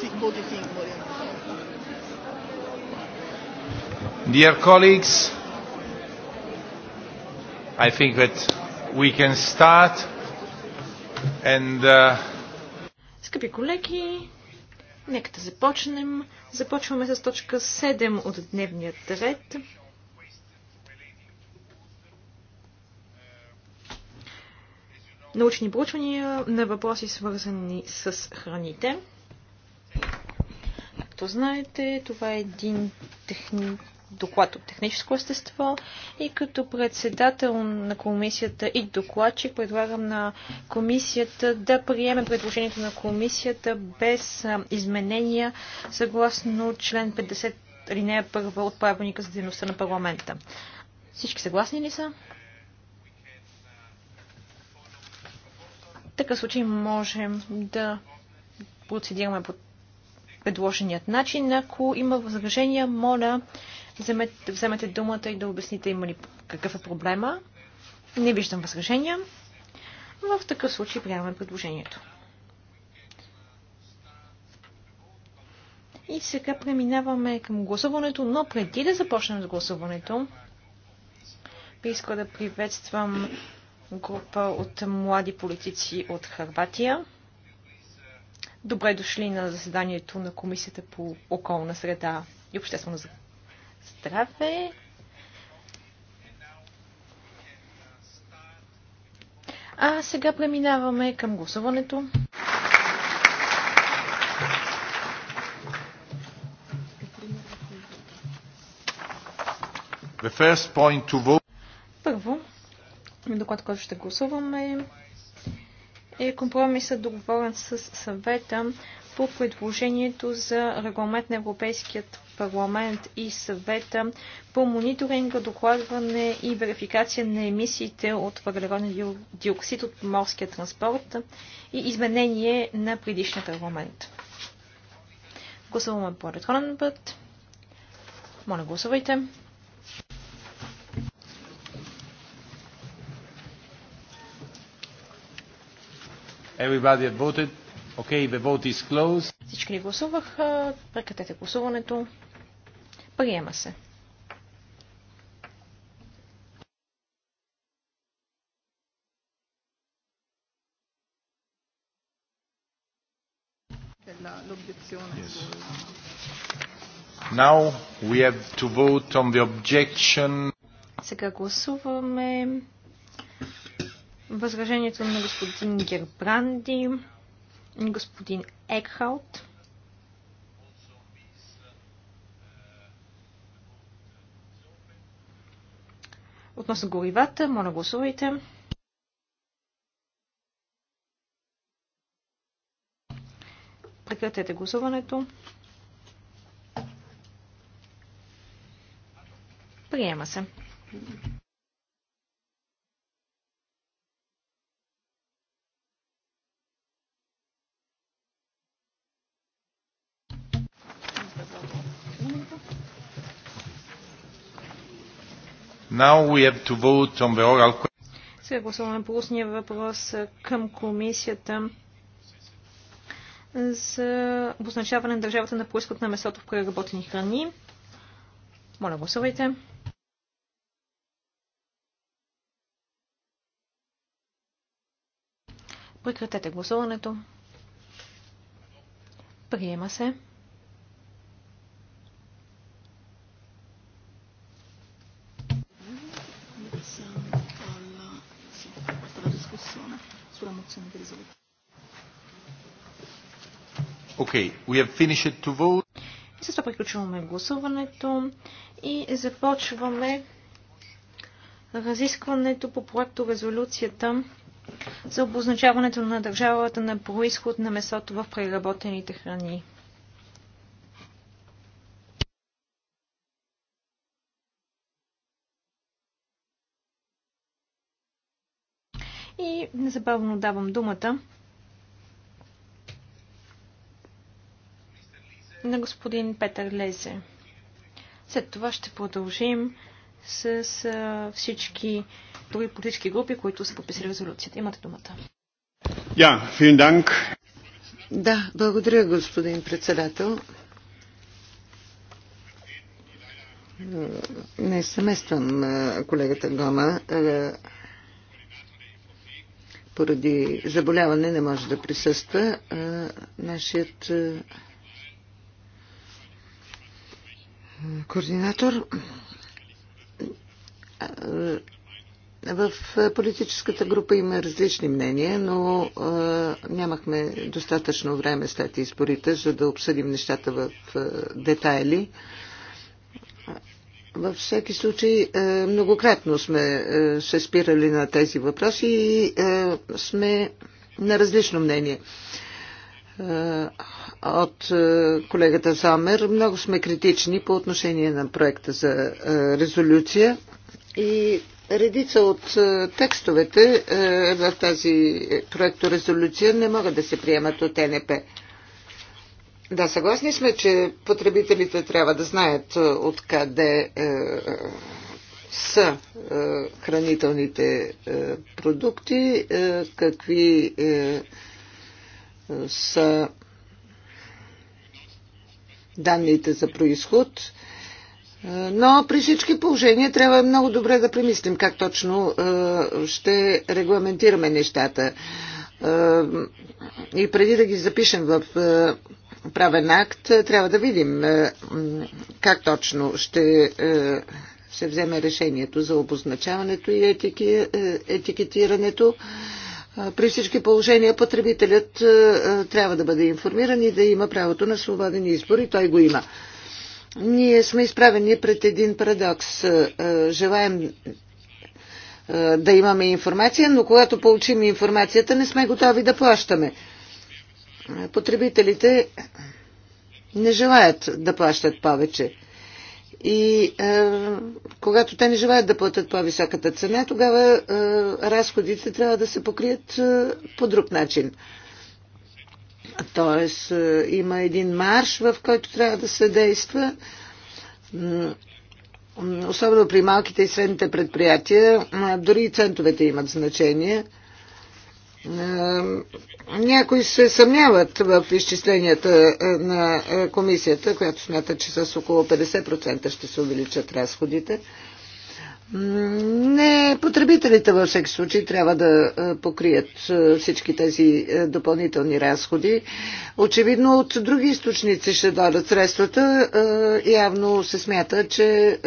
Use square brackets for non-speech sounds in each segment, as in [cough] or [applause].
Sigmund Sigmund. Dear colleagues, I think that we can start and uh... Скъпи колеги, нека да започнем. Започваме с точка 7 от дневния ред. научни проучвания на въпроси, свързани с храните. Както знаете, това е един техни... доклад от техническо естество и като председател на комисията и докладчик предлагам на комисията да приеме предложението на комисията без изменения съгласно член 50 линия първа от правилника за дейността на парламента. Всички съгласни ли са? В такъв случай можем да процедираме по предложеният начин. Ако има възражения, моля, вземете, вземете думата и да обясните има ли какъв е проблема. Не виждам възражения. В такъв случай приемаме предложението. И сега преминаваме към гласуването, но преди да започнем с гласуването, би искала да приветствам група от млади политици от Харватия. Добре дошли на заседанието на Комисията по околна среда и обществено здраве. А сега преминаваме към гласуването. Първо, доклад, който ще гласуваме е компромисът договорен с съвета по предложението за регламент на Европейският парламент и съвета по мониторинга, докладване и верификация на емисиите от въглероден диоксид от морския транспорт и изменение на предишният регламент. Гласуваме по електронен път. Моля, гласувайте. Everybody voted. Okay, the vote is closed. Всички ли гласуваха? Прекратете гласуването. Приема се. Now we have to vote on the objection. Сега гласуваме възражението на господин Гербранди, господин Екхаут. Относно горивата, моля гласувайте. Прекратете гласуването. Приема се. Now we have to vote on the oral Сега гласуваме по устния въпрос към комисията за обозначаване на държавата на происход на месото в преработени храни. Моля, гласувайте. Прекратете гласуването. Приема се. Okay, we have finished to vote. И с това приключваме гласуването и започваме разискването по проекто резолюцията за обозначаването на държавата на происход на месото в преработените храни. И незабавно давам думата на господин Петър Лезе. След това ще продължим с всички други политически групи, които са подписали резолюцията. Имате думата. Да, благодаря, господин председател. Не съмествам колегата Гома. Поради заболяване не може да присъства. Нашият координатор. В политическата група има различни мнения, но а, нямахме достатъчно време след изборите, за да обсъдим нещата в а, детайли. Във всеки случай, а, многократно сме а, се спирали на тези въпроси и а, сме на различно мнение. А, е, от е, колегата Замер. Много сме критични по отношение на проекта за е, резолюция и редица от текстовете в тази проекторезолюция не могат да се приемат от НП. Да, съгласни сме, че потребителите трябва да знаят откъде е, са е, хранителните е, продукти, е, какви е, са данните за происход. Но при всички положения трябва много добре да премислим как точно ще регламентираме нещата. И преди да ги запишем в правен акт, трябва да видим как точно ще се вземе решението за обозначаването и етикетирането. При всички положения потребителят трябва да бъде информиран и да има правото на свободен избор и той го има. Ние сме изправени пред един парадокс. Желаем да имаме информация, но когато получим информацията, не сме готови да плащаме. Потребителите не желаят да плащат повече. И е, когато те не желаят да платят по-високата цена, тогава е, разходите трябва да се покрият е, по друг начин. Тоест, е, има един марш, в който трябва да се действа. Особено при малките и средните предприятия, дори и центовете имат значение – някои се съмняват в изчисленията е, на е, комисията, която смята, че с около 50% ще се увеличат разходите. Не потребителите във всеки случай трябва да е, покрият всички тези допълнителни разходи. Очевидно от други източници ще дадат средствата. Явно се смята, че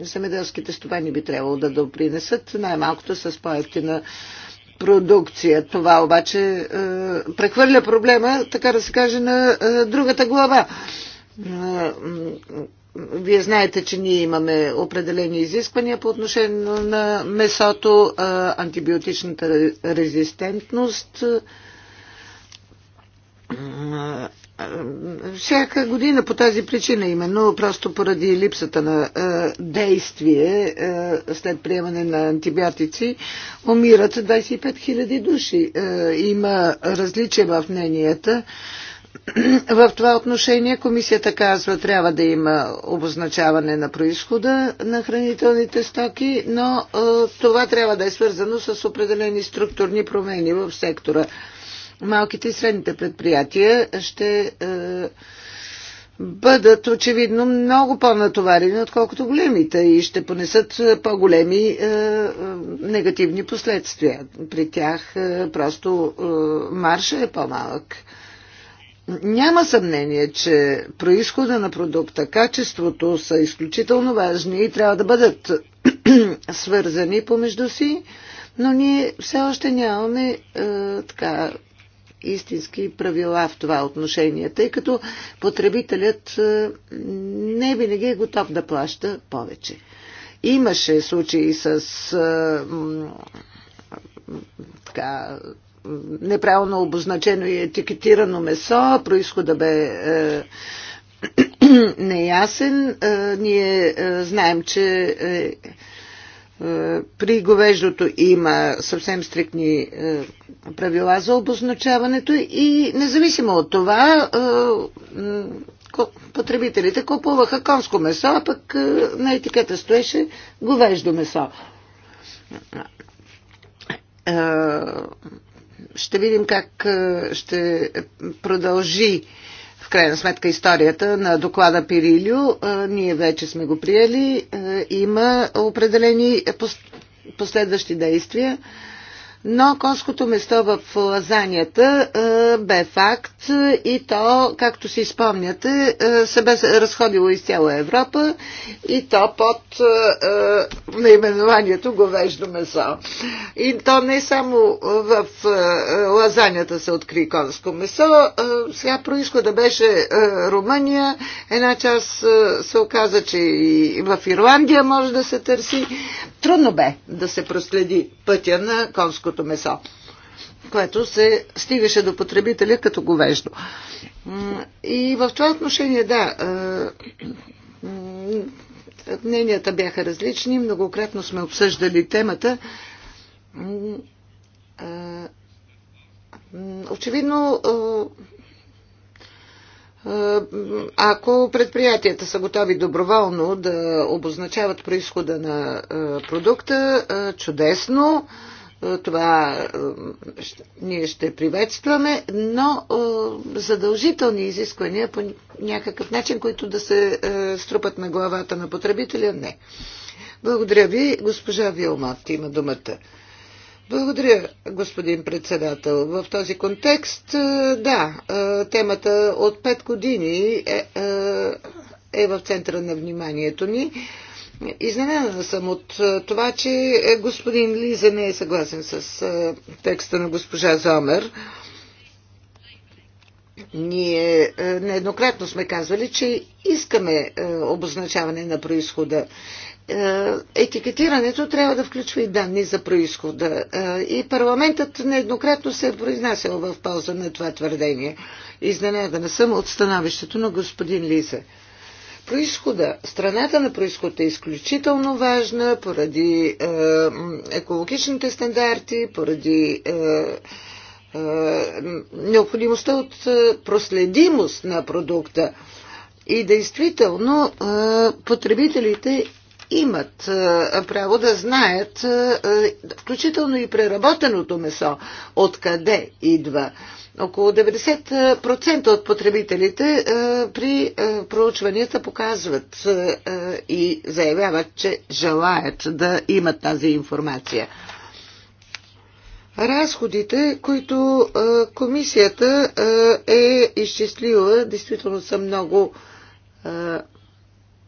земеделските стопани би трябвало да допринесат най-малкото с по-ефтина продукция. Това обаче е, прехвърля проблема, така да се каже, на е, другата глава. Е, вие знаете, че ние имаме определени изисквания по отношение на месото, е, антибиотичната резистентност. Е, всяка година по тази причина, именно просто поради липсата на е, действие е, след приемане на антибиотици, умират 25 000 души. Е, има различия в мненията. В това отношение комисията казва, трябва да има обозначаване на происхода на хранителните стоки, но е, това трябва да е свързано с определени структурни промени в сектора малките и средните предприятия ще е, бъдат очевидно много по-натоварени, отколкото големите и ще понесат по-големи е, е негативни последствия. При тях е, просто е, марша е по-малък. Няма съмнение, че происхода на продукта, качеството са изключително важни и трябва да бъдат свързани помежду си, но ние все още нямаме е, така истински правила в това отношение, тъй като потребителят е, не винаги е готов да плаща повече. Имаше случаи с е, така, неправилно обозначено и етикетирано месо, происхода бе е, [clears throat] неясен. Е, ние е, знаем, че е, е, при говеждото има съвсем стрикни е, правила за обозначаването и независимо от това е, потребителите купуваха конско месо, а пък на етикета стоеше говеждо месо. Ще видим как ще продължи в крайна сметка историята на доклада Пирилю, ние вече сме го приели, има определени последващи действия но конското место в лазанията е, бе факт и то, както си спомняте, е, се бе разходило из цяла Европа и то под е, наименованието говеждо месо. И то не само в лазанията се откри конско месо, сега происхода беше Румъния, една част се оказа, че и в Ирландия може да се търси, трудно бе да се проследи пътя на конското месо, което се стигаше до потребителя като говеждо. И в това отношение, да, мненията бяха различни, многократно сме обсъждали темата. Очевидно, е, ако предприятията са готови доброволно да обозначават происхода на е, продукта, е, чудесно, това ние ще приветстваме, но задължителни изисквания по някакъв начин, които да се струпат на главата на потребителя, не. Благодаря ви. Госпожа Вилмат има думата. Благодаря, господин председател. В този контекст, е, да, е, темата от пет години е, е, е в центъра на вниманието ни. Изненадана съм от това, че господин Лиза не е съгласен с текста на госпожа Зомер. Ние нееднократно сме казвали, че искаме обозначаване на происхода. Е, етикетирането трябва да включва и данни за происхода. Е, и парламентът нееднократно се е произнасял в полза на това твърдение. Изненадана съм от становището на господин Лизе. Происхода, страната на происход е изключително важна поради е, екологичните стандарти, поради е, е, необходимостта от е, проследимост на продукта. И действително потребителите имат е, право да знаят, е, е, включително и преработеното месо, откъде идва. Около 90% от потребителите при проучванията показват и заявяват, че желаят да имат тази информация. Разходите, които комисията е изчислила, действително са много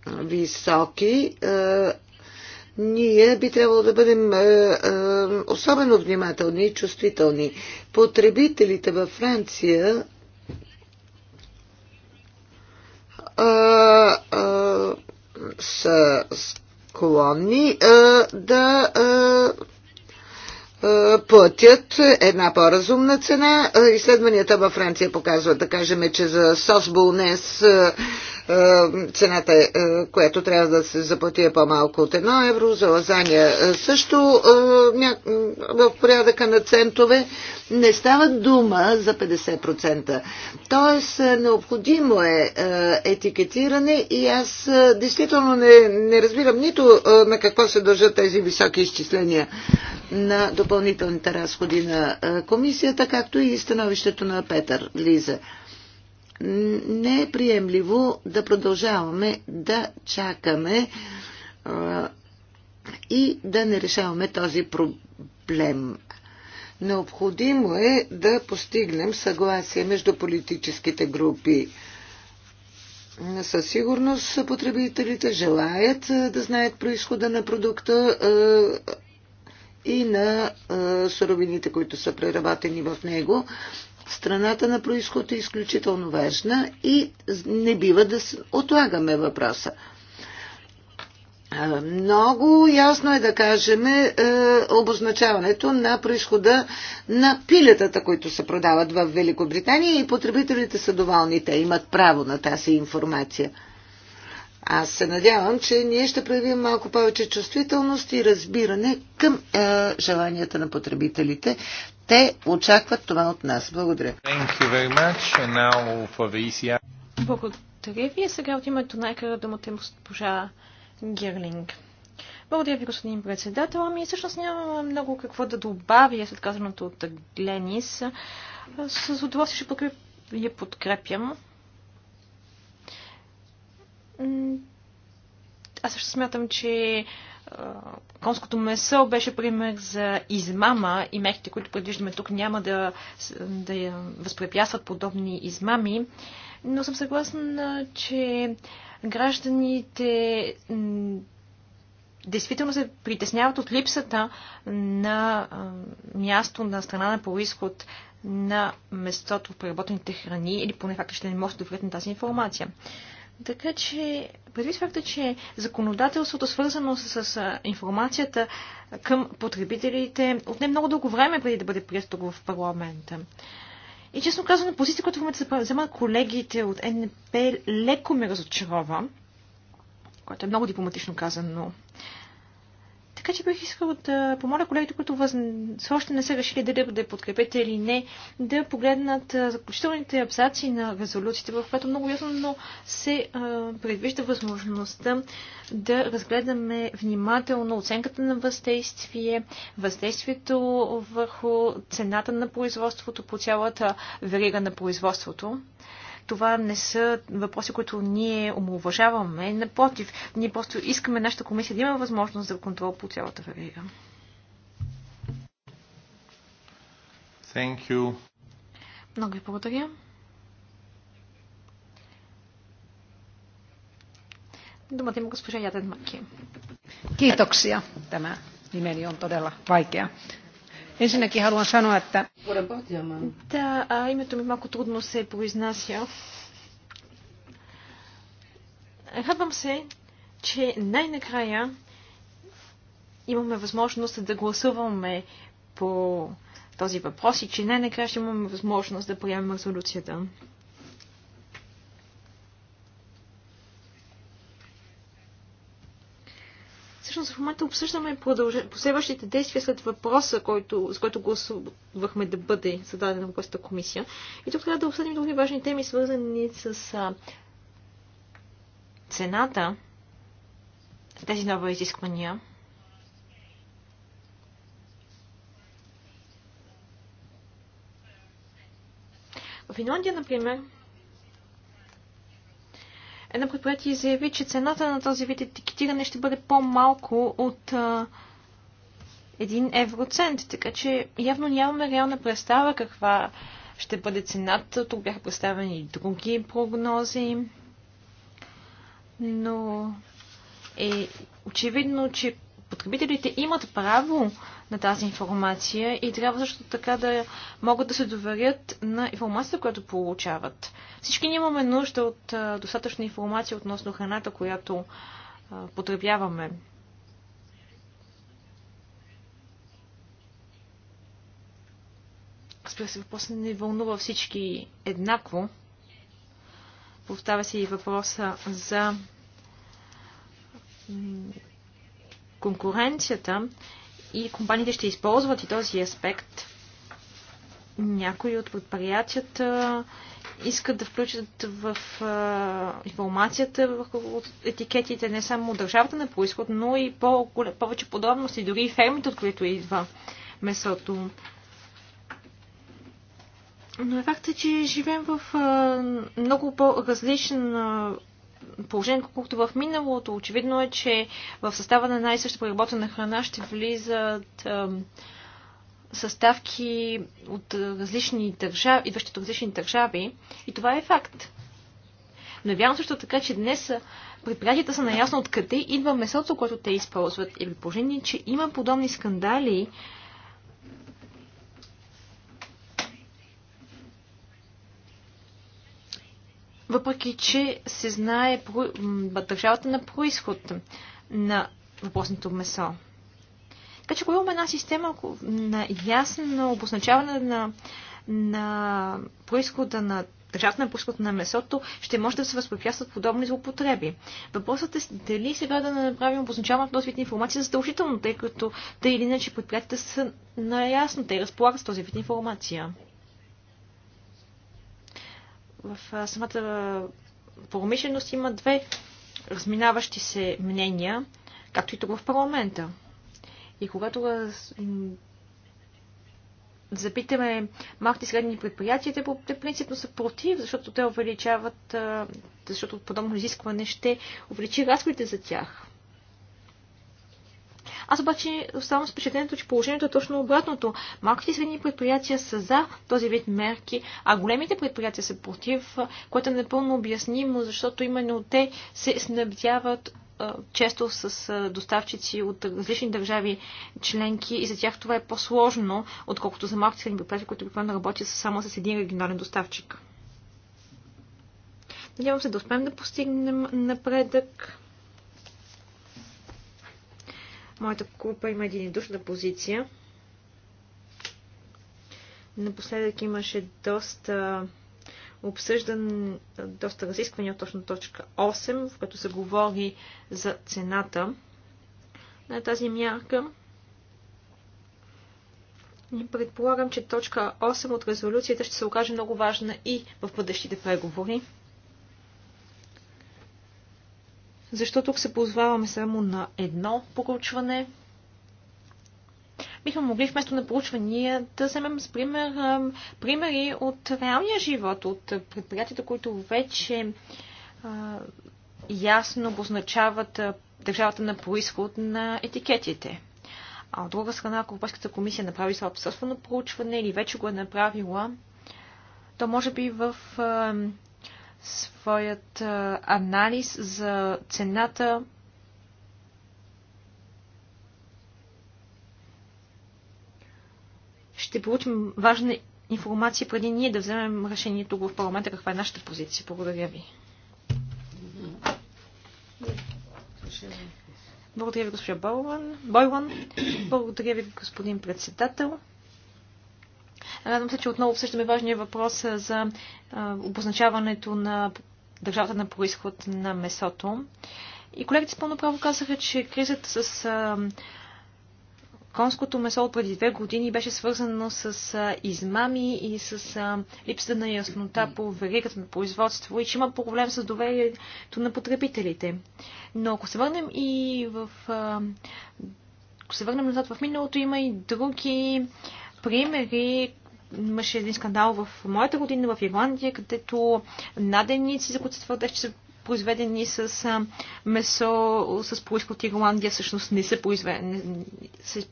високи, ние би трябвало да бъдем особено внимателни и чувствителни. Потребителите във Франция са склонни да платят една по-разумна цена. Изследванията във Франция показват, да кажем, че за сос болнес е, цената, е, е, която трябва да се заплати е по-малко от 1 евро, за лазания също в порядъка на центове не става дума за 50%. Тоест, необходимо е етикетиране и аз действително не, не разбирам нито на какво се дължат тези високи изчисления на допълнителните разходи на комисията, както и становището на Петър Лиза не е приемливо да продължаваме да чакаме и да не решаваме този проблем. Необходимо е да постигнем съгласие между политическите групи. Със сигурност потребителите желаят да знаят происхода на продукта и на суровините, които са преработени в него, страната на происход е изключително важна и не бива да отлагаме въпроса. Много ясно е да кажем е, обозначаването на происхода на пилетата, които се продават в Великобритания и потребителите са доволни. Те имат право на тази информация. Аз се надявам, че ние ще проявим малко повече чувствителност и разбиране към е, желанията на потребителите. Те очакват това от нас. Благодаря. E Благодаря ви. Сега от името на екара думата е госпожа Герлинг. Благодаря ви, господин председател. Ами всъщност няма много какво да добавя след казаното от Гленис. С удоволствие ще подкреп... я подкрепям аз също смятам, че конското месо беше пример за измама и мерките, които предвиждаме тук, няма да, да възпрепятстват подобни измами. Но съм съгласна, че гражданите действително се притесняват от липсата на място на страна на происход на местото в преработените храни или поне факта, че не може да доведат на тази информация. Така че, предвид факта, че законодателството, свързано с, с информацията към потребителите, отне много дълго време преди да бъде прието в парламента. И честно казано, позиция, която в момента вземат колегите от НП, леко ме разочарова, което е много дипломатично казано. Така че бих искал да помоля колегите, които въз... още не са решили дали да подкрепете или не, да погледнат заключителните абзаци на резолюциите, в което много ясно се предвижда възможността да разгледаме внимателно оценката на въздействие, въздействието върху цената на производството по цялата верига на производството това не са въпроси, които ние омалуважаваме. Напротив, ние просто искаме нашата комисия да има възможност за контрол по цялата верига. Thank you. Много ви благодаря. Думата има госпожа Яден Маки. Kiitoksia. Tämä nimeni on todella vaikea. Ensinnäkin haluan sanoa, että... Да, а името ми малко трудно се произнася. Радвам се, че най-накрая имаме възможност да гласуваме по този въпрос и че най-накрая ще имаме възможност да приемем резолюцията. всъщност в момента обсъждаме продълж... последващите действия след въпроса, който, с който гласувахме да бъде зададена въпросната комисия. И тук трябва да обсъдим други важни теми, свързани с а... цената за тези нови изисквания. В Финландия, например, едно предприятие заяви, че цената на този вид етикетиране ще бъде по-малко от а, 1 евроцент. Така че явно нямаме реална представа каква ще бъде цената. Тук бяха представени и други прогнози. Но е очевидно, че потребителите имат право на тази информация и трябва също така да могат да се доверят на информацията, която получават. Всички ние имаме нужда от достатъчна информация относно храната, която потребяваме. Спира се, въпроса не вълнува всички еднакво. Поставя се и въпроса за конкуренцията и компаниите ще използват и този аспект. Някои от предприятията искат да включат в информацията върху етикетите не само държавата на происход, но и по повече подробности, дори и фермите, от които идва месото. Но е факт е, че живеем в много по-различен положението, колкото в миналото. Очевидно е, че в състава на най съща преработена храна ще влизат съставки от различни държави, идващи от различни държави. И това е факт. Но е вярно също така, че днес предприятията са наясно откъде идва месото, което те използват. И при положение, че има подобни скандали, въпреки че се знае държавата на происход на въпросното месо. Така че ако имаме една система на ясно обозначаване на, на происхода на държавата на происход на месото, ще може да се възпрепятстват подобни злоупотреби. Въпросът е дали сега да направим обозначаването на този вид информация задължително, тъй като те или иначе предприятията са наясно, те разполагат с този вид информация в самата промишленост има две разминаващи се мнения, както и тук в парламента. И когато запитаме малките средни предприятия, те, те принципно са против, защото те увеличават, защото подобно изискване ще увеличи разходите за тях. Аз обаче оставам с впечатлението, че положението е точно обратното. Малките и средни предприятия са за този вид мерки, а големите предприятия са против, което е напълно обяснимо, защото именно те се снабдяват често с доставчици от различни държави членки и за тях това е по-сложно, отколкото за малките средни предприятия, които обикновено работят само с един регионален доставчик. Надявам се да успеем да постигнем напредък. Моята група има единодушна позиция. Напоследък имаше доста обсъждан, доста разисквания точно точка 8, в като се говори за цената на тази мярка. И предполагам, че точка 8 от резолюцията ще се окаже много важна и в бъдещите преговори. Защото тук се позваваме само на едно проучване. Бихме могли вместо на поручвания да вземем с пример, примери от реалния живот, от предприятията, които вече а, ясно обозначават държавата на происход на етикетите. А от друга страна, ако Европейската комисия направи собствено проучване или вече го е направила, то може би в своят анализ за цената ще получим важна информация преди ние да вземем решение тук в парламента, каква е нашата позиция. Благодаря ви. Благодаря ви, господин Бойлан. Благодаря ви, господин председател. Радвам се, че отново обсъждаме важния въпрос за обозначаването на държавата на происход на месото. И колегите с пълно право казаха, че кризата с конското месо от преди две години беше свързано с измами и с липсата на яснота по веригата на производство и че има проблем с доверието на потребителите. Но ако се върнем и в... ако се върнем назад в миналото, има и други примери, имаше един скандал в моята година в Ирландия, където наденици, за които се твърдеше, че са произведени с а, месо с происход от Ирландия, всъщност не са произведени, са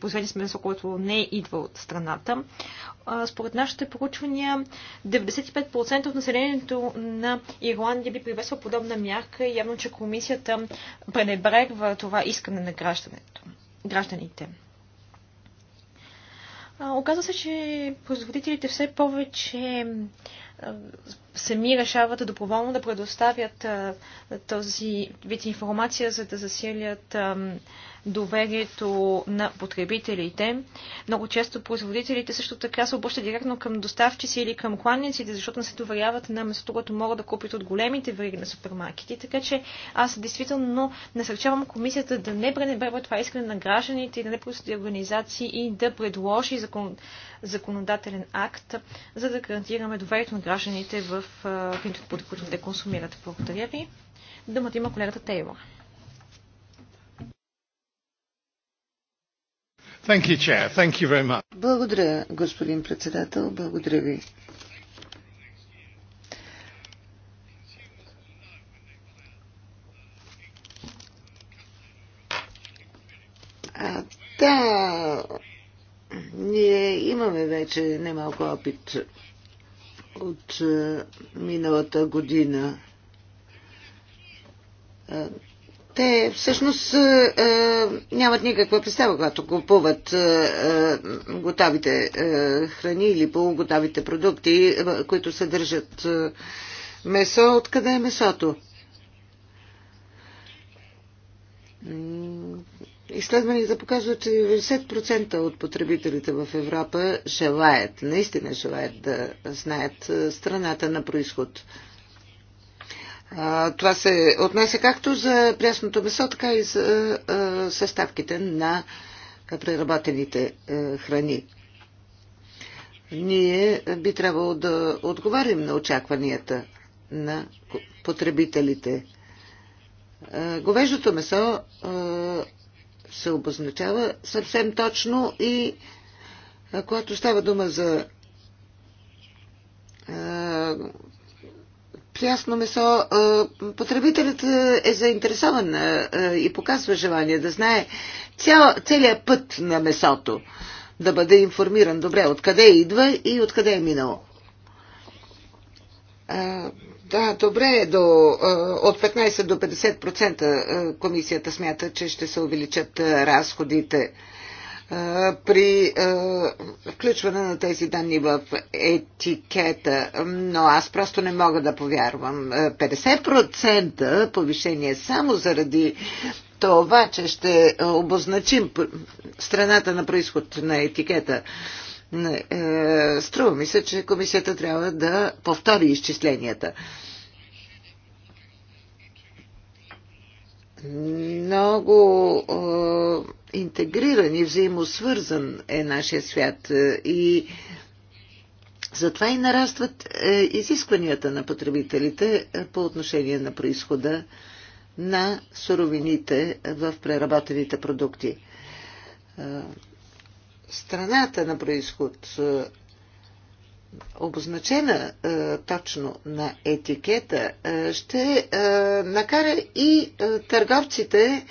произведени с месо, което не идва от страната. А, според нашите проучвания, 95% от населението на Ирландия би привесла подобна мярка и явно, че комисията пренебрегва това искане на гражданите. Оказва се, че производителите все повече сами решават доброволно да предоставят а, този вид информация, за да засилят а, доверието на потребителите. Много често производителите също така се обръщат директно към доставчици или към кланниците, защото не се доверяват на местото, което могат да купят от големите вериги на супермаркети. Така че аз действително насърчавам комисията да не пренебрегва това искане на гражданите и да не просто организации и да предложи закон... законодателен акт, за да гарантираме доверието на гражданите в в интернет, под които те консумират. Благодаря ви. Думата има колегата Тейлор. Thank you, Chair. Thank you very much. Благодаря, господин председател. Благодаря ви. А, да, ние имаме вече немалко опит от е, миналата година. Е, те всъщност е, нямат никаква представа, когато купуват готавите храни или полуготавите продукти, които съдържат месо. Откъде е месото? Изследванията показват, че 90% от потребителите в Европа желаят, наистина желаят да знаят страната на происход. Това се отнася както за прясното месо, така и за съставките на преработените храни. Ние би трябвало да отговарим на очакванията на потребителите. Говеждото месо се обозначава съвсем точно и когато става дума за прясно месо, потребителят е заинтересован и показва желание да знае цял, целият път на месото, да бъде информиран добре откъде идва и откъде е минало. Да, добре, до, от 15 до 50% комисията смята, че ще се увеличат разходите при включване на тези данни в етикета, но аз просто не мога да повярвам. 50% повишение само заради това, че ще обозначим страната на происход на етикета е, струва ми се, че комисията трябва да повтори изчисленията. Много е, интегриран и взаимосвързан е нашия свят е, и затова и нарастват изискванията на потребителите по отношение на происхода на суровините в преработените продукти страната на происход, е, обозначена е, точно на етикета, е, ще накара и търговците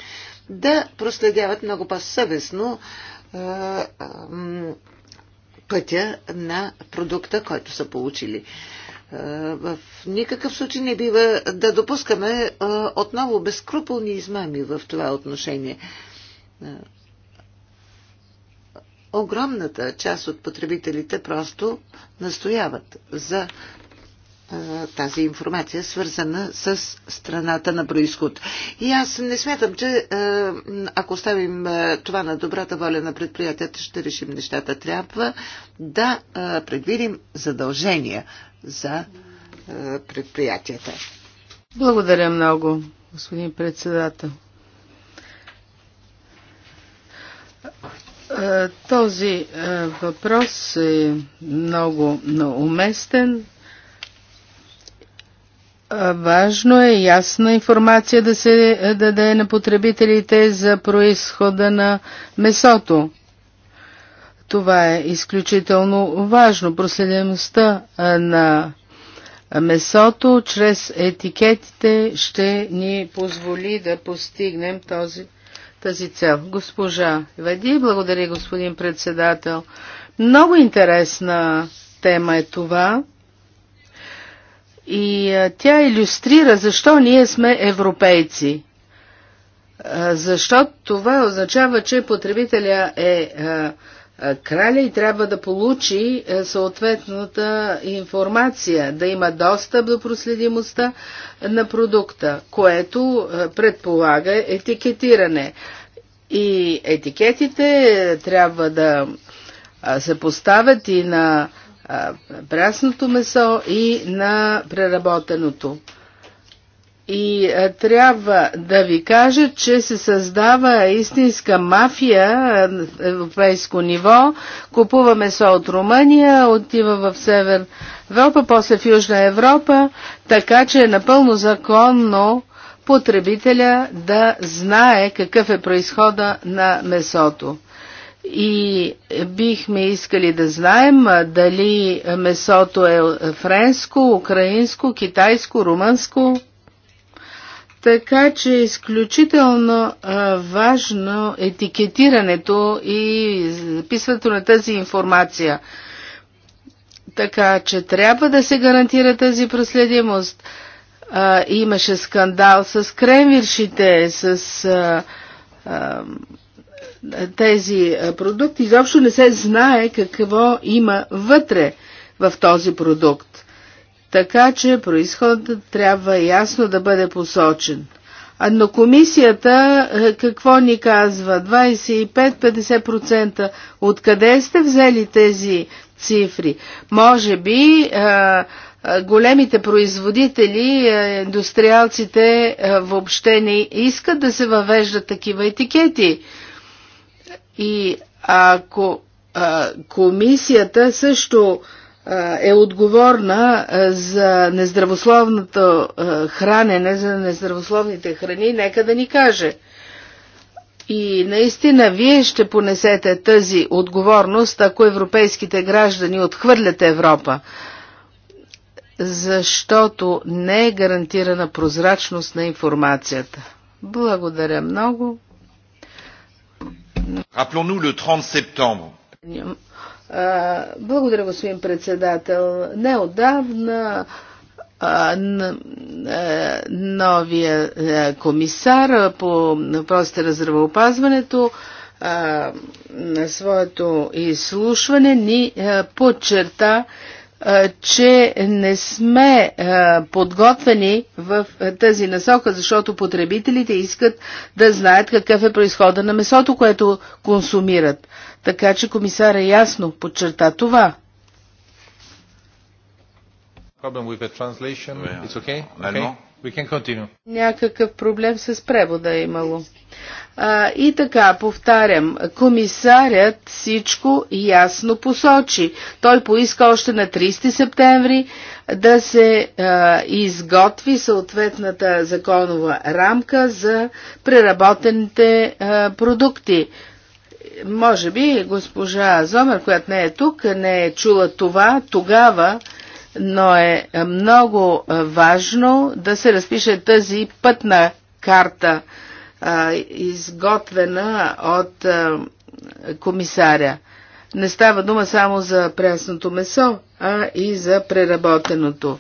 да проследяват много по-съвестно пътя на продукта, който са получили. В никакъв случай не бива да допускаме отново безкруполни измами в това отношение огромната част от потребителите просто настояват за е, тази информация, свързана с страната на происход. И аз не смятам, че е, ако ставим е, това на добрата воля на предприятията, ще решим нещата. Трябва да предвидим задължения за предприятията. Благодаря много, господин председател. Е, този е, въпрос е много уместен. Е, важно е ясна информация да се даде на потребителите за происхода на месото. Това е изключително важно. Проследеността на месото чрез етикетите ще ни позволи да постигнем този тази цел. Госпожа Веди, благодаря господин председател. Много интересна тема е това. И тя иллюстрира защо ние сме европейци. Защо това означава, че потребителя е краля и трябва да получи е, съответната информация, да има достъп до проследимостта на продукта, което е, предполага етикетиране. И етикетите е, трябва да се поставят и на прясното месо, и на преработеното. И е, трябва да ви кажа, че се създава истинска мафия на европейско ниво. Купува месо от Румъния, отива в Север Европа, после в Южна Европа, така че е напълно законно потребителя да знае какъв е происхода на месото. И бихме искали да знаем дали месото е френско, украинско, китайско, румънско. Така че е изключително а, важно етикетирането и записването на тази информация. Така че трябва да се гарантира тази проследимост. А, имаше скандал с кремвиршите, с а, а, тези продукти. Изобщо не се знае какво има вътре в този продукт. Така че происходът трябва ясно да бъде посочен. Но комисията е, какво ни казва? 25-50%. Откъде сте взели тези цифри? Може би е, е, големите производители, индустриалците въобще не искат да се въвеждат такива етикети. И ако комисията също е отговорна за нездравословното хранене, за нездравословните храни, нека да ни каже. И наистина вие ще понесете тази отговорност, ако европейските граждани отхвърлят Европа, защото не е гарантирана прозрачност на информацията. Благодаря много. Rappelons-nous le 30 septembre. Благодаря, господин председател. Неодавна новия комисар по въпросите на здравеопазването на своето изслушване ни подчерта, че не сме подготвени в тази насока, защото потребителите искат да знаят какъв е происхода на месото, което консумират. Така че комисаря ясно подчерта това. Някакъв проблем с превода е имало. А, и така, повтарям, комисарят всичко ясно посочи. Той поиска още на 30 септември да се а, изготви съответната законова рамка за преработените а, продукти може би госпожа Зомер, която не е тук, не е чула това тогава, но е много важно да се разпише тази пътна карта, изготвена от комисаря. Не става дума само за прясното месо, а и за преработеното.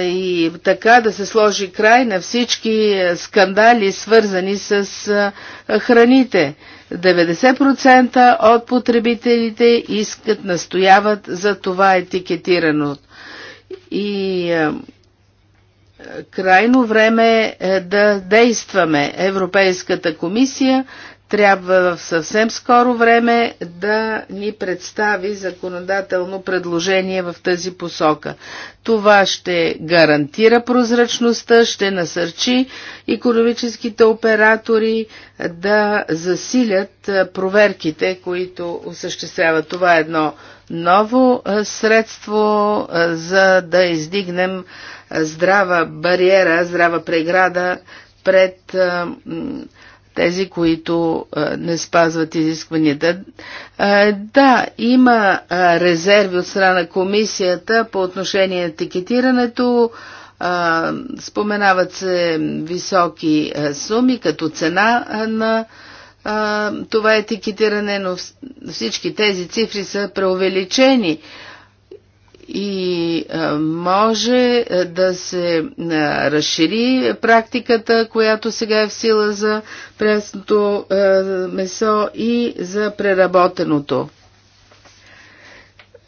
И така да се сложи край на всички скандали, свързани с храните. 90% от потребителите искат, настояват за това етикетирано. И е, крайно време е да действаме. Европейската комисия трябва в съвсем скоро време да ни представи законодателно предложение в тази посока. Това ще гарантира прозрачността, ще насърчи економическите оператори да засилят проверките, които осъществяват. Това е едно ново средство за да издигнем здрава бариера, здрава преграда пред тези, които не спазват изискванията. Да, има резерви от страна на комисията по отношение на етикетирането. Споменават се високи суми като цена на това етикетиране, но всички тези цифри са преувеличени и може да се разшири практиката, която сега е в сила за пресното месо и за преработеното.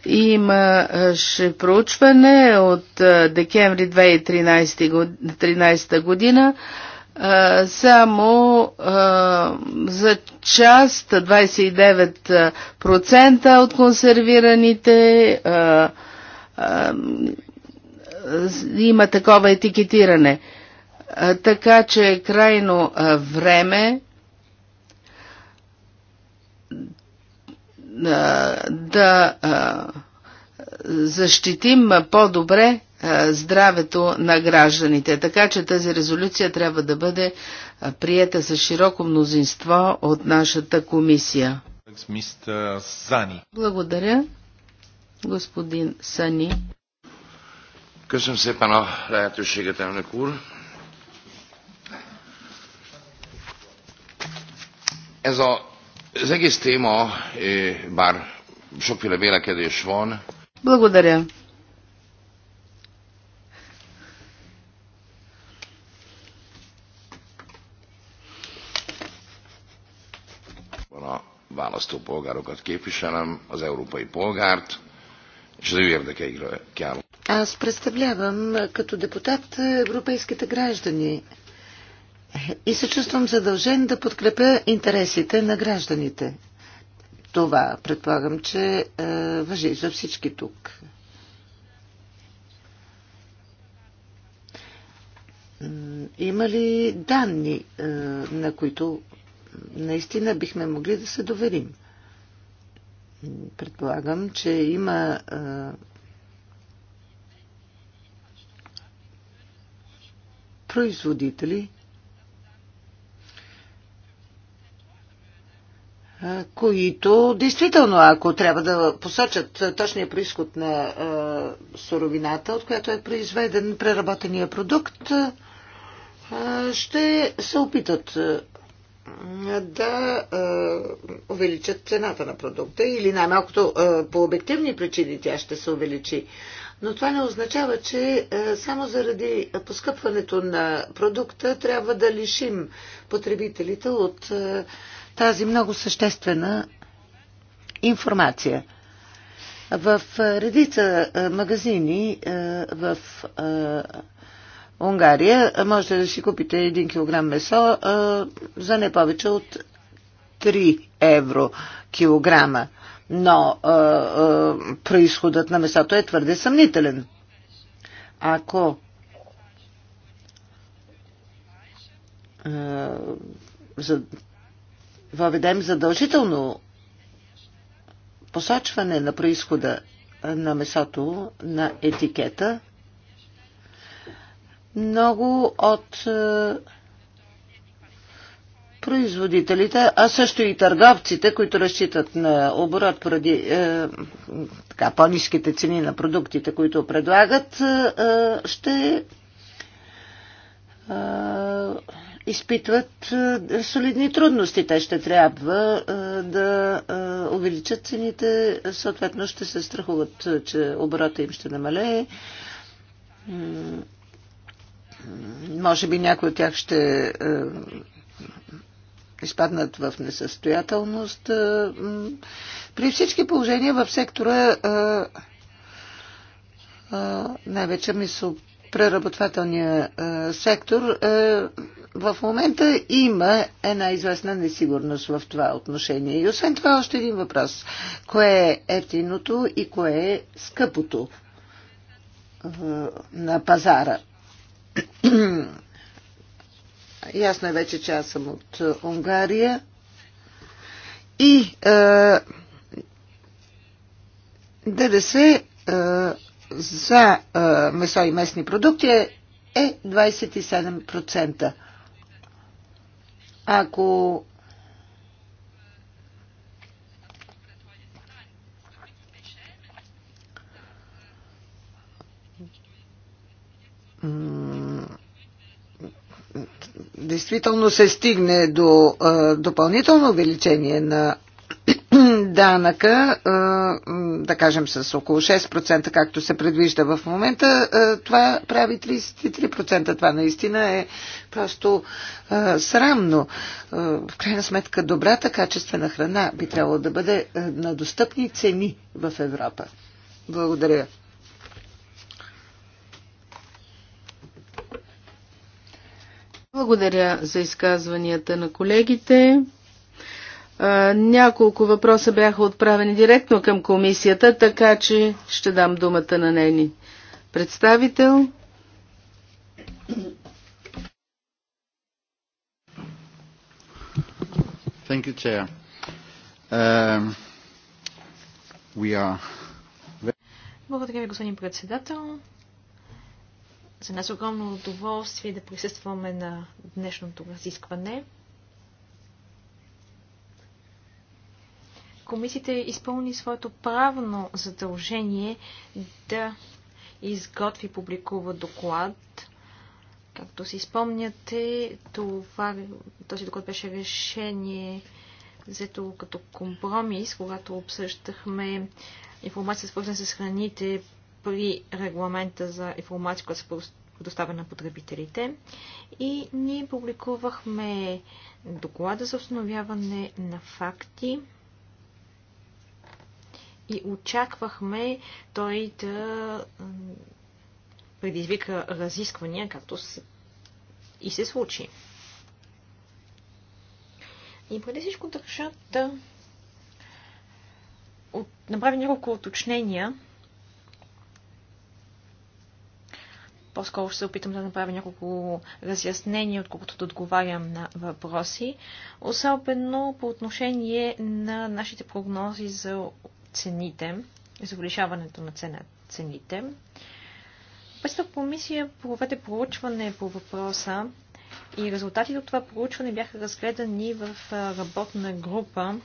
Имаше проучване от декември 2013 година, само за част 29% от консервираните има такова етикетиране. Така че е крайно време да защитим по-добре здравето на гражданите. Така че тази резолюция трябва да бъде приета с широко мнозинство от нашата комисия. Благодаря. Господин Сани. Köszönöm szépen a lehetőséget, elnök úr. Ez a, az egész téma, bár sokféle vélekedés van. Благодаря. Van a választópolgárokat képviselem, az európai polgárt, ще да Аз представлявам като депутат европейските граждани и се чувствам задължен да подкрепя интересите на гражданите. Това предполагам, че е, въжи за всички тук. Има ли данни, е, на които наистина бихме могли да се доверим? Предполагам, че има производители, които действително, ако трябва да посочат точния происход на а, суровината, от която е произведен преработения продукт, а, ще се опитат а, да увеличат цената на продукта или най-малкото по обективни причини тя ще се увеличи. Но това не означава, че само заради поскъпването на продукта трябва да лишим потребителите от тази много съществена информация. В редица магазини в Унгария можете да си купите 1 кг месо за не повече от 3 евро килограма. Но а, а, происходът на месото е твърде съмнителен. Ако а, за, въведем задължително посочване на происхода на месото на етикета, много от е, производителите, а също и търговците, които разчитат на оборот поради е, по-низките цени на продуктите, които предлагат, е, е, ще е, изпитват е, солидни трудности. Те ще трябва е, да е, увеличат цените, съответно ще се страхуват, е, че оборота им ще намалее. Може би някои от тях ще е, изпаднат в несъстоятелност. Е, при всички положения в сектора е, най-вече мисъл преработвателния сектор в момента има една известна несигурност в това отношение. И освен това още един въпрос. Кое е ефтиното и кое е скъпото на пазара? [coughs] Ясно е вече, че аз съм от е, Унгария. И е, ДДС е, за е, месо и местни продукти е, е 27%. Ако м- действително се стигне до а, допълнително увеличение на [clears throat] данъка, да кажем с около 6%, както се предвижда в момента, това прави 33%. Това наистина е просто срамно. В крайна сметка, добрата качествена храна би трябвало да бъде на достъпни цени в Европа. Благодаря. Благодаря за изказванията на колегите. Няколко въпроса бяха отправени директно към комисията, така че ще дам думата на нейни представител. Thank you, Chair. Um, we are... Благодаря ви, господин председател. За нас е огромно удоволствие да присъстваме на днешното разискване. Комисията е изпълни своето правно задължение да изготви и публикува доклад. Както си спомняте, това, този доклад беше решение взето като компромис, когато обсъждахме информация свързана с храните при регламента за информация, която се предоставя на потребителите. И ние публикувахме доклада за установяване на факти и очаквахме той да предизвика разисквания, както и се случи. И преди всичко държа да направи направя няколко уточнения По-скоро ще се опитам да направя няколко разяснения, отколкото да отговарям на въпроси, особено по отношение на нашите прогнози за цените, за увеличаването на цена, цените. Пъстна комисия проведе проучване по въпроса и резултатите от това проучване бяха разгледани в работна група,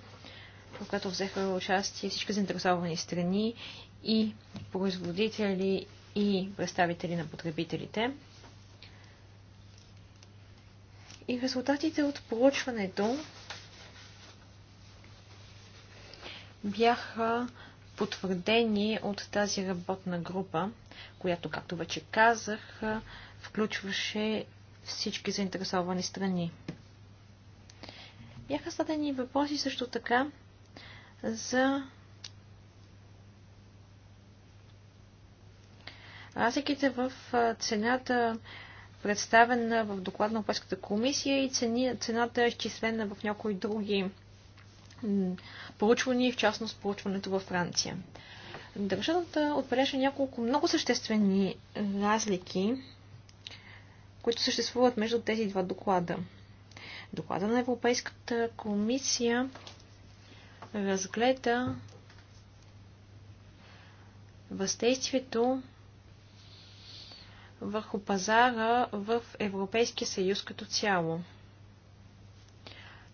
в която взеха участие всички заинтересовани страни и производители и представители на потребителите. И резултатите от проучването бяха потвърдени от тази работна група, която, както вече казах, включваше всички заинтересовани страни. Бяха зададени въпроси също така за разликите в цената представена в доклад на Европейската комисия и цени, цената е изчислена в някои други проучвания, в частност проучването във Франция. Държавата отбележа няколко много съществени разлики, които съществуват между тези два доклада. Доклада на Европейската комисия разгледа въздействието върху пазара в Европейския съюз като цяло.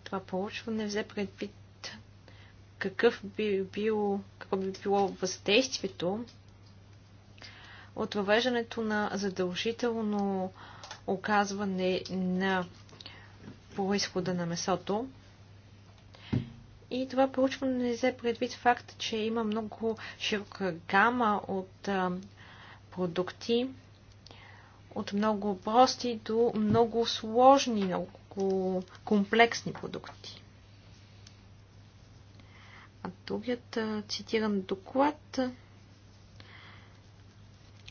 Това проучване взе предвид какъв би бил, какво би било въздействието от въвеждането на задължително оказване на происхода на месото. И това проучване не взе предвид факта, че има много широка гама от а, продукти, от много прости до много сложни, много комплексни продукти. А другият цитиран доклад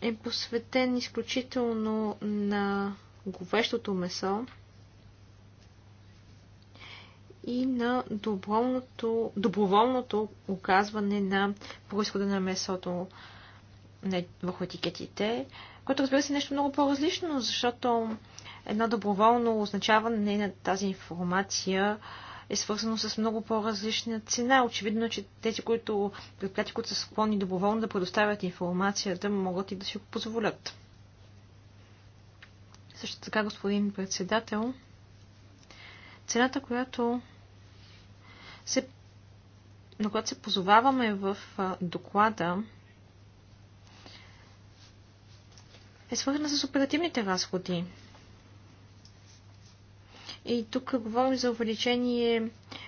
е посветен изключително на говещото месо и на доброволното, доброволното оказване на происхода на месото върху етикетите което разбира се е нещо много по-различно, защото едно доброволно означаване на тази информация е свързано с много по-различна цена. Очевидно, че тези, които, предприятия, които са склонни доброволно да предоставят информацията, могат и да си го позволят. Също така, господин председател, цената, която се, на която се позоваваме в доклада, е свързана с оперативните разходи. И тук говорим за увеличение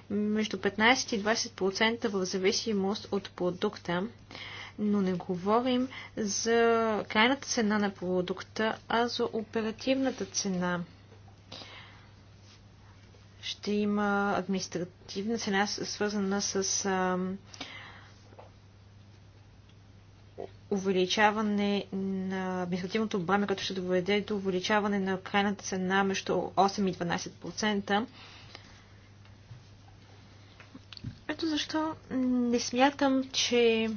между 15 и 20% в зависимост от продукта, но не говорим за крайната цена на продукта, а за оперативната цена. Ще има административна цена, свързана с увеличаване на административното бреме, което ще доведе до увеличаване на крайната цена между 8 и 12%. Ето защо не смятам, че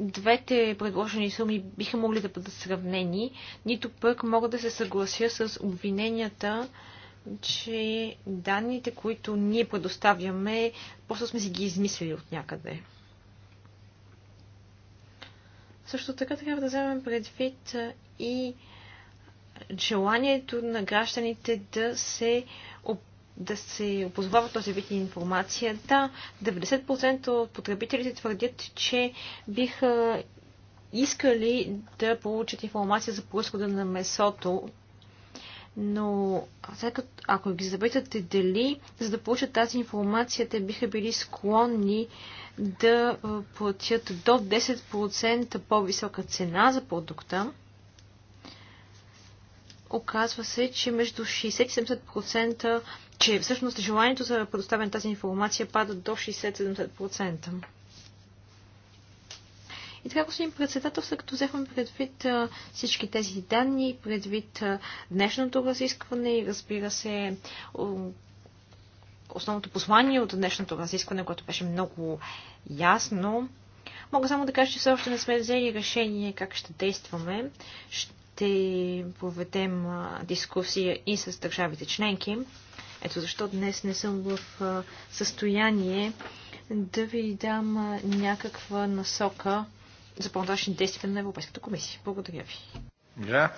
двете предложени суми биха могли да бъдат сравнени, нито пък мога да се съглася с обвиненията, че данните, които ние предоставяме, просто сме си ги измислили от някъде. Също така трябва да вземем предвид и желанието на гражданите да се да се опозвава този вид информация. Да, 90% от потребителите твърдят, че биха искали да получат информация за происхода на месото, но ако ги запитате дали, за да получат тази информация, те биха били склонни да платят до 10% по-висока цена за продукта, оказва се, че между 60-70%, че всъщност желанието за предоставяне на тази информация пада до 60-70%. И така, господин председател, след като взехме предвид всички тези данни, предвид днешното разискване и разбира се основното послание от днешното разискване, което беше много ясно. Мога само да кажа, че все още не сме взели решение как ще действаме. Ще проведем дискусия и с държавите членки. Ето защо днес не съм в състояние да ви дам някаква насока за по-нататъчни действия на Европейската комисия. Благодаря ви. Благодаря.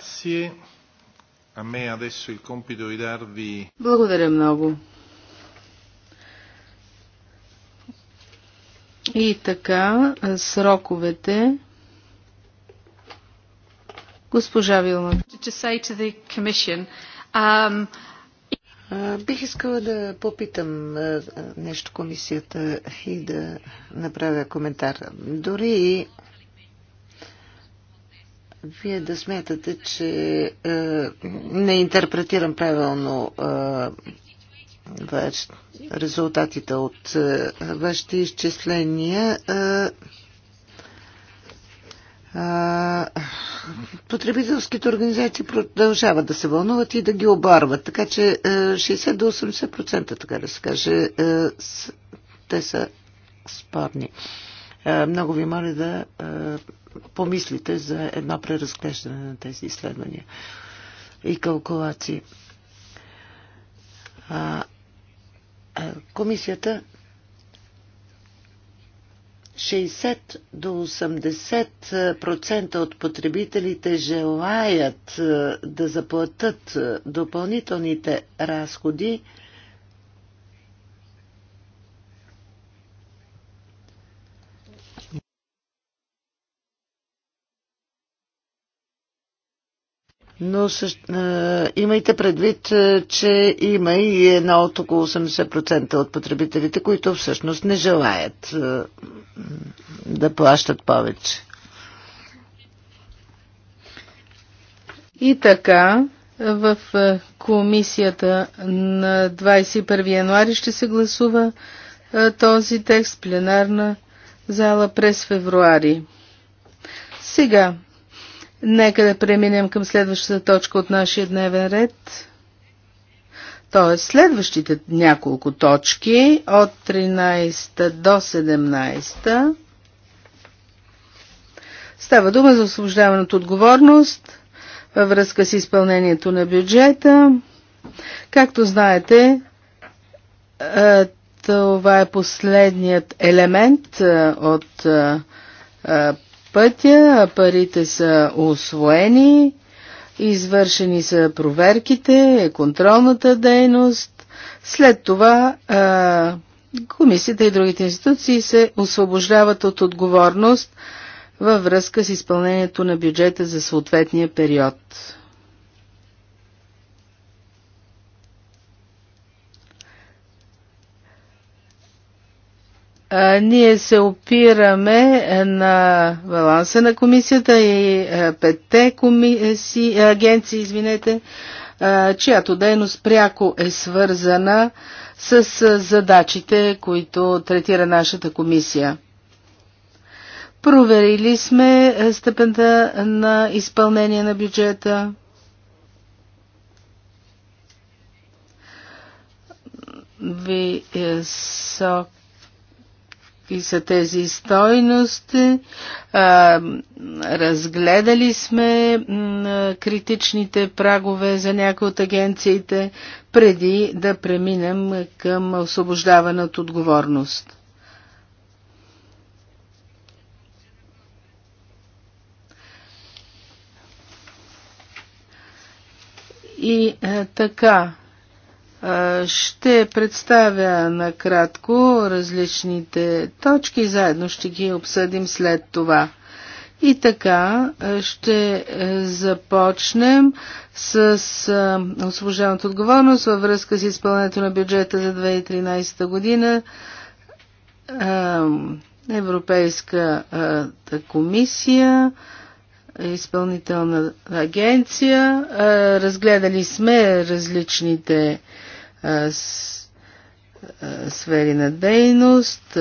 Е Благодаря много. И така, сроковете. Госпожа Вилман. Um, бих искала да попитам нещо комисията и да направя коментар. Дори вие да смятате, че не интерпретирам правилно резултатите от е, вашите изчисления. Е, е, потребителските организации продължават да се вълнуват и да ги обарват. така че 60 до 80%, така да се каже, те са спорни. Много ви моля да помислите за едно преразглеждане на тези изследвания и калкулации. Комисията 60 до 80% от потребителите желаят да заплатат допълнителните разходи Но също, е, имайте предвид, е, че има и едно от около 80% от потребителите, които всъщност не желаят е, да плащат повече. И така, в комисията на 21 януари ще се гласува този текст, пленарна зала през февруари. Сега Нека да преминем към следващата точка от нашия дневен ред. Тоест следващите няколко точки от 13 до 17 става дума за освобождаването отговорност във връзка с изпълнението на бюджета. Както знаете, е, това е последният елемент е, от е, пътя, парите са освоени, извършени са проверките, контролната дейност. След това а, комисията и другите институции се освобождават от отговорност във връзка с изпълнението на бюджета за съответния период. ние се опираме е, на баланса на комисията и е, петте комиси, е, агенции, извинете, чиято дейност пряко е свързана с задачите, които третира нашата комисия. Проверили сме степента на изпълнение на бюджета. Висок какви са тези стойности. Разгледали сме критичните прагове за някои от агенциите, преди да преминем към освобождаване от отговорност. И така, ще представя накратко различните точки, заедно ще ги обсъдим след това. И така ще е, започнем с освобождаването отговорност във връзка с изпълнението на бюджета за 2013 година. Европейската комисия, изпълнителна агенция. Разгледали сме различните сфери на дейност.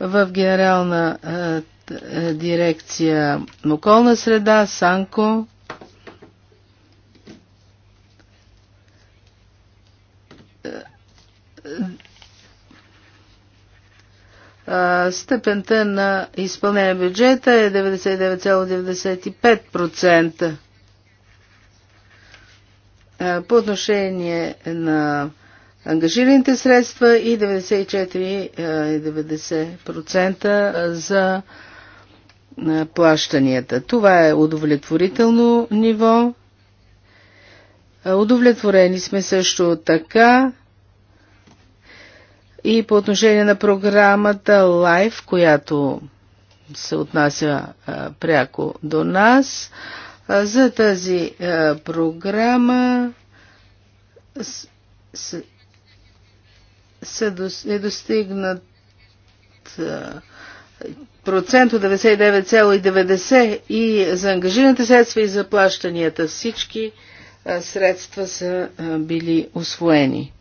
В генерална дирекция околна среда, Санко, степента на изпълнение бюджета е 99,95%. Е, по отношение на ангажираните средства и 94,90% е, за е, плащанията. Това е удовлетворително ниво. Удовлетворени сме също така и по отношение на програмата LIFE, която се отнася пряко до нас. За тази програма е достигнат процент от 99,90 и за ангажираните средства и за плащанията всички средства са били освоени.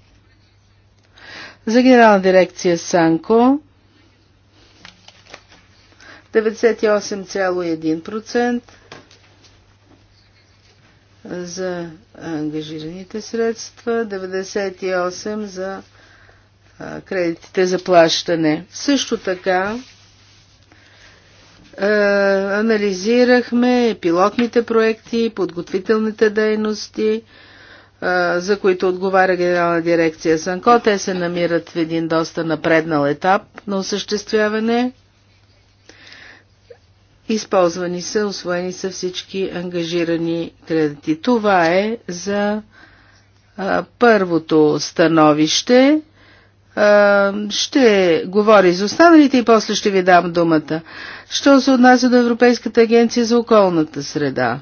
За генерална дирекция Санко 98,1%, за ангажираните средства, 98 за кредитите за плащане. Също така анализирахме пилотните проекти, подготвителните дейности, за които отговаря Генерална дирекция Санко. Те се намират в един доста напреднал етап на осъществяване. Използвани са, освоени са всички ангажирани кредити. Това е за а, първото становище. А, ще говори за останалите и после ще ви дам думата. Що се отнася до Европейската агенция за околната среда?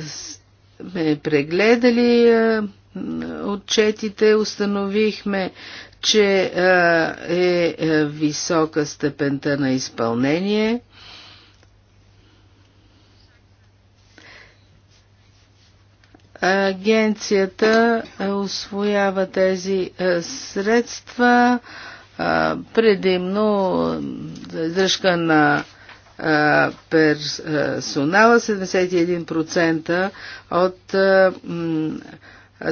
сме прегледали отчетите, установихме, че е висока степента на изпълнение. Агенцията освоява тези средства предимно за издръжка на персонала, 71% от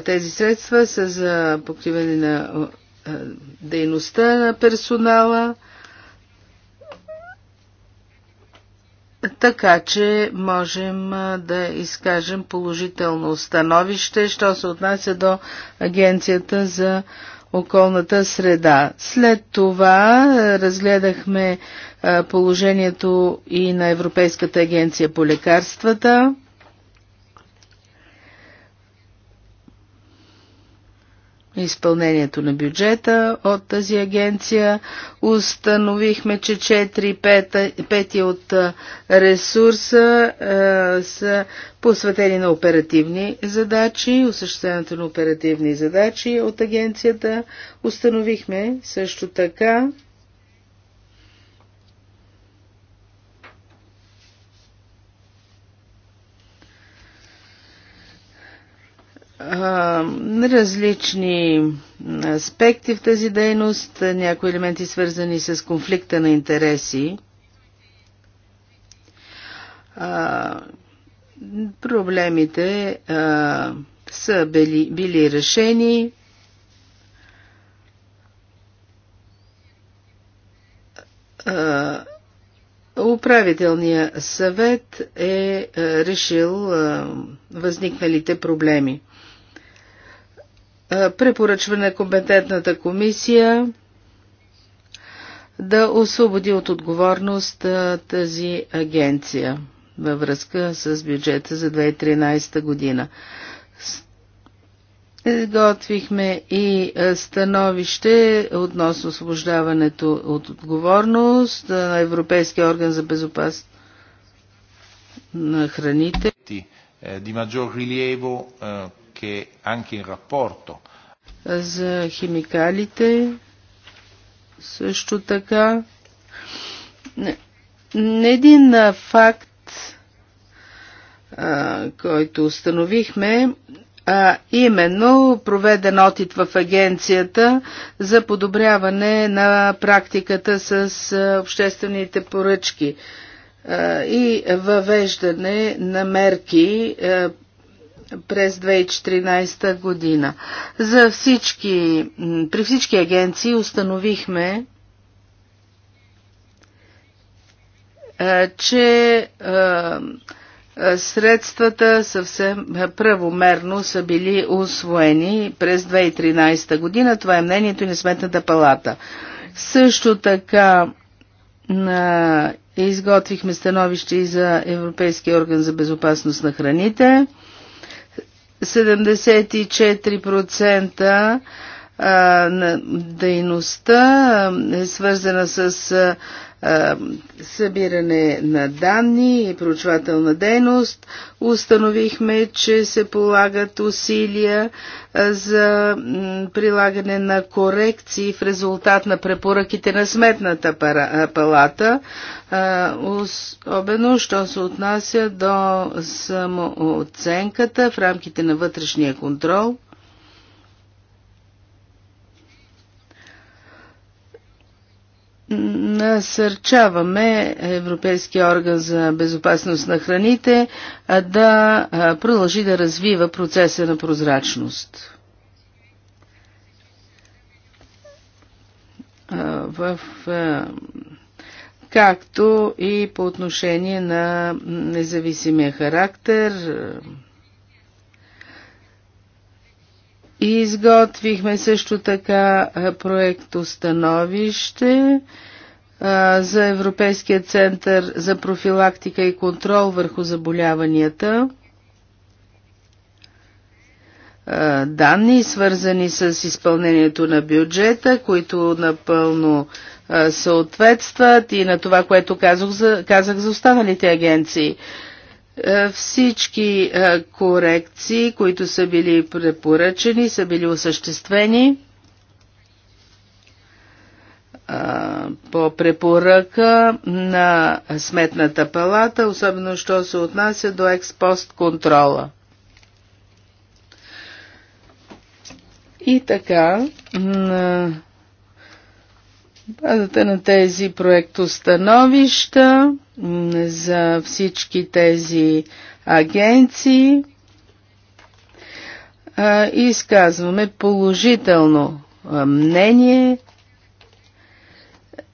тези средства са за покриване на дейността на персонала, така че можем да изкажем положително становище, що се отнася до Агенцията за околната среда. След това разгледахме е, положението и на Европейската агенция по лекарствата. изпълнението на бюджета от тази агенция. Установихме, че 4 пети от е, ресурса е, са посветени на оперативни задачи, осъществяването на оперативни задачи от агенцията. Установихме също така, различни аспекти в тази дейност, някои елементи свързани с конфликта на интереси, проблемите са били, били решени. Управителният съвет е решил възникналите проблеми. Е, препоръчва на компетентната комисия да освободи от отговорност е, тази агенция във връзка с бюджета за 2013 година. Изготвихме и е, становище относно освобождаването от отговорност на Европейския орган за безопасност на храните. Di маджор Рилиево anche in rapporto за химикалите също така. Не Един факт, а, който установихме, а именно проведен отит в агенцията за подобряване на практиката с обществените поръчки и въвеждане на мерки през 2014 година. За всички, при всички агенции установихме, е, че е, е, средствата съвсем правомерно са били освоени през 2013 година. Това е мнението и на Сметната палата. Също така изготвихме становище и за Европейския орган за безопасност на храните. 74% на дейността е свързана с събиране на данни и проучвателна дейност, установихме, че се полагат усилия за прилагане на корекции в резултат на препоръките на Сметната палата, особено, що се отнася до самооценката в рамките на вътрешния контрол – насърчаваме Европейския орган за безопасност на храните да продължи да развива процеса на прозрачност. В, както и по отношение на независимия характер, Изготвихме също така становище за Европейския център за профилактика и контрол върху заболяванията. Данни, свързани с изпълнението на бюджета, които напълно съответстват и на това, което казах за, казах за останалите агенции. Е, всички е, корекции, които са били препоръчени, са били осъществени е, по препоръка на Сметната палата, особено що се отнася до експост контрола. И така, Базата на тези проектостановища за всички тези агенции изказваме положително мнение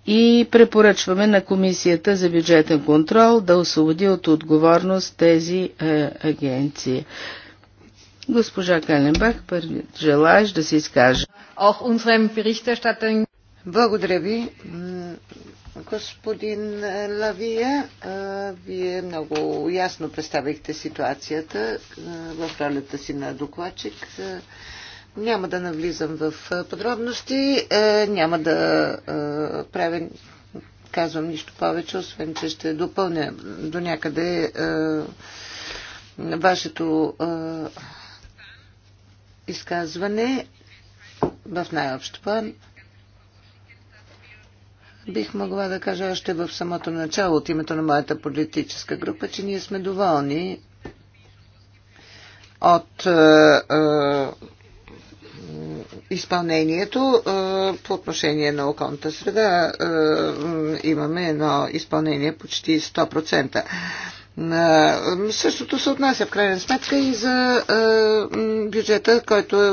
и препоръчваме на Комисията за бюджетен контрол да освободи от отговорност тези е, агенции. Госпожа Каленбах, първи желаеш да се изкаже. Благодаря ви, господин Лавия. Вие много ясно представихте ситуацията в ролята си на докладчик. Няма да навлизам в подробности, няма да правя, казвам нищо повече, освен че ще допълня до някъде вашето изказване в най-общ план. Бих могла да кажа още в самото начало от името на моята политическа група, че ние сме доволни от е, е, изпълнението е, по отношение на околната среда. Е, имаме едно изпълнение почти 100%. Същото се отнася в крайна сметка и за е, бюджета, който е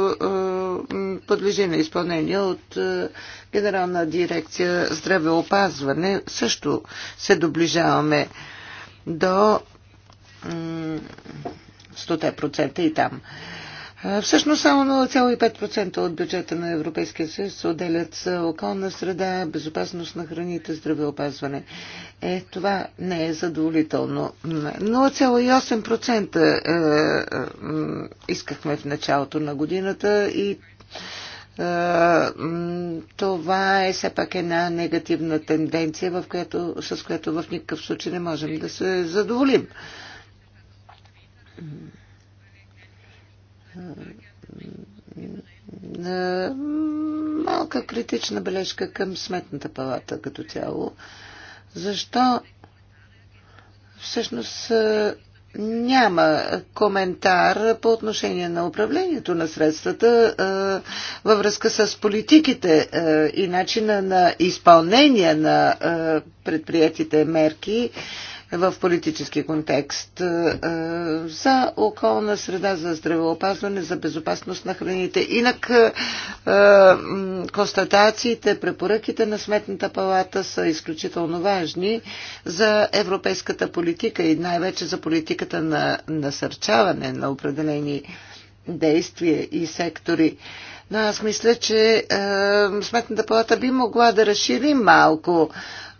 подлежи на изпълнение от е, Генерална дирекция здравеопазване. Също се доближаваме до 100% и там. Всъщност само 0,5% от бюджета на Европейския съюз се отделят за околна среда, безопасност на храните, здравеопазване. Е, това не е задоволително. 0,8% е, е, искахме в началото на годината и е, това е все пак една негативна тенденция, в която, с която в никакъв случай не можем да се задоволим малка критична бележка към сметната палата като цяло. Защо всъщност няма коментар по отношение на управлението на средствата във връзка с политиките и начина на изпълнение на предприятите мерки в политически контекст е, е, за околна среда, за здравеопазване, за безопасност на храните. Инак е, констатациите, препоръките на Сметната палата са изключително важни за европейската политика и най-вече за политиката на насърчаване на определени действия и сектори. Но аз мисля, че е, Сметната палата би могла да разшири малко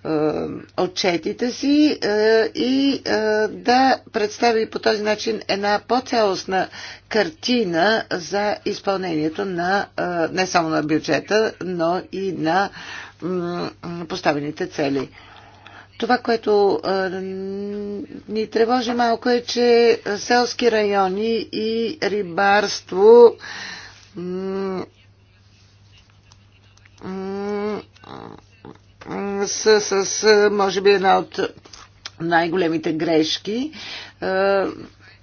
е, отчетите си е, и е, да представи по този начин една по-цялостна картина за изпълнението на не само на бюджета, но и на поставените цели. Това, което ни тревожи малко е, че селски райони и рибарство с, с, може би, една от най-големите грешки.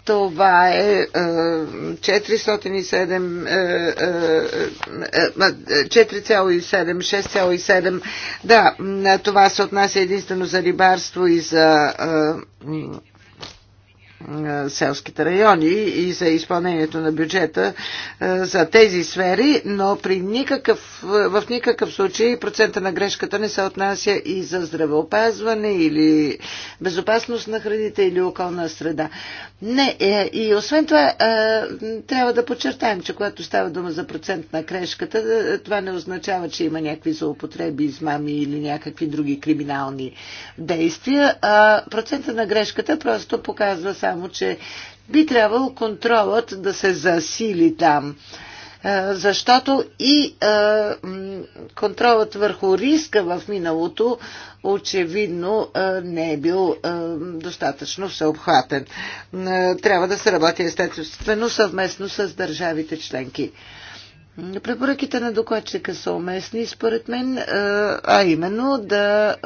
Това е 4,7-6,7. Да, това се отнася единствено за рибарство и за селските райони и за изпълнението на бюджета за тези сфери, но при никакъв, в никакъв случай процента на грешката не се отнася и за здравеопазване или безопасност на храните или околна среда. Не, е, и освен това трябва да подчертаем, че когато става дума за процент на грешката, това не означава, че има някакви злоупотреби, измами или някакви други криминални действия. Процента на грешката просто показва само само че би трябвало контролът да се засили там. Е, защото и е, контролът върху риска в миналото очевидно е, не е бил достатъчно всеобхватен. Трябва да се работи естествено съвместно с държавите членки. Препоръките на докладчика са уместни, според мен, а именно да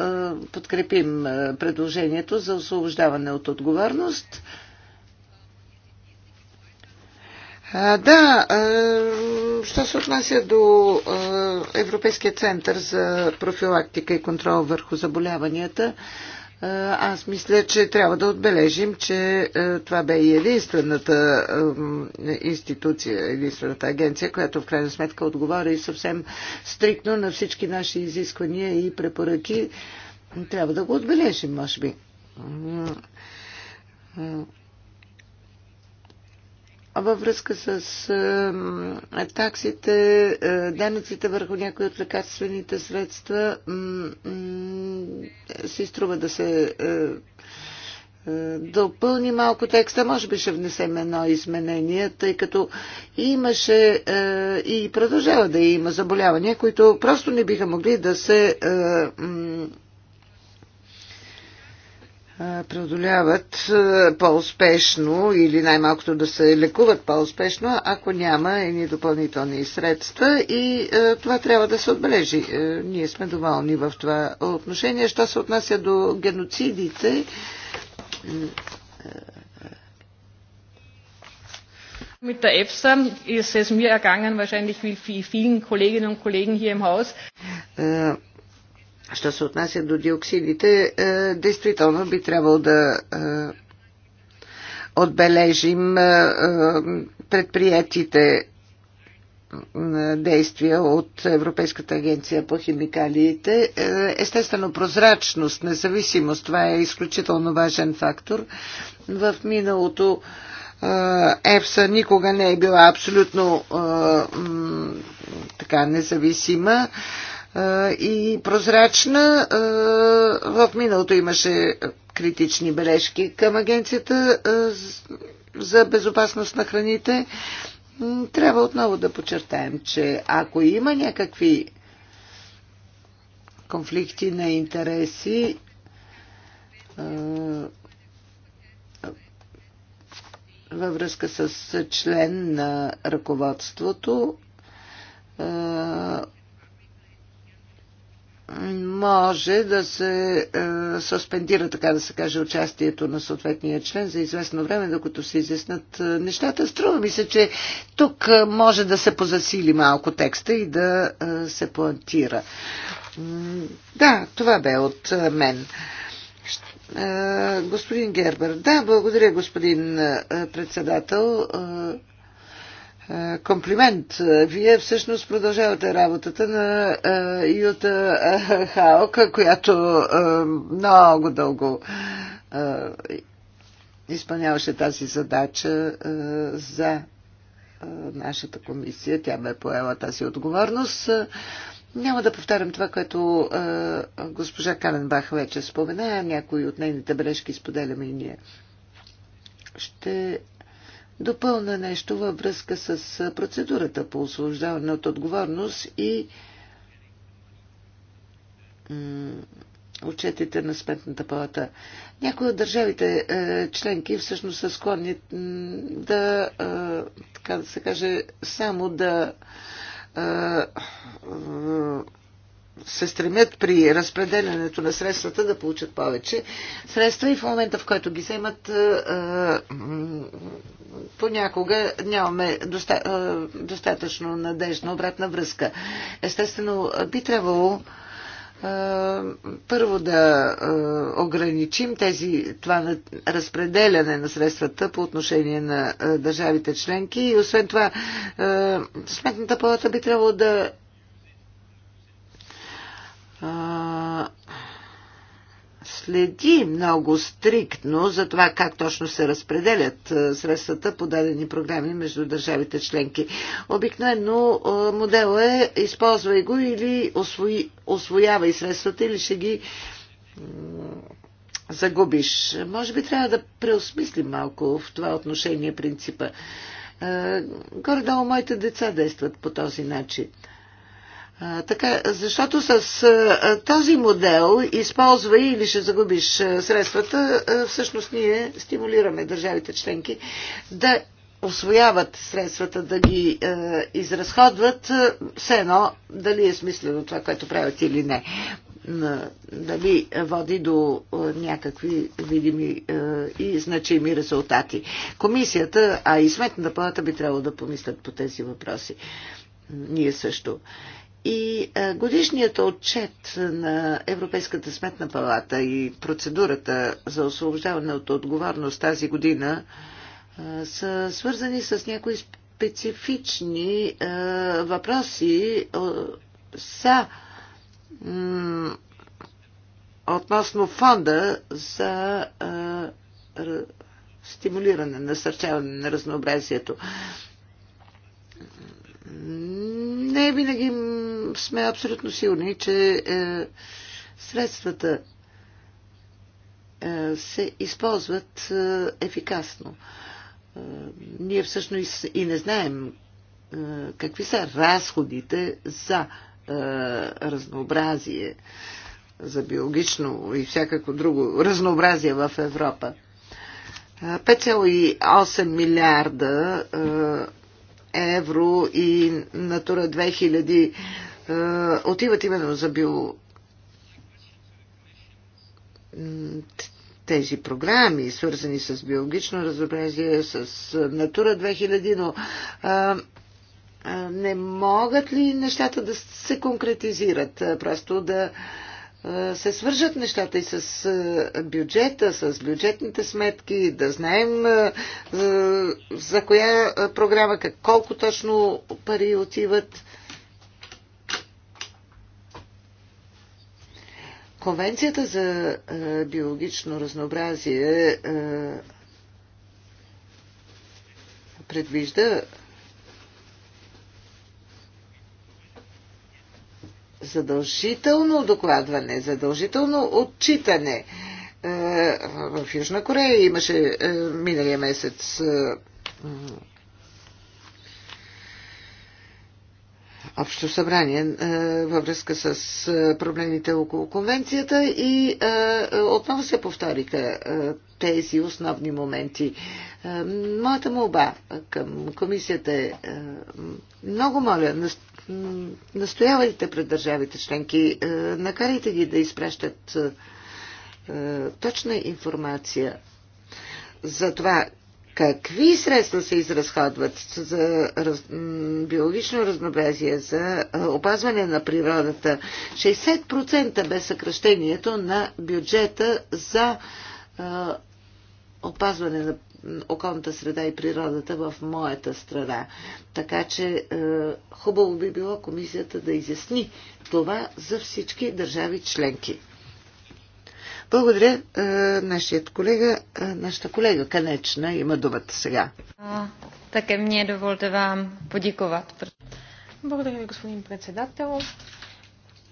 подкрепим предложението за освобождаване от отговорност. А, да, а, що се отнася до а, Европейския център за профилактика и контрол върху заболяванията, аз мисля, че трябва да отбележим, че това бе и единствената институция, единствената агенция, която в крайна сметка отговаря и съвсем стриктно на всички наши изисквания и препоръки. Трябва да го отбележим, може би във връзка с таксите, а, данъците върху някои от лекарствените средства си струва да се допълни малко текста. Може би ще внесем едно изменение, тъй като имаше и продължава да има заболявания, които просто не биха могли да се преодоляват по-успешно или най-малкото да се лекуват по-успешно, ако няма едни допълнителни средства и това трябва да се отбележи. Ние сме доволни в това отношение. Що се отнася до геноцидите, mit der EFSA ist es mir ergangen, wahrscheinlich wie vielen Kolleginnen und Kollegen hier im Haus. Що се отнася до диоксидите, е, действително би трябвало да е, отбележим е, е предприятите действия от Европейската агенция по химикалиите. Е, естествено, прозрачност, независимост, това е изключително важен фактор. В миналото е, ЕФСА никога не е била абсолютно така независима и прозрачна. В миналото имаше критични бележки към Агенцията за безопасност на храните. Трябва отново да подчертаем, че ако има някакви конфликти на интереси, във връзка с член на ръководството, може да се е, суспендира, така да се каже, участието на съответния член за известно време, докато се изяснат е, нещата. Струва ми се, че тук е, може да се позасили малко текста и да е, се плантира. Да, това бе от е, мен. Господин Гербер. Да, благодаря, господин председател. Е, комплимент. Е, вие всъщност продължавате работата на е, Юта Хаока, която много дълго изпълняваше тази задача за нашата комисия. Тя бе поела тази отговорност. Няма да повтарям това, което госпожа Каменбах вече спомена. Някои от нейните бележки споделяме и ние. Ще допълна нещо във връзка с процедурата по освобождаване от отговорност и отчетите на Сметната палата. Някои от държавите е, членки всъщност са склонни да, е, така да се каже, само да е, се стремят при разпределянето на средствата да получат повече средства и в момента, в който ги вземат, понякога нямаме достатъчно надежна обратна връзка. Естествено, би трябвало първо да ограничим тези, това разпределяне на средствата по отношение на държавите членки и освен това Сметната палата би трябвало да а, следи много стриктно за това как точно се разпределят средствата по дадени програми между държавите членки. Обикновено модел е използвай го или освои, освоявай средствата или ще ги загубиш. Може би трябва да преосмислим малко в това отношение принципа. Горе-долу моите деца действат по този начин. Така, защото с а, този модел използва или ще загубиш а, средствата, а, всъщност ние стимулираме държавите членки да освояват средствата, да ги е, изразходват, все едно дали е смислено това, което правят или не. Дали води до някакви видими е, и значими резултати. Комисията, а и сметната палата би трябвало да помислят по тези въпроси. Ние също. И е, годишният отчет на Европейската сметна палата и процедурата за освобождаване от отговорност тази година е, са свързани с някои специфични е, въпроси са относно фонда за стимулиране, насърчаване на разнообразието не винаги сме абсолютно сигурни, че е, средствата е, се използват е, ефикасно. Е, ние всъщност и не знаем е, какви са разходите за е, разнообразие, за биологично и всякакво друго разнообразие в Европа. 5,8 е, милиарда е, евро и Натура 2000 е, отиват именно за био тези програми, свързани с биологично разобразие, с Натура 2000, но а, е, а, е, не могат ли нещата да се конкретизират? Просто да а, се свържат нещата и с бюджета, с бюджетните сметки, да знаем за коя програма, колко точно пари отиват. Конвенцията за биологично разнообразие предвижда задължително докладване, задължително отчитане. Е, в Южна Корея имаше е, миналия месец е, общо събрание във връзка с проблемите около конвенцията и отново се повториха тези основни моменти. Моята молба към комисията е много моля, настоявайте пред държавите членки, е, накарайте ги да изпращат е, е, точна информация за това какви средства се изразходват за раз, биологично разнообразие, за опазване на природата. 60% без съкръщението на бюджета за опазване на околната среда и природата в моята страна. Така че е, хубаво би било комисията да изясни това за всички държави членки. Благодаря. Е, нашият колега, е, нашата колега Канечна има думата сега. Така ми е да вам подиковат. Благодаря ви, господин председател.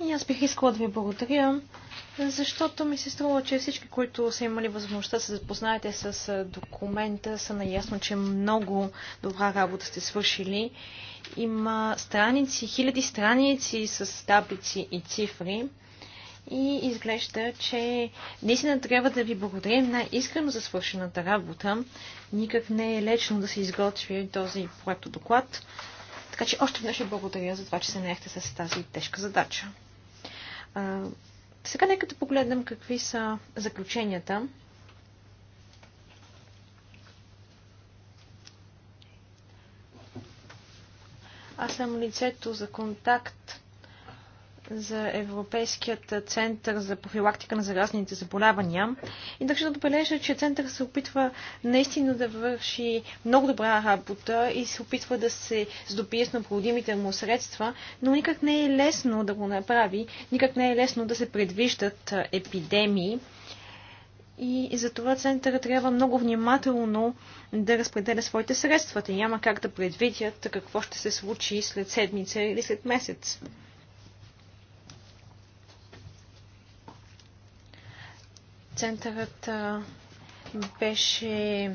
И аз бих искала да ви благодаря защото ми се струва, че всички, които са имали възможността да се запознаете с документа, са наясно, че много добра работа сте свършили. Има страници, хиляди страници с таблици и цифри. И изглежда, че наистина трябва да ви благодарим най-искрено за свършената работа. Никак не е лечно да се изготви този проект доклад. Така че още веднъж ви благодаря за това, че се наехте с тази тежка задача сега нека да погледнем какви са заключенията. Аз съм лицето за контакт за Европейският център за профилактика на заразните заболявания. И държа да отбележа, че център се опитва наистина да върши много добра работа и се опитва да се здобие с необходимите му средства, но никак не е лесно да го направи, никак не е лесно да се предвиждат епидемии. И за това центъра трябва много внимателно да разпределя своите средства. Те няма как да предвидят какво ще се случи след седмица или след месец. Центърът беше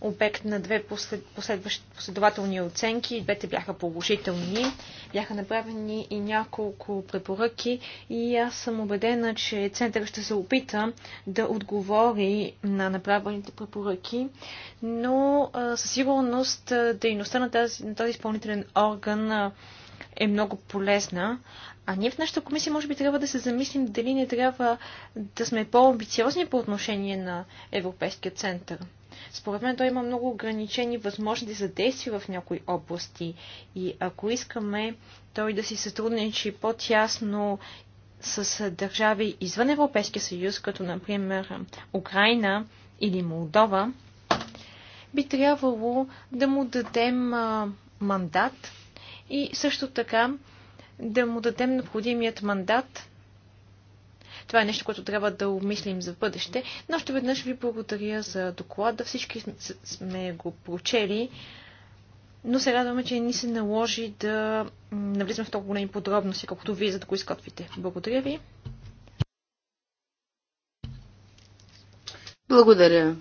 обект на две послед, последващи, последователни оценки. Двете бяха положителни. Бяха направени и няколко препоръки и аз съм убедена, че центърът ще се опита да отговори на направените препоръки, но а, със сигурност дейността на, този, на този изпълнителен орган а, е много полезна. А ние в нашата комисия може би трябва да се замислим дали не трябва да сме по-амбициозни по отношение на Европейския център. Според мен той има много ограничени възможности за действие в някои области и ако искаме той да си сътрудничи по-тясно с държави извън Европейския съюз, като например Украина или Молдова, би трябвало да му дадем мандат и също така да му дадем необходимият мандат. Това е нещо, което трябва да обмислим за бъдеще. Но още веднъж ви благодаря за доклада. Всички сме го прочели. Но се радваме, че ни се наложи да навлизаме в толкова големи подробности, колкото вие, за да го изготвите. Благодаря ви. Благодаря.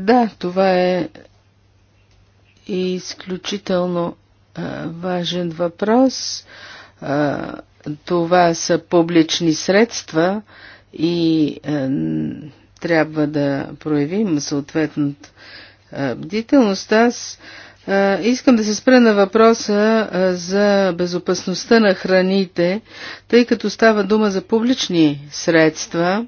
Да, това е изключително а, важен въпрос. А, това са публични средства и а, трябва да проявим съответната бдителност. Аз Искам да се спра на въпроса за безопасността на храните, тъй като става дума за публични средства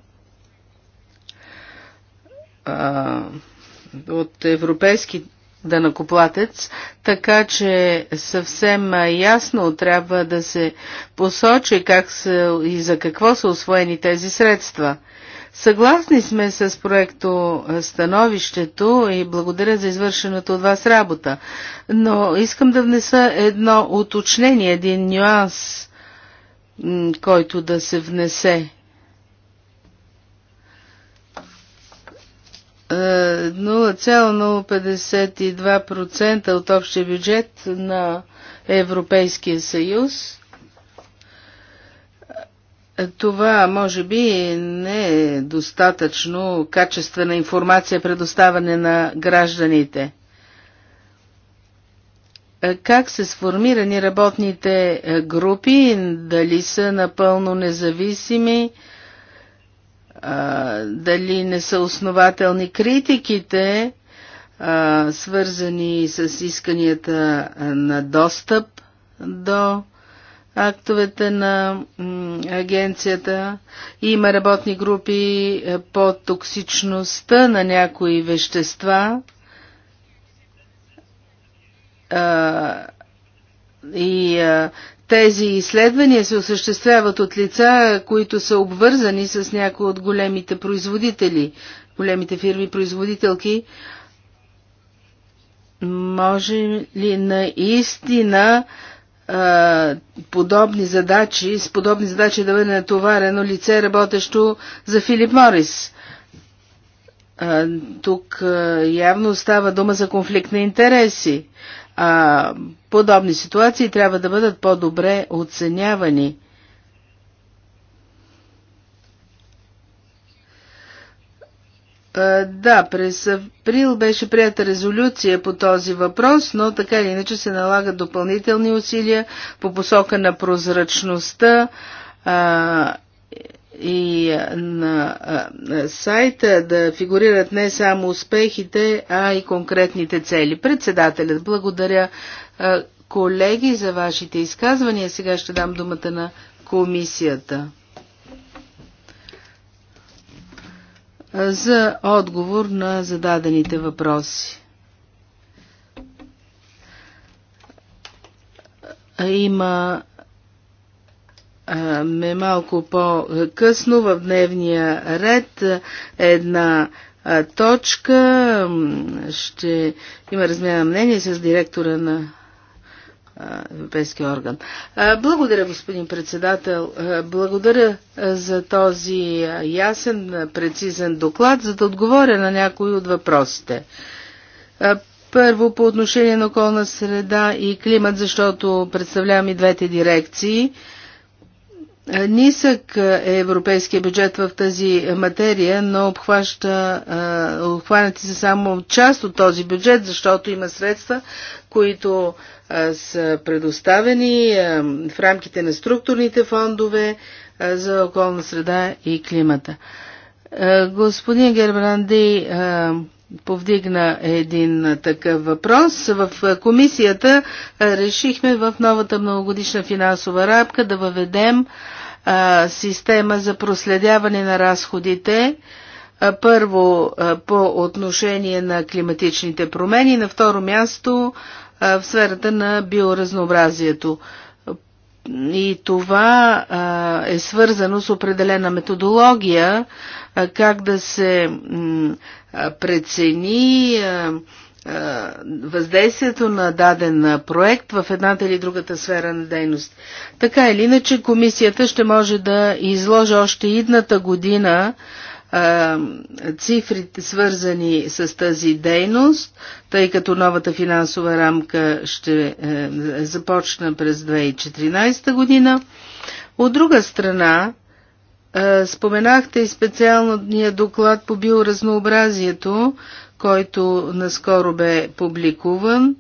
от европейски данакоплатец, така че съвсем ясно трябва да се посочи как са и за какво са освоени тези средства. Съгласни сме с проекто становището и благодаря за извършената от вас работа, но искам да внеса едно уточнение, един нюанс, който да се внесе 0,052% от общия бюджет на Европейския съюз. Това може би не е достатъчно качествена информация предоставане на гражданите. Как са сформирани работните групи, дали са напълно независими, а, дали не са основателни критиките, а, свързани с исканията на достъп до актовете на агенцията. Има работни групи по токсичността на някои вещества. А, и а, тези изследвания се осъществяват от лица, които са обвързани с някои от големите производители, големите фирми-производителки. Може ли наистина а, подобни задачи, с подобни задачи да бъде натоварено лице, работещо за Филип Морис? А, тук а, явно става дума за конфликт на интереси. А, а, подобни ситуации трябва да бъдат по-добре оценявани. Да, през април беше прията резолюция по този въпрос, но така или иначе се налагат допълнителни усилия по посока на прозрачността и на сайта да фигурират не само успехите, а и конкретните цели. Председателят, благодаря колеги за вашите изказвания. Сега ще дам думата на комисията. за отговор на зададените въпроси. Има ме малко по-късно в дневния ред една точка. Ще има размяна мнение с директора на Европейския орган. Благодаря, господин председател. Благодаря за този ясен, прецизен доклад, за да отговоря на някои от въпросите. Първо по отношение на околна среда и климат, защото представлявам и двете дирекции. Е, нисък е европейския бюджет в тази материя, но обхваща, е, обхванати се само част от този бюджет, защото има средства, които е, са предоставени в рамките на структурните фондове за околна среда и климата. Господин Гербранди повдигна един такъв въпрос. В комисията решихме в новата многогодишна финансова рамка да въведем система за проследяване на разходите. първо по отношение на климатичните промени, на второ място в сферата на биоразнообразието. И това а, е свързано с определена методология, а, как да се м, а, прецени а, а, въздействието на даден проект в едната или другата сфера на дейност. Така или иначе, комисията ще може да изложи още идната година цифрите свързани с тази дейност, тъй като новата финансова рамка ще е, започна през 2014 година. От друга страна, е, споменахте и специалния доклад по биоразнообразието, който наскоро бе публикуван.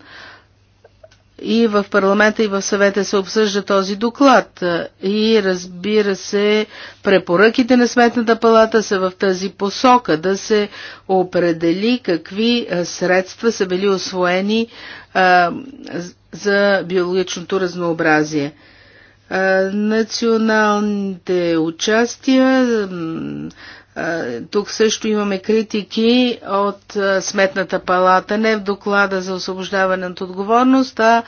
И в парламента и в съвета се обсъжда този доклад. И разбира се, препоръките на Сметната палата са в тази посока да се определи какви средства са били освоени а, за биологичното разнообразие. А, националните участия тук също имаме критики от Сметната палата, не в доклада за освобождаване от отговорност, а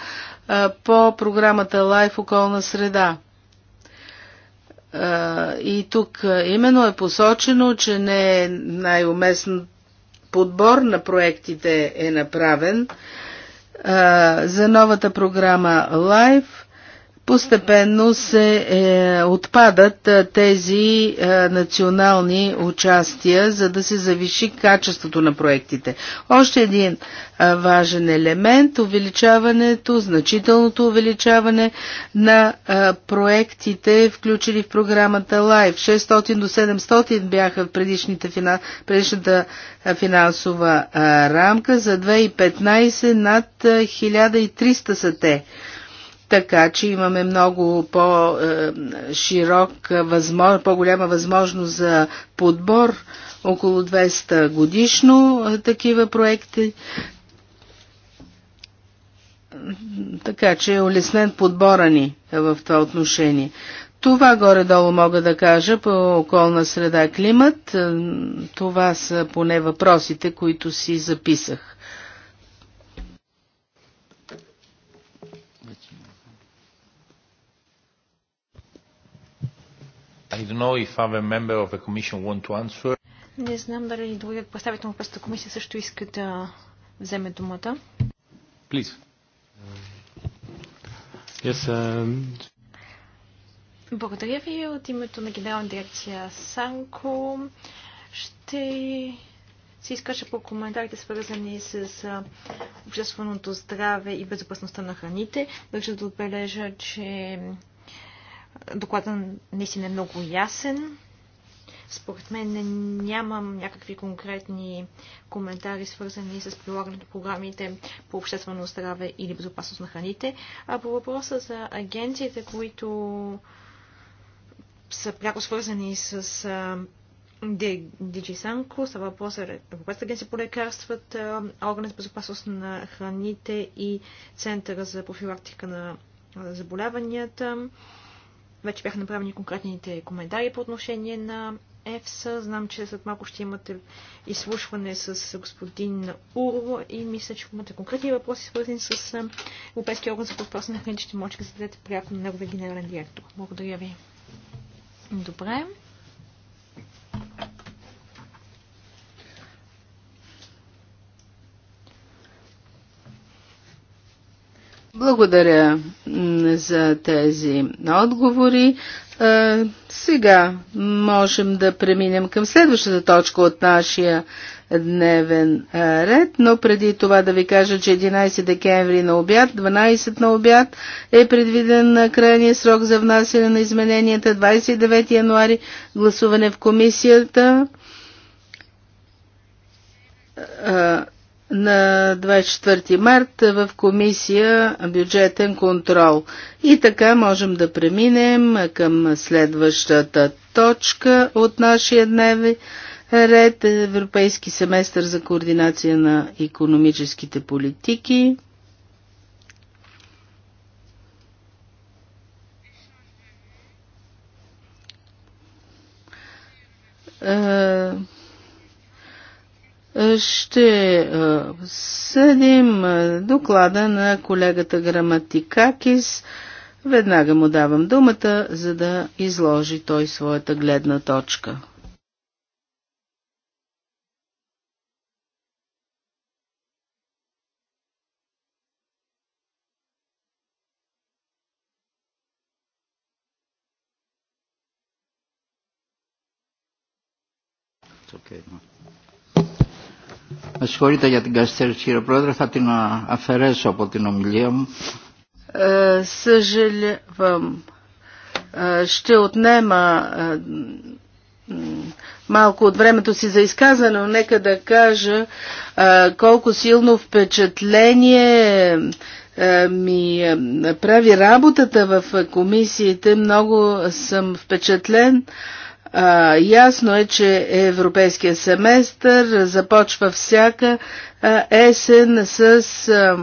по програмата Лайф околна среда. И тук именно е посочено, че не е най-уместен подбор на проектите е направен. За новата програма Life постепенно се е, отпадат е, тези е, национални участия, за да се завиши качеството на проектите. Още един е, важен елемент увеличаването, значителното увеличаване на е, проектите, включени в програмата LIFE. 600 до 700 бяха в предишните, предишната е, финансова е, рамка, за 2015 над 1300 е, са те така че имаме много по-широк, е, по-голяма възможност за подбор, около 200 годишно е, такива проекти. Така че е улеснен подбора ни в това отношение. Това горе-долу мога да кажа по околна среда климат. Е, това са поне въпросите, които си записах. I don't know if other member of the commission want to answer. Не знам дали другият представител на Пъстата комисия също иска да вземе думата. Please. Yes, um, Благодаря ви от името на генерална дирекция Санко. Ще се изкажа по коментарите, свързани с общественото здраве и безопасността на храните. Държа да отбележа, че Докладът наистина е много ясен. Според мен нямам някакви конкретни коментари, свързани с прилагането на програмите по обществено здраве или безопасност на храните. А по въпроса за агенциите, които са пряко свързани с Диджисанко, са въпроса Европейската агенция по лекарствата, органът за безопасност на храните и Центъра за профилактика на заболяванията. Вече бяха направени конкретните коментари по отношение на ЕФСА. Знам, че след малко ще имате изслушване с господин Урло и мисля, че имате конкретни въпроси, свързани с Европейския орган за подпроса на храните. Ще може да зададете пряко на неговия генерален директор. Благодаря ви. Добре. Благодаря за тези отговори. Сега можем да преминем към следващата точка от нашия дневен ред, но преди това да ви кажа, че 11 декември на обяд, 12 на обяд е предвиден крайния срок за внасяне на измененията, 29 януари гласуване в комисията на 24 март в комисия бюджетен контрол. И така можем да преминем към следващата точка от нашия дневен ред Европейски семестър за координация на економическите политики. Uh ще е, съдим е, доклада на колегата Граматикакис. Веднага му давам думата, за да изложи той своята гледна точка. okay. No. Με συγχωρείτε για την καθυστέρηση κύριε Πρόεδρε, θα την αφαιρέσω από την ομιλία μου. Ε, съжалявам. ще отнема малко от времето си за изказване, но нека да кажа е, колко силно впечатление е, ми е, прави работата в комисиите. Много съм впечатлен. А, ясно е, че европейския семестър започва всяка а, есен с а,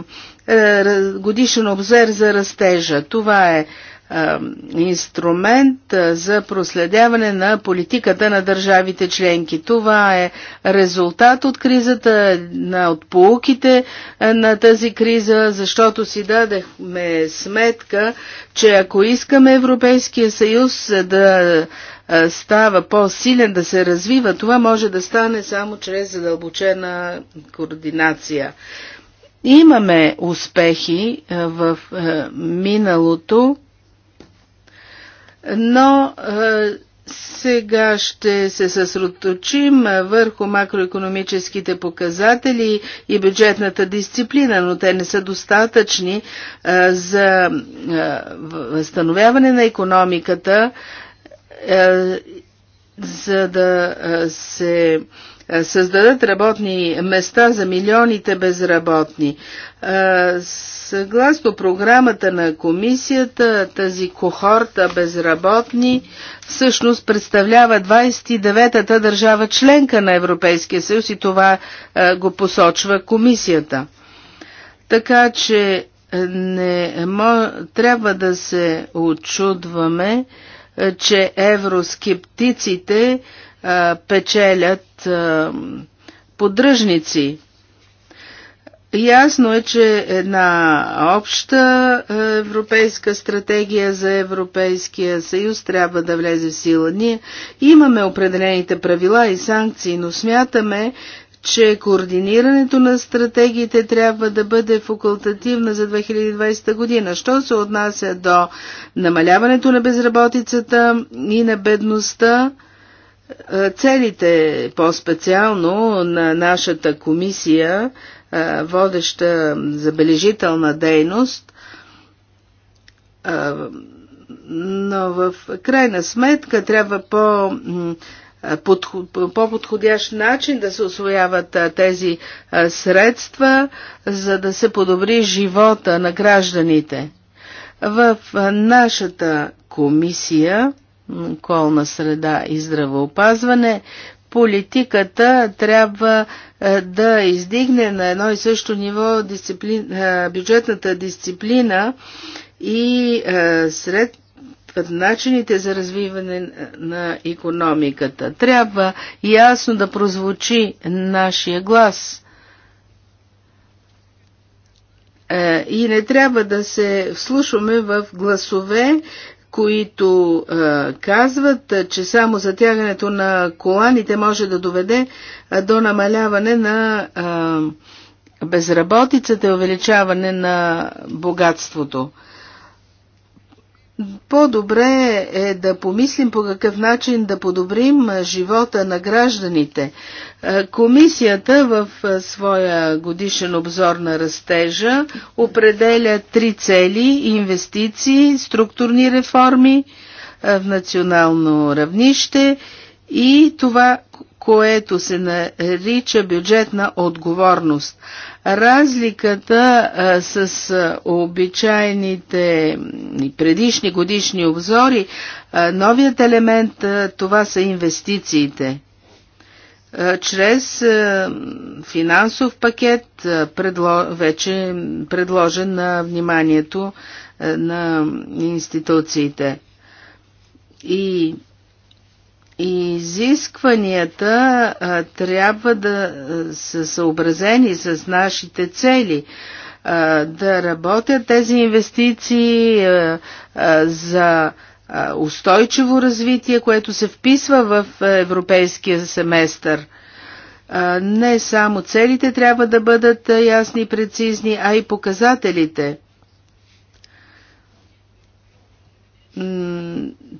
а, годишен обзор за растежа. Това е а, инструмент а, за проследяване на политиката на държавите членки. Това е резултат от кризата, на, от полуките на тази криза, защото си дадехме сметка, че ако искаме Европейския съюз да става по-силен, да се развива, това може да стане само чрез задълбочена координация. Имаме успехи в миналото, но сега ще се съсредоточим върху макроекономическите показатели и бюджетната дисциплина, но те не са достатъчни за възстановяване на економиката е, за да е, се е, създадат работни места за милионите безработни. Съгласно програмата на комисията, тази кохорта безработни всъщност представлява 29-та държава членка на Европейския съюз и това го посочва комисията. Така че не трябва да се очудваме, е, че евроскептиците е, печелят е, поддръжници. Ясно е, че една обща европейска стратегия за Европейския съюз трябва да влезе в сила. Ние имаме определените правила и санкции, но смятаме, че координирането на стратегиите трябва да бъде факултативна за 2020 година. Що се отнася до намаляването на безработицата и на бедността, е, целите по-специално на нашата комисия, е, водеща забележителна дейност, е, но в крайна сметка трябва по- е, по-подходящ начин да се освояват е, тези е, средства, за да се подобри живота на гражданите. В нашата комисия колна среда и здравеопазване, политиката трябва да издигне на едно и също ниво дисциплин, бюджетната дисциплина и сред начините за развиване на економиката. Трябва ясно да прозвучи нашия глас. Е, и не трябва да се вслушваме в гласове, които е, казват, е, че само затягането на коланите може да доведе е, до намаляване на е, безработицата и увеличаване на богатството. По-добре е да помислим по какъв начин да подобрим живота на гражданите. Е, комисията в е, своя годишен обзор на растежа определя три цели – инвестиции, структурни реформи е, в национално равнище и това, което се нарича бюджетна отговорност. Разликата а, с а, обичайните предишни годишни обзори, а, новият елемент а, това са инвестициите. А, чрез а, финансов пакет, а, предло, вече предложен на вниманието а, на институциите. И изискванията а, трябва да са съобразени с нашите цели, а, да работят тези инвестиции а, за устойчиво развитие, което се вписва в европейския семестър. Не само целите трябва да бъдат ясни и прецизни, а и показателите –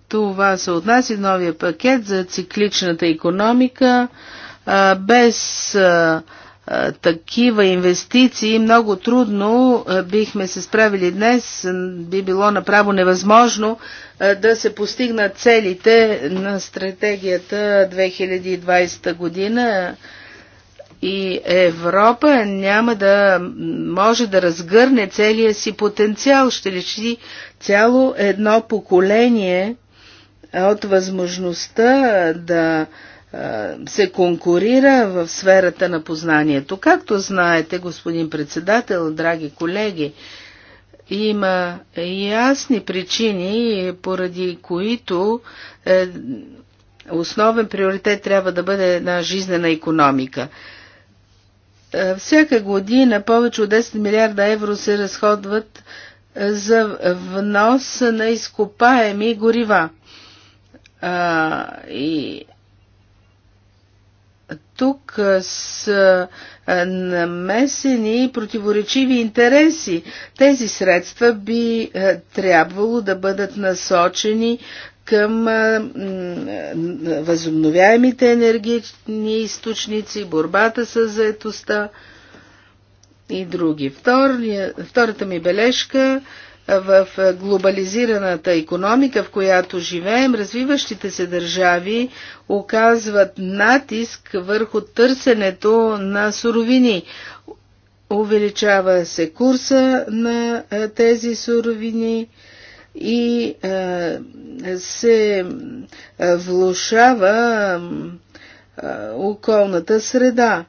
Това се отнася новия пакет за цикличната економика. Без такива инвестиции много трудно бихме се справили днес. Би било направо невъзможно да се постигнат целите на стратегията 2020 година и Европа няма да може да разгърне целия си потенциал. Ще лечи цяло едно поколение от възможността да се конкурира в сферата на познанието. Както знаете, господин председател, драги колеги, има ясни причини, поради които е, основен приоритет трябва да бъде една жизнена економика. Е, всяка година повече от 10 милиарда евро се разходват е, за внос на изкопаеми горива. А, и тук е, са намесени противоречиви интереси. Тези средства би трябвало да бъдат насочени към възобновяемите енергични източници, борбата с заетостта и други. Втория, втората ми бележка в глобализираната економика, в която живеем, развиващите се държави оказват натиск върху търсенето на суровини. Увеличава се курса на тези суровини, и е, се е, влушава е, околната среда.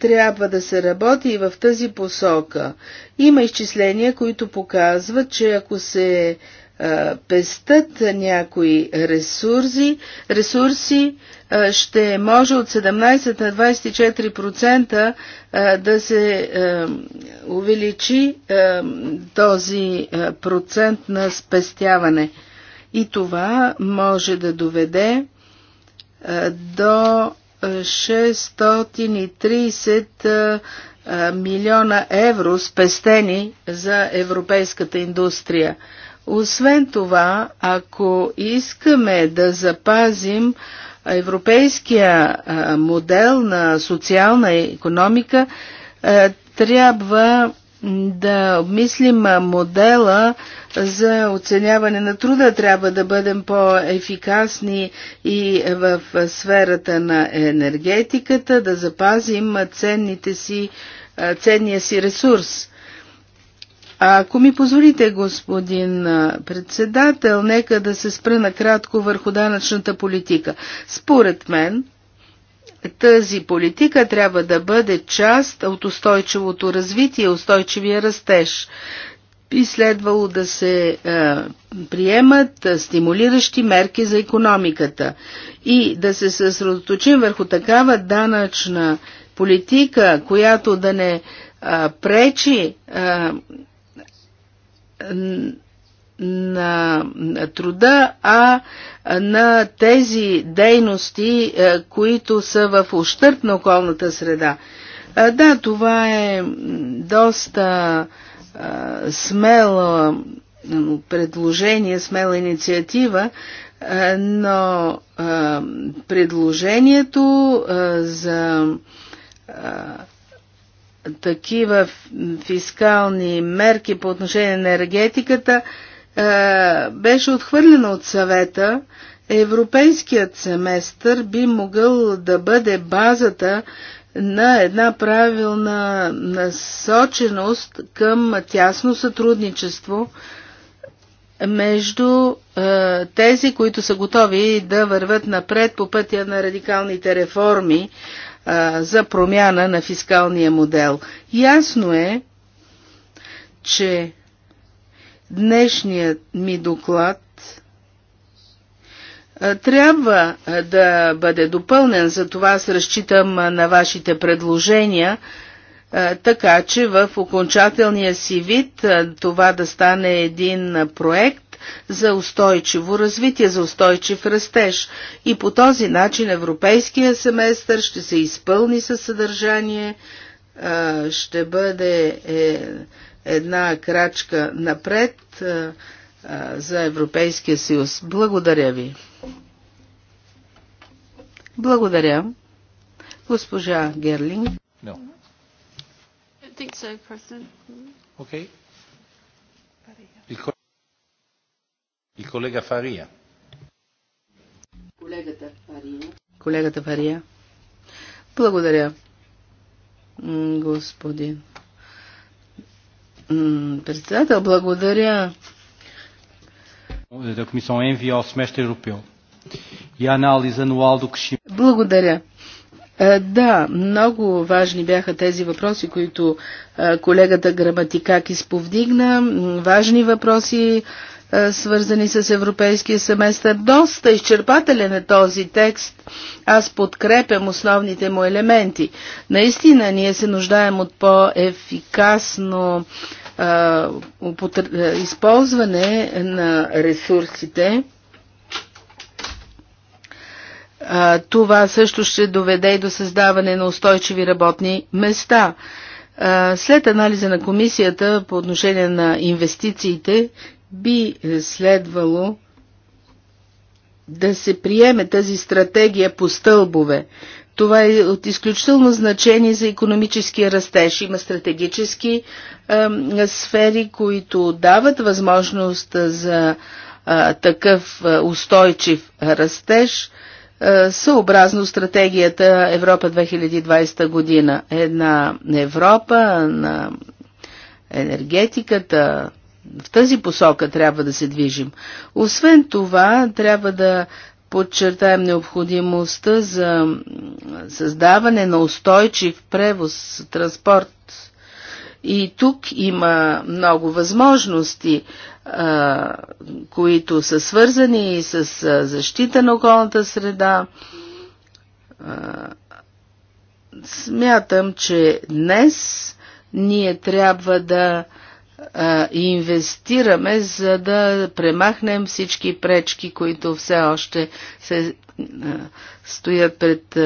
Трябва да се работи и в тази посока. Има изчисления, които показват, че ако се пестат някои ресурси, ресурси е, ще може от 17 на 24% е, да се е, увеличи този процент на спестяване. И това може да доведе до 630 милиона евро спестени за европейската индустрия. Освен това, ако искаме да запазим европейския модел на социална економика трябва да обмислим модела за оценяване на труда. Трябва да бъдем по-ефикасни и в сферата на енергетиката, да запазим ценните си, ценния си ресурс. Ако ми позволите, господин председател, нека да се спра накратко върху данъчната политика. Според мен, тази политика трябва да бъде част от устойчивото развитие, устойчивия растеж. И следвало да се е, приемат стимулиращи мерки за економиката и да се съсредоточим върху такава данъчна политика, която да не е, пречи Е, на труда, а на тези дейности, е, които са в ущърп на околната среда. Е, да, това е доста е, смело предложение, смела инициатива, но предложението за такива фискални мерки по отношение на енергетиката беше отхвърлена от съвета, европейският семестър би могъл да бъде базата на една правилна насоченост към тясно сътрудничество между е, тези, които са готови да върват напред по пътя на радикалните реформи, а, за промяна на фискалния модел. Ясно е, че днешният ми доклад трябва да бъде допълнен, за това аз разчитам на вашите предложения, така че в окончателния си вид това да стане един проект, за устойчиво развитие, за устойчив растеж. И по този начин европейския семестър ще се изпълни със съдържание, ще бъде е, една крачка напред за Европейския съюз. Благодаря ви. Благодаря. Госпожа Герлинг. No. I think so, President. Okay. Колегата Фария. Колегата Фария. Благодаря, господин председател. Благодаря. Da Comissão envia ao semestre europeu e a análise anual do crescimento. Благодаря. Е, да, много важни бяха тези въпроси, които е, колегата Граматикакис повдигна. Важни въпроси, е, свързани с европейския семестър. Доста изчерпателен е този текст. Аз подкрепям основните му елементи. Наистина ние се нуждаем от по-ефикасно е, е, използване на ресурсите. А, това също ще доведе и до създаване на устойчиви работни места. След анализа на комисията по отношение на инвестициите би следвало да се приеме тази стратегия по стълбове. Това е от изключително значение за економическия растеж. Има стратегически е, сфери, които дават възможност за е, такъв устойчив растеж е, съобразно стратегията Европа 2020 година. Една Европа на енергетиката, в тази посока трябва да се движим. Освен това, трябва да подчертаем необходимостта за създаване на устойчив превоз, транспорт. И тук има много възможности, които са свързани и с защита на околната среда. Смятам, че днес ние трябва да и инвестираме, за да премахнем всички пречки, които все още се стоят пред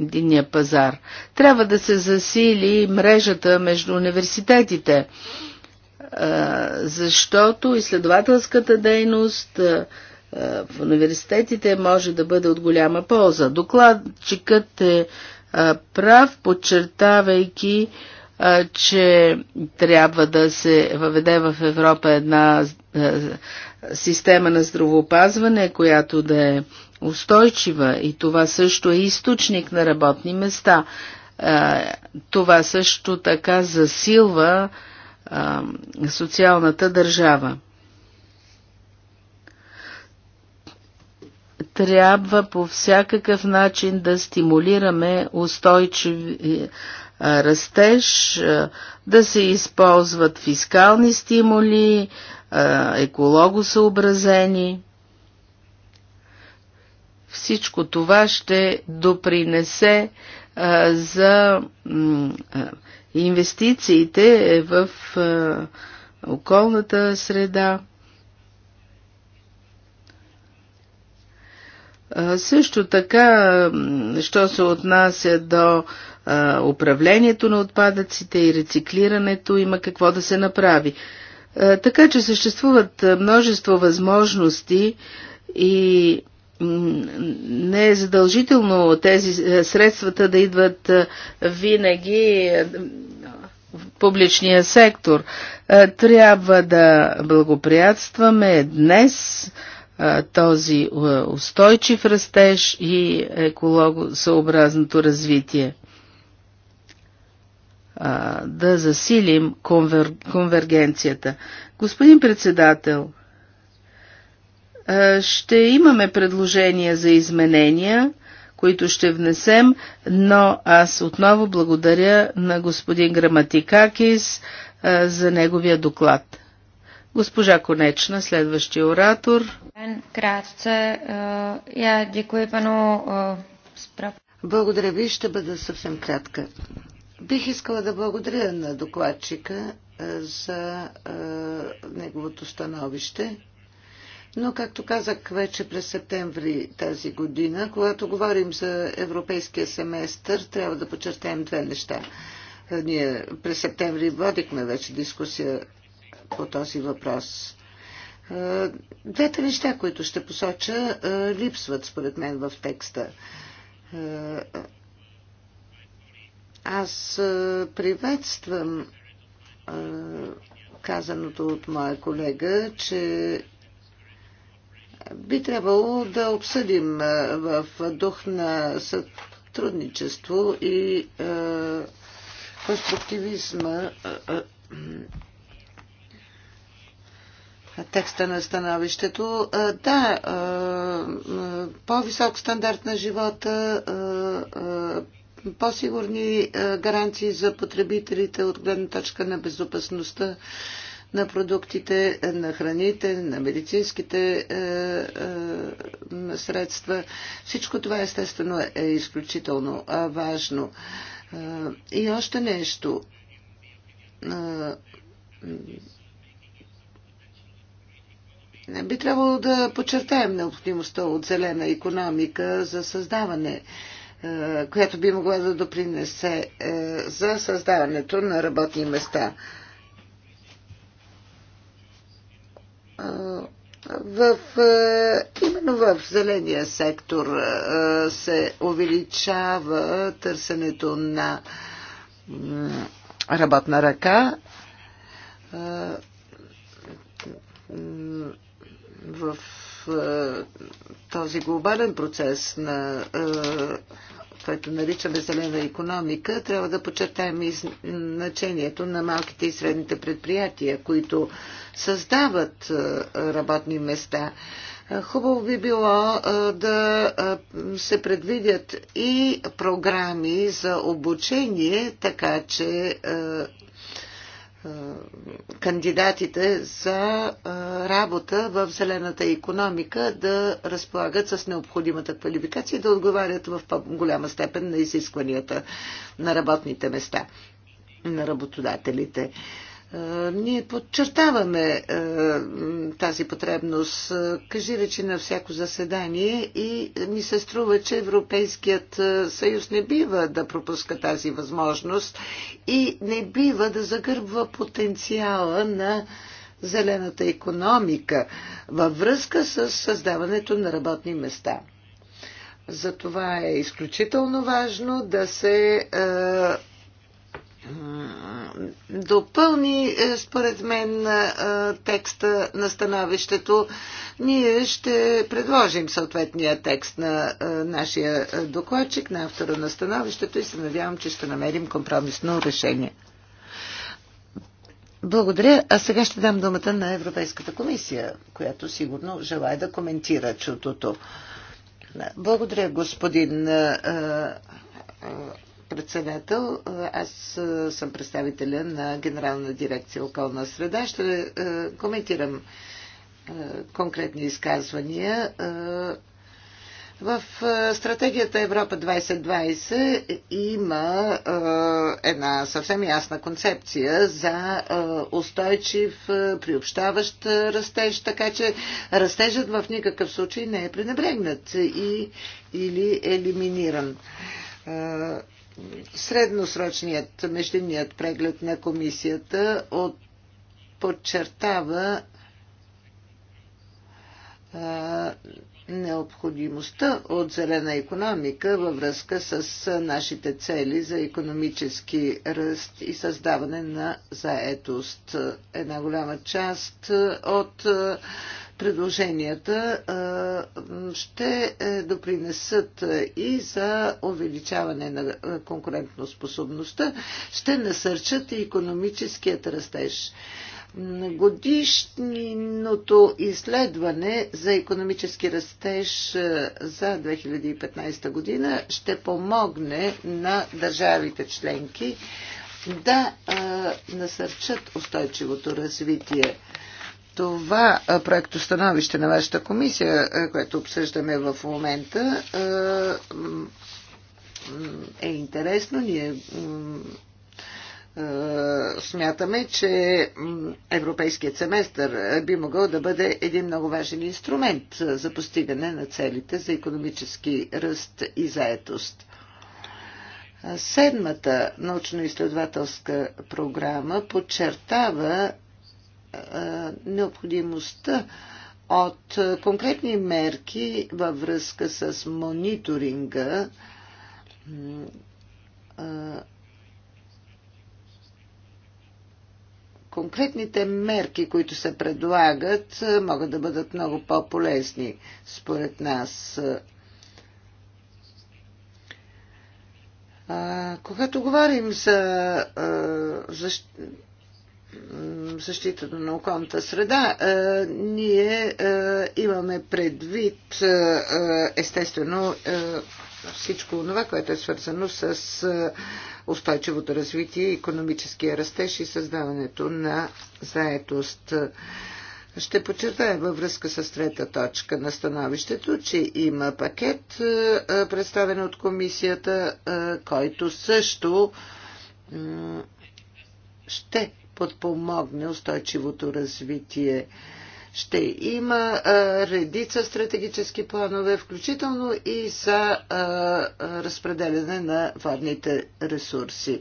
единния пазар. Трябва да се засили мрежата между университетите, защото изследователската дейност в университетите може да бъде от голяма полза. Докладчикът е прав, подчертавайки че трябва да се въведе в Европа една система на здравоопазване, която да е устойчива и това също е източник на работни места. Това също така засилва социалната държава. трябва по всякакъв начин да стимулираме устойчиви растеж, да се използват фискални стимули, екологосъобразени. Всичко това ще допринесе за инвестициите в околната среда. Също така, що се отнася до управлението на отпадъците и рециклирането, има какво да се направи. Така че съществуват множество възможности и не е задължително тези средствата да идват винаги в публичния сектор. Трябва да благоприятстваме днес този устойчив растеж и екологосъобразното развитие. Да засилим конвер... конвергенцията. Господин председател, ще имаме предложения за изменения, които ще внесем, но аз отново благодаря на господин Граматикакис за неговия доклад. Госпожа Конечна, следващия оратор. Кратце, я дякую пану е, Благодаря ви, ще бъда съвсем кратка. Бих искала да благодаря на докладчика е, за е, неговото становище. Но, както казах вече през септември тази година, когато говорим за европейския семестър, трябва да подчертаем две неща. Ние през септември водихме вече дискусия по този въпрос. Е, двете неща, които ще посоча, е, липсват според мен в текста. Е, аз приветствам казаното от моя колега, че би трябвало да обсъдим в дух на сътрудничество и конструктивизма текста на становището. Да, по-висок стандарт на живота, по-сигурни гаранции за потребителите от гледна точка на безопасността на продуктите, на храните, на медицинските средства. Всичко това естествено е изключително важно. и още нещо би трябвало да подчертаем необходимостта от зелена економика за създаване, е, която би могла да допринесе е, за създаването на работни места. Е, в, именно в зеления сектор се увеличава търсенето на работна ръка в е, този глобален процес, на, е, който наричаме зелена економика, трябва да почетаем и значението на малките и средните предприятия, които създават е, работни места. Хубаво би било да се предвидят и програми за обучение, така че е, кандидатите за е, работа в зелената економика да разполагат с необходимата квалификация и да отговарят в по-голяма степен на изискванията на работните места на работодателите. Е, ние подчертаваме е, тази потребност, е, кажи речи на всяко заседание и ми се струва, че Европейският съюз не бива да пропуска тази възможност и не бива да загърбва потенциала на зелената економика във връзка с създаването на работни места. Затова е изключително важно да се допълни, е, според мен, е, текста на становището, ние ще предложим съответния текст на е, нашия докладчик, на автора на становището и се надявам, че ще намерим компромисно решение. Благодаря. А сега ще дам думата на Европейската комисия, която сигурно желая да коментира чутото. Благодаря, господин председател. Аз съм представителя на Генерална дирекция околна среда. Ще коментирам конкретни изказвания. В стратегията Европа 2020 има една съвсем ясна концепция за устойчив, приобщаващ растеж, така че растежът в никакъв случай не е пренебрегнат и, или елиминиран средносрочният междинният преглед на комисията от, подчертава а, необходимостта от зелена економика във връзка с нашите цели за економически ръст и създаване на заетост. Една голяма част от а, предложенията ще е, допринесат е, и за увеличаване на е, конкурентоспособността, ще насърчат и економическият растеж. Годишното изследване за економически растеж за 2015 година ще помогне на държавите членки да а, насърчат устойчивото развитие това проекто становище на вашата комисия, което обсъждаме в момента, е интересно. Ние смятаме, че европейският семестър би могъл да бъде един много важен инструмент за постигане на целите за економически ръст и заетост. Седмата научно-изследователска програма подчертава е, необходимостта от конкретни мерки във връзка с мониторинга е, конкретните мерки, които се предлагат, е, могат да бъдат много по-полезни според нас. когато говорим за защ защитата на околната среда, е, ние е, имаме предвид е, естествено всичко това, което е свързано с устойчивото развитие, економическия растеж и създаването на заетост. Ще подчертая във връзка с трета точка на становището, че има пакет, представен от комисията, който също ще подпомогне устойчивото развитие. Ще има а, редица стратегически планове, включително и за а, разпределяне на водните ресурси.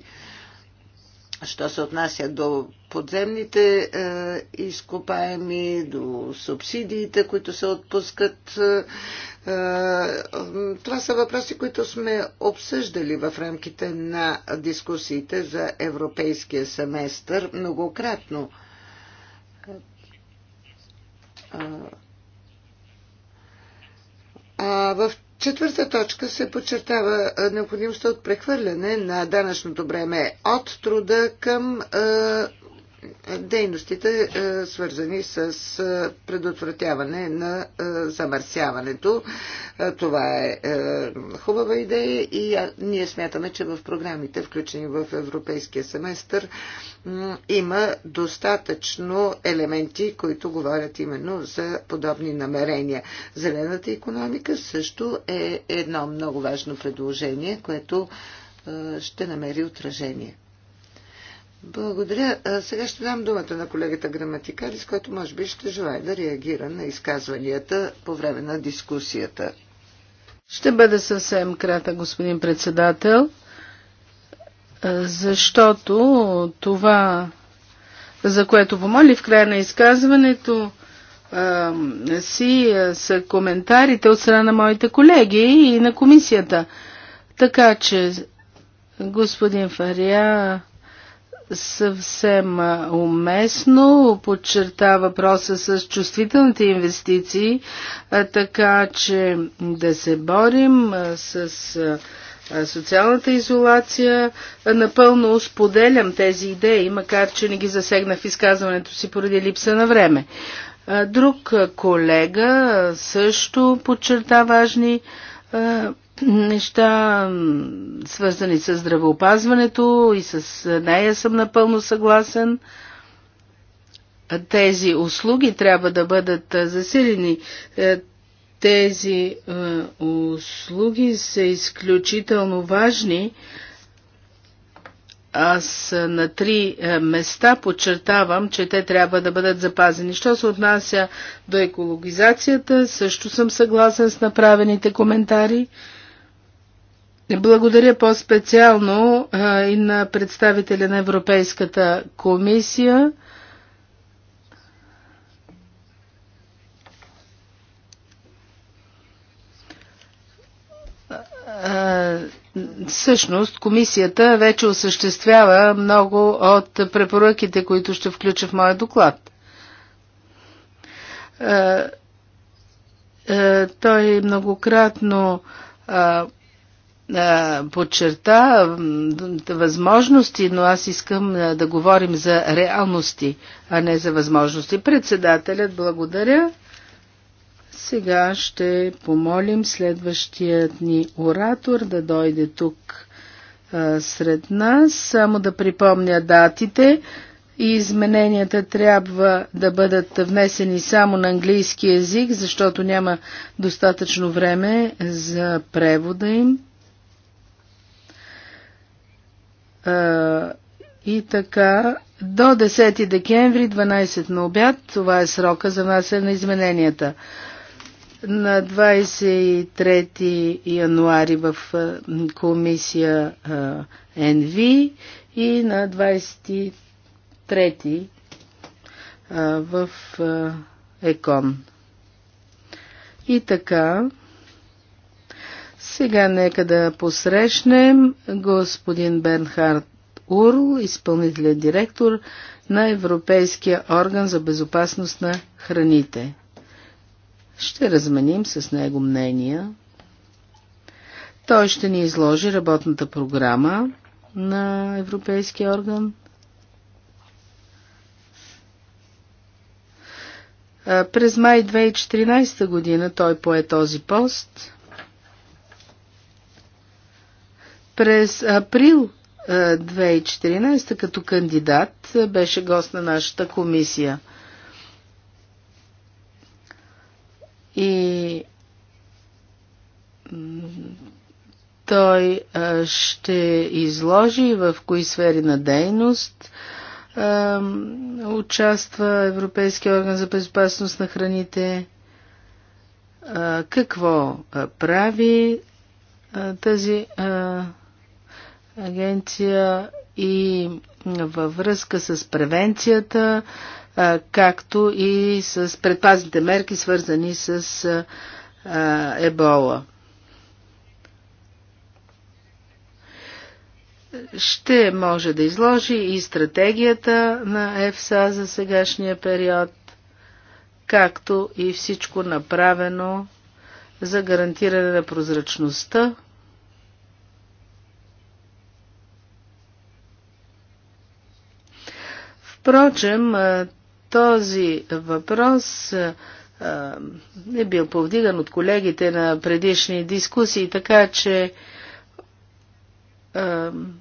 Що се отнася до подземните е, изкопаеми, до субсидиите, които се отпускат, е, е, това са въпроси, които сме обсъждали в рамките на дискусиите за европейския семестър многократно. Е, е, а в четвърта точка се подчертава необходимостта от прехвърляне на данъчното бреме от труда към дейностите, е, свързани с е, предотвратяване на е, замърсяването. Това е хубава идея и ние смятаме, че в програмите, включени в европейския семестър, има достатъчно елементи, които говорят именно за подобни намерения. Зелената економика също е едно много важно предложение, което ще намери отражение. Благодаря. Сега ще дам думата на колегата Граматикалис, който може би ще желая да реагира на изказванията по време на дискусията. Ще бъде съвсем кратък, господин председател, защото това, за което помоли в края на изказването, си са коментарите от страна на моите колеги и на комисията. Така че, господин Фария, съвсем уместно подчерта въпроса с чувствителните инвестиции, така че да се борим с социалната изолация. Напълно споделям тези идеи, макар че не ги засегнах в изказването си поради липса на време. Друг колега също подчерта важни неща, свързани с здравеопазването и с нея съм напълно съгласен. Тези услуги трябва да бъдат засилени. Е, тези услуги са изключително важни. Аз на три места подчертавам, че те трябва да бъдат запазени. Що се отнася до екологизацията, също съм съгласен с направените коментари. Благодаря по-специално и на представителя на Европейската комисия. Всъщност, комисията вече осъществява много от препоръките, които ще включа в моя доклад. Той многократно подчерта възможности, но аз искам да говорим за реалности, а не за възможности. Председателят, благодаря. Сега ще помолим следващият ни оратор да дойде тук а, сред нас. Само да припомня датите. И измененията трябва да бъдат внесени само на английски язик, защото няма достатъчно време за превода им. И така, до 10 декември, 12 на обяд, това е срока за нас е на измененията. На 23 януари в комисия НВ и на 23 в ЕКОН. И така, сега нека да посрещнем господин Бернхард Урл, изпълнителен директор на Европейския орган за безопасност на храните. Ще разменим с него мнения. Той ще ни изложи работната програма на Европейския орган. През май 2014 година той пое този пост. През април 2014 като кандидат беше гост на нашата комисия. И той ще изложи в кои сфери на дейност участва Европейския орган за безопасност на храните, какво прави тази агенция и във връзка с превенцията, както и с предпазните мерки, свързани с ебола. Ще може да изложи и стратегията на ЕФСА за сегашния период, както и всичко направено за гарантиране на прозрачността Впрочем, този въпрос е бил повдиган от колегите на предишни дискусии, така че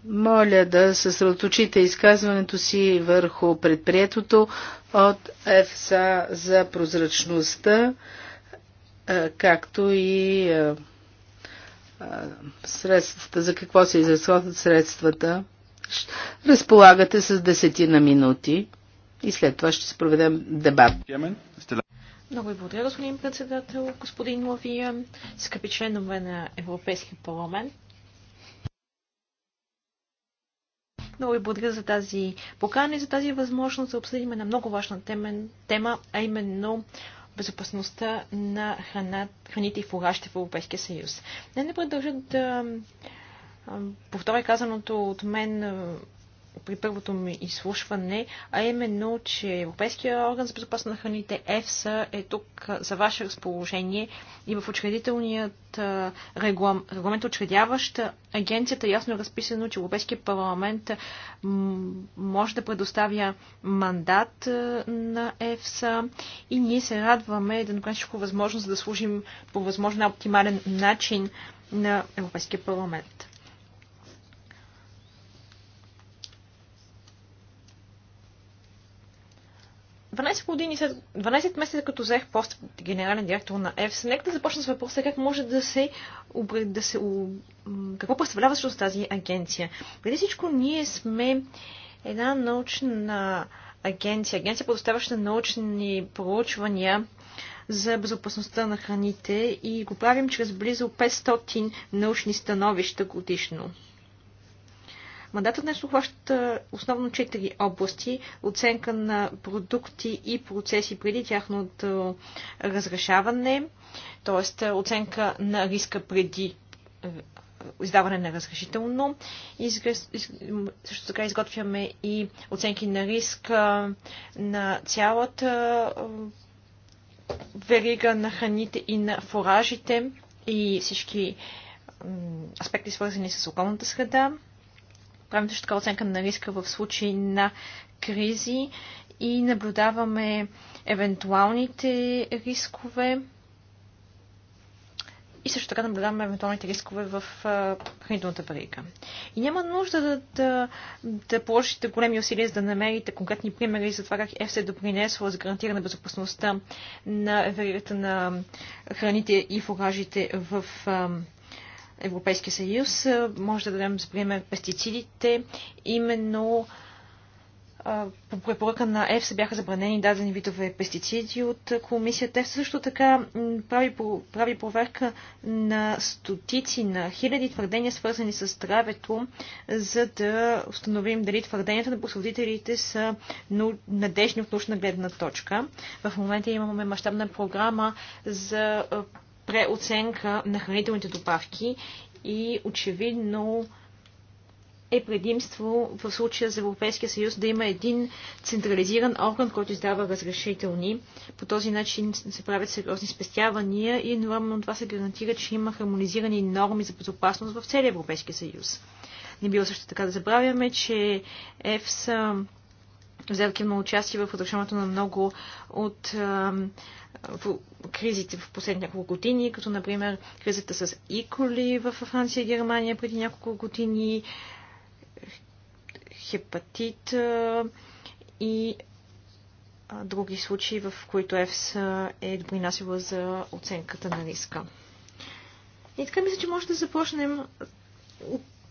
моля да съсредоточите изказването си върху предприетото от ЕФСА за прозрачността, както и средствата, за какво се изразходват средствата. Разполагате с десетина минути и след това ще се проведем дебат. Много ви благодаря, господин председател, господин Лавия, скъпи членове на Европейския парламент. Много ви благодаря за тази покана и за тази възможност да обсъдим една много важна тема, а именно безопасността на храна, храните и фуражите в Европейския съюз. Не не държа да повторя казаното от мен при първото ми изслушване, а именно, че Европейския орган за безопасност на храните ЕФСА е тук за ваше разположение и в учредителният реглам, регламент учредяващ агенцията ясно е разписано, че Европейския парламент може да предоставя мандат на ЕФСА и ние се радваме да направим всичко възможност да служим по възможно оптимален начин на Европейския парламент. 12 години, след 12 месеца като взех пост генерален директор на ЕФС, нека да започна с въпроса как може да се, да се какво представлява всъщност тази агенция. Преди всичко ние сме една научна агенция, агенция предоставяща научни проучвания за безопасността на храните и го правим чрез близо 500 научни становища годишно. Мандатът днес обхваща основно четири области – оценка на продукти и процеси преди тяхното разрешаване, т.е. оценка на риска преди е, издаване на разрешително. Също така изготвяме и оценки на риск е, на цялата е, верига на храните и на фуражите и всички аспекти свързани с околната среда правим също така оценка на риска в случай на кризи и наблюдаваме евентуалните рискове и също така наблюдаваме евентуалните рискове в хранителната верига. И няма нужда да, да, да положите големи усилия, за да намерите конкретни примери за това как ЕФСА е допринесла за гарантиране безопасността на веригата на храните и фуражите в Европейския съюз. Може да дадем за пример пестицидите. Именно по препоръка на ЕФСА бяха забранени дадени видове пестициди от комисията. ЕФСА също така прави, прави проверка на стотици, на хиляди твърдения, свързани с здравето, за да установим дали твърденията на посредителите са надежни от научна гледна точка. В момента имаме мащабна програма за преоценка на хранителните добавки и очевидно е предимство в случая за Европейския съюз да има един централизиран орган, който издава разрешителни. По този начин се правят сериозни спестявания и нормално това се гарантира, че има хармонизирани норми за безопасност в целия Европейския съюз. Не било също така да забравяме, че ЕФСА взе активно участие в разрешаването на много от кризите в последните няколко години, като например кризата с Иколи в Франция и Германия преди няколко години, хепатит и други случаи, в които ЕФС е допринасила за оценката на риска. И така мисля, че може да започнем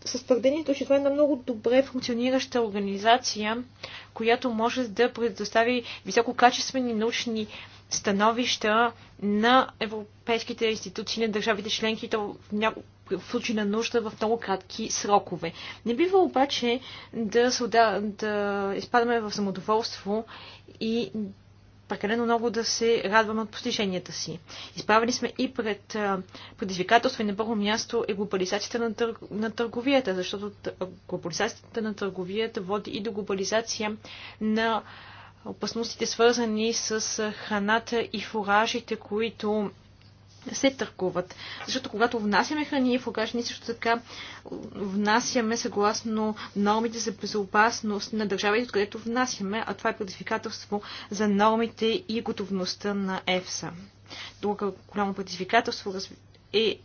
с твърдението, че това е една много добре функционираща организация, която може да предостави висококачествени научни становища на европейските институции, на държавите членки, то в, няко... в случай на нужда в много кратки срокове. Не бива обаче да, да, да изпадаме в самодоволство и прекалено много да се радваме от постиженията си. Изправени сме и пред предизвикателство и на първо място е глобализацията на, тър, на търговията, защото глобализацията на търговията води и до глобализация на опасностите свързани с храната и фуражите, които се търгуват. Защото когато внасяме храни и фуражи, ние също така внасяме съгласно нормите за безопасност на държавите, откъдето внасяме, а това е предизвикателство за нормите и готовността на ЕФСА. Друго голямо предизвикателство е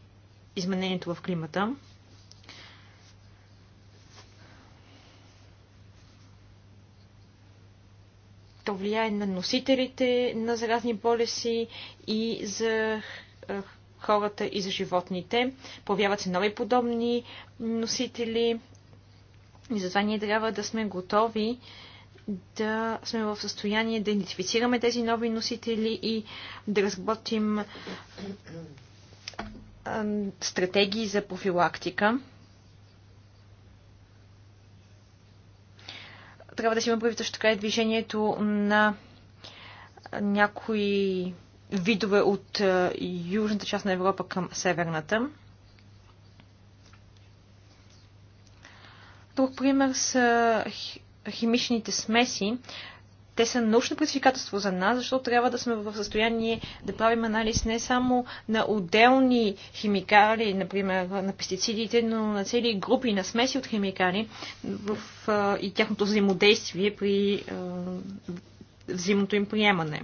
изменението в климата. То влияе на носителите на заразни болести и за е, хората и за животните. Появяват се нови подобни носители и затова ние трябва да сме готови да сме в състояние да идентифицираме тези нови носители и да разработим стратегии за профилактика. трябва да си има предвид също така и движението на някои видове от е, южната част на Европа към северната. Друг пример са химичните смеси, те са научно предизвикателство за нас, защото трябва да сме в състояние да правим анализ не само на отделни химикали, например на пестицидите, но на цели групи, на смеси от химикали в, и тяхното взаимодействие при а, взаимното им приемане.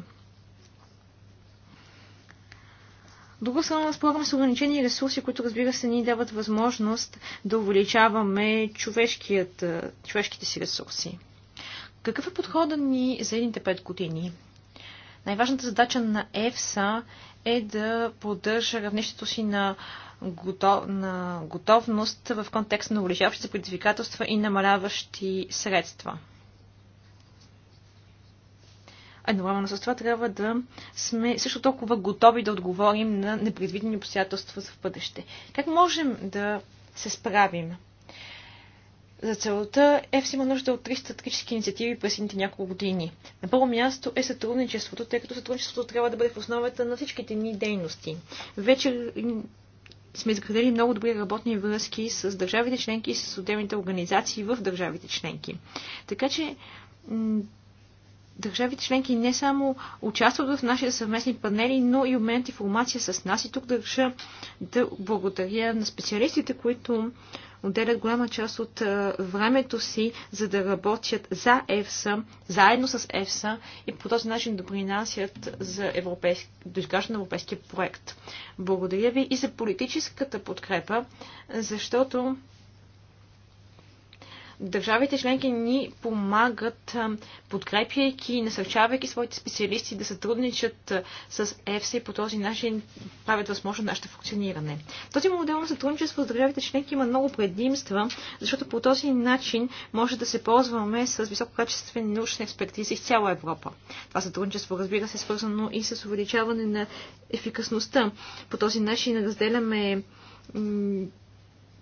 друга страна разполагаме с ограничени ресурси, които разбира се ни дават възможност да увеличаваме човешкият, човешките си ресурси. Какъв е подхода ни за едните пет години? Най-важната задача на ЕФСА е да поддържа равнището си на, готов, на готовност в контекст на увеличаващите предизвикателства и намаляващи средства. Едновременно с това трябва да сме също толкова готови да отговорим на непредвидени обстоятелства в бъдеще. Как можем да се справим? За целта ЕФС има нужда от три стратегически инициативи през едните няколко години. На първо място е сътрудничеството, тъй като сътрудничеството трябва да бъде в основата на всичките ни дейности. Вече сме изградили много добри работни връзки с държавите членки и с отделните организации в държавите членки. Така че държавите членки не само участват в нашите съвместни панели, но и обменят информация с нас. И тук държа да благодаря на специалистите, които отделят голяма част от времето си, за да работят за ЕФСА, заедно с ЕФСА и по този начин допринасят за европейски, европейския проект. Благодаря ви и за политическата подкрепа, защото държавите членки ни помагат, подкрепяйки и насърчавайки своите специалисти да сътрудничат с ЕФСА и по този начин правят възможно нашето функциониране. Този модел на сътрудничество с държавите членки има много предимства, защото по този начин може да се ползваме с висококачествени научни експертизи в цяла Европа. Това сътрудничество, разбира се, е свързано и с увеличаване на ефикасността. По този начин разделяме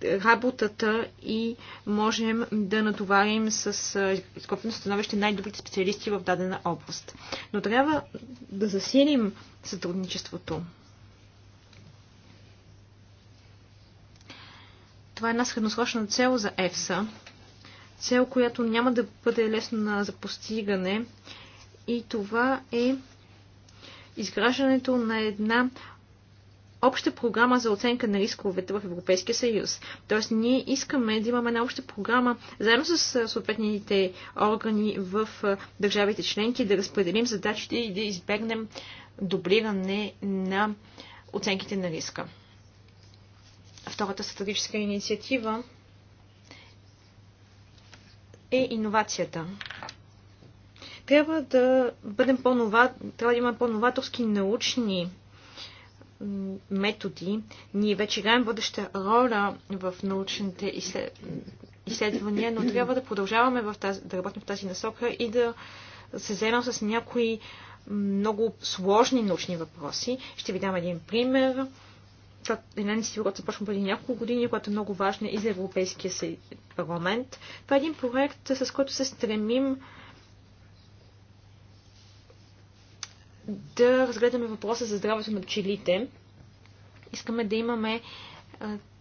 работата и можем да натоварим с изкопено становище най-добрите специалисти в дадена област. Но трябва да засилим сътрудничеството. Това е една средносрочна цел за ЕФСА, цел, която няма да бъде лесно за постигане и това е изграждането на една обща програма за оценка на рисковете в Европейския съюз. Тоест ние искаме да имаме една обща програма заедно с съответните органи в държавите членки, да разпределим задачите и да избегнем дублиране на оценките на риска. Втората стратегическа инициатива е иновацията. Трябва да бъдем по-нова, трябва да имаме по-новаторски научни методи. Ние вече играем бъдеща роля в научните изследвания, но трябва да продължаваме в тази, да работим в тази насока и да се заемам с някои много сложни научни въпроси. Ще ви дам един пример. Една институт започна преди няколко години, която е много важна и за Европейския парламент. Това е един проект, с който се стремим да разгледаме въпроса за здравето на пчелите. Искаме да имаме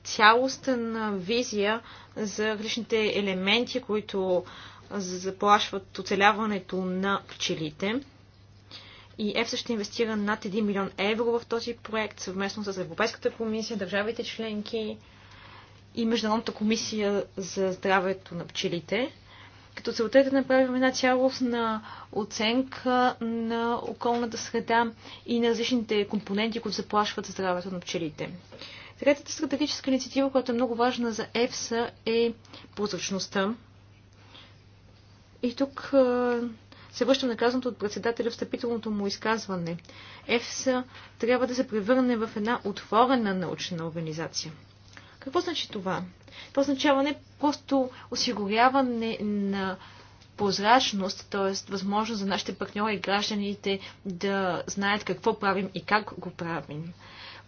цялостна визия за различните елементи, които заплашват оцеляването на пчелите. И ЕФСА ще инвестира над 1 милион евро в този проект, съвместно с Европейската комисия, държавите членки и Международната комисия за здравето на пчелите като целта е да направим една цялостна оценка на околната среда и на различните компоненти, които заплашват здравето на пчелите. Третата стратегическа инициатива, която е много важна за ЕФСА е прозрачността. И тук се връщам наказаното от председателя встъпителното му изказване. ЕФСА трябва да се превърне в една отворена научна организация. Какво значи това? Това означава не просто осигуряване на прозрачност, т.е. възможност за нашите партньори и гражданите да знаят какво правим и как го правим.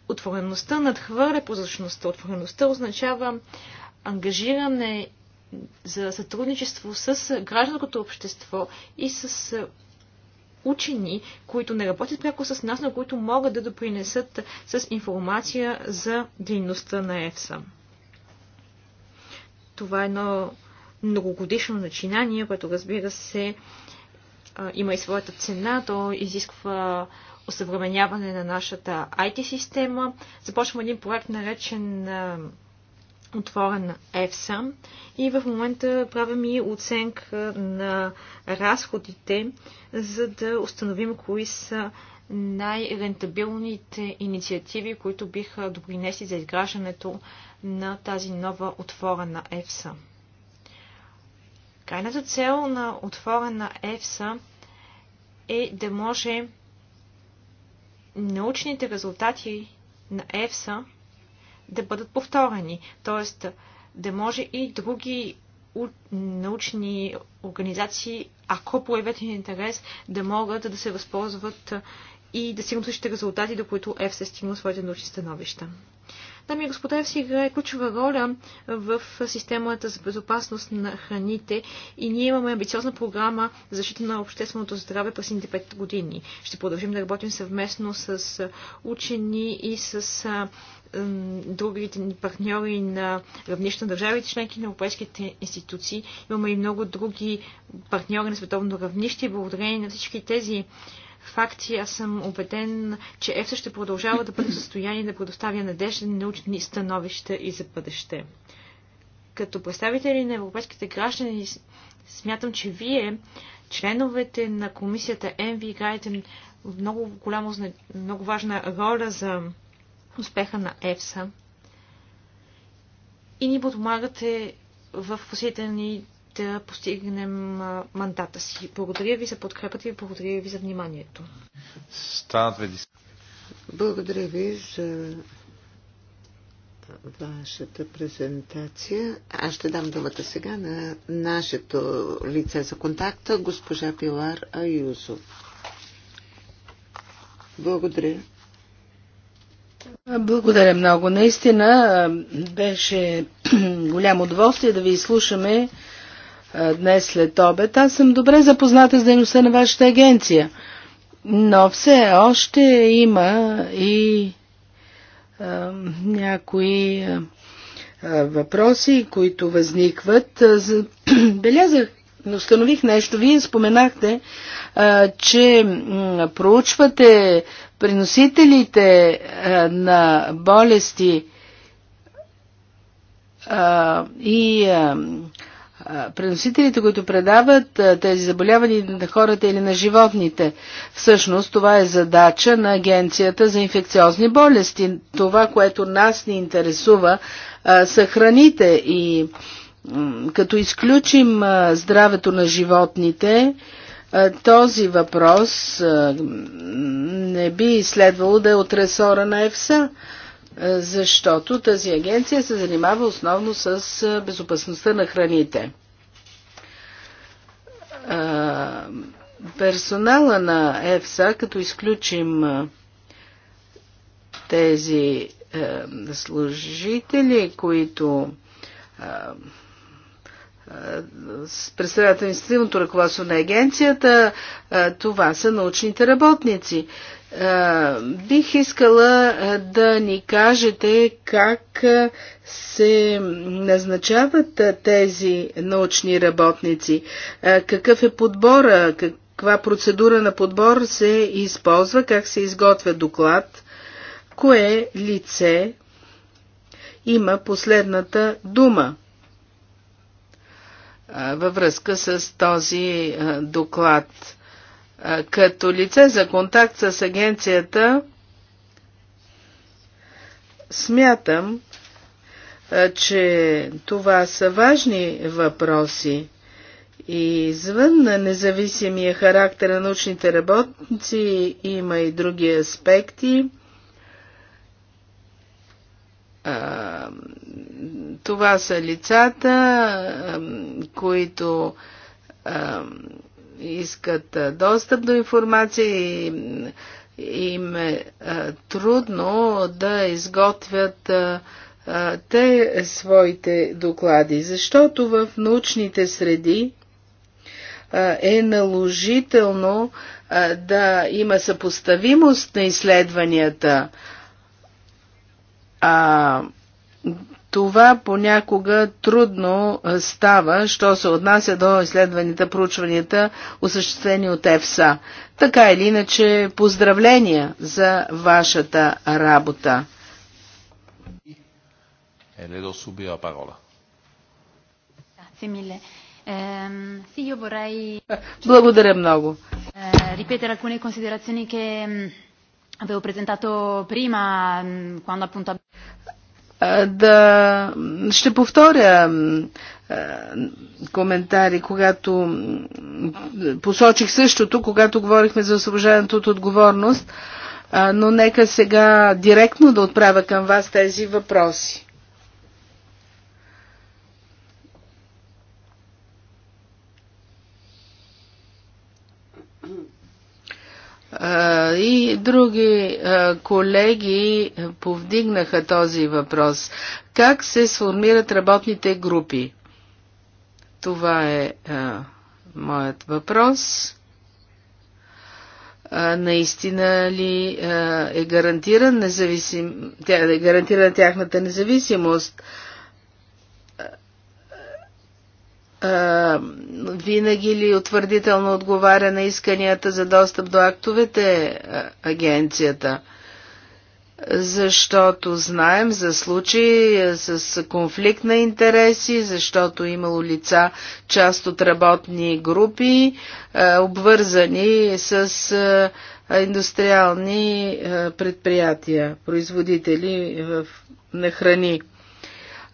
Отвореността надхвърля прозрачността. Отвореността означава ангажиране за сътрудничество с гражданското общество и с учени, които не работят пряко с нас, но които могат да допринесат с информация за дейността на ЕФСА. Това е едно многогодишно начинание, което разбира се има и своята цена. То изисква осъвременяване на нашата IT-система. Започваме един проект, наречен отворен на ЕФСА и в момента правим и оценка на разходите, за да установим кои са най-рентабилните инициативи, които биха допринесли за изграждането на тази нова отворена ЕФСА. Крайната цел на отворена ЕФСА е да може научните резултати на ЕФСА да бъдат повторени. Тоест, да може и други научни организации, ако проявят интерес, да могат да се възползват и да стигнат същите резултати, до които ЕФСА стигна стигнал своите научни становища. Дами и господа, си играе ключова роля в системата за безопасност на храните и ние имаме амбициозна програма за защита на общественото здраве през 5 години. Ще продължим да работим съвместно с учени и с другите ни партньори на равнища на държавите, членки на европейските институции. Имаме и много други партньори на световно равнище. Благодарение на всички тези факти, аз съм убеден, че ЕФСА ще продължава да бъде в състояние да предоставя надежден научни становища и за бъдеще. Като представители на европейските граждани, смятам, че вие, членовете на комисията ЕНВИ, играете много, голямо, много важна роля за успеха на ЕФСА и ни подпомагате в усилите ни да постигнем мандата си. Благодаря ви за подкрепата и благодаря ви за вниманието. Благодаря ви за вашата презентация. Аз ще дам думата сега на нашето лице за контакта, госпожа Пилар Аюзо. Благодаря. Благодаря много. Наистина беше [clears throat] голямо удоволствие да ви изслушаме днес след обед. Аз съм добре запозната с дейността на вашата агенция, но все още има и а, някои а, въпроси, които възникват. [clears throat] Белязах, но установих нещо. Вие споменахте, а, че проучвате приносителите на болести и преносителите, които предават тези заболявания на хората или на животните. Всъщност това е задача на Агенцията за инфекциозни болести. Това, което нас ни интересува, са храните и като изключим здравето на животните, този въпрос не би следвало да е от ресора на ЕФСА, е, защото тази агенция се занимава основно с е, безопасността на храните. Е, персонала на ЕФСА, като изключим тези служители, които представляват административното ръководство на агенцията, това са научните работници. Е, бих искала е, да ни кажете как е, се назначават тези научни работници, какъв е подбора, каква процедура на подбор се използва, как се изготвя доклад, кое лице има последната дума във връзка с този доклад като лице за контакт с агенцията смятам, че това са важни въпроси. И извън на независимия характер на научните работници има и други аспекти. това са лицата, които искат достъп до информация и им е трудно да изготвят те своите доклади, защото в научните среди е наложително да има съпоставимост на изследванията. А това понякога трудно става, що се отнася до изследванията, проучванията, осъществени от ЕФСА. Така или иначе, поздравления за вашата работа. Еледо субила парола. Ehm, е, благодаря много. Eh, ripetere alcune considerazioni che hm, avevo presentato prima hm, quando appunto да ще повторя коментари, когато посочих същото, когато говорихме за освобождането от отговорност, но нека сега директно да отправя към вас тези въпроси. И други колеги повдигнаха този въпрос. Как се сформират работните групи? Това е моят въпрос наистина ли е гарантиран е гарантирана тяхната независимост. Е, винаги ли утвърдително отговаря на исканията за достъп до актовете е, агенцията? Защото знаем за случаи с конфликт на интереси, защото имало лица част от работни групи, е, обвързани с индустриални предприятия, производители на храни.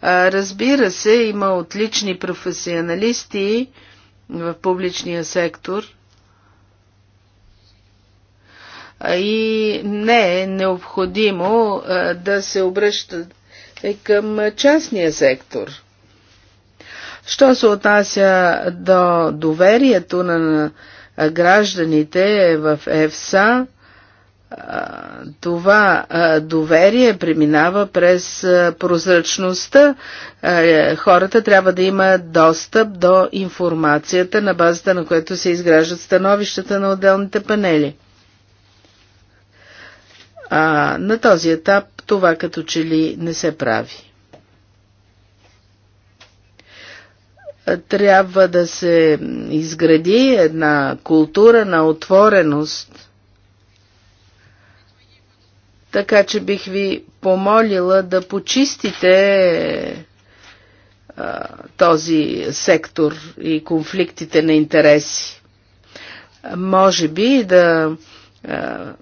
Разбира се, има отлични професионалисти в публичния сектор и не е необходимо да се обръщат към частния сектор. Що се отнася до доверието на гражданите в ЕФСА, това доверие преминава през прозрачността. Хората трябва да имат достъп до информацията, на базата на което се изграждат становищата на отделните панели. А на този етап това като че ли не се прави. Трябва да се изгради една култура на отвореност – така че бих ви помолила да почистите а, този сектор и конфликтите на интереси. Може би да а,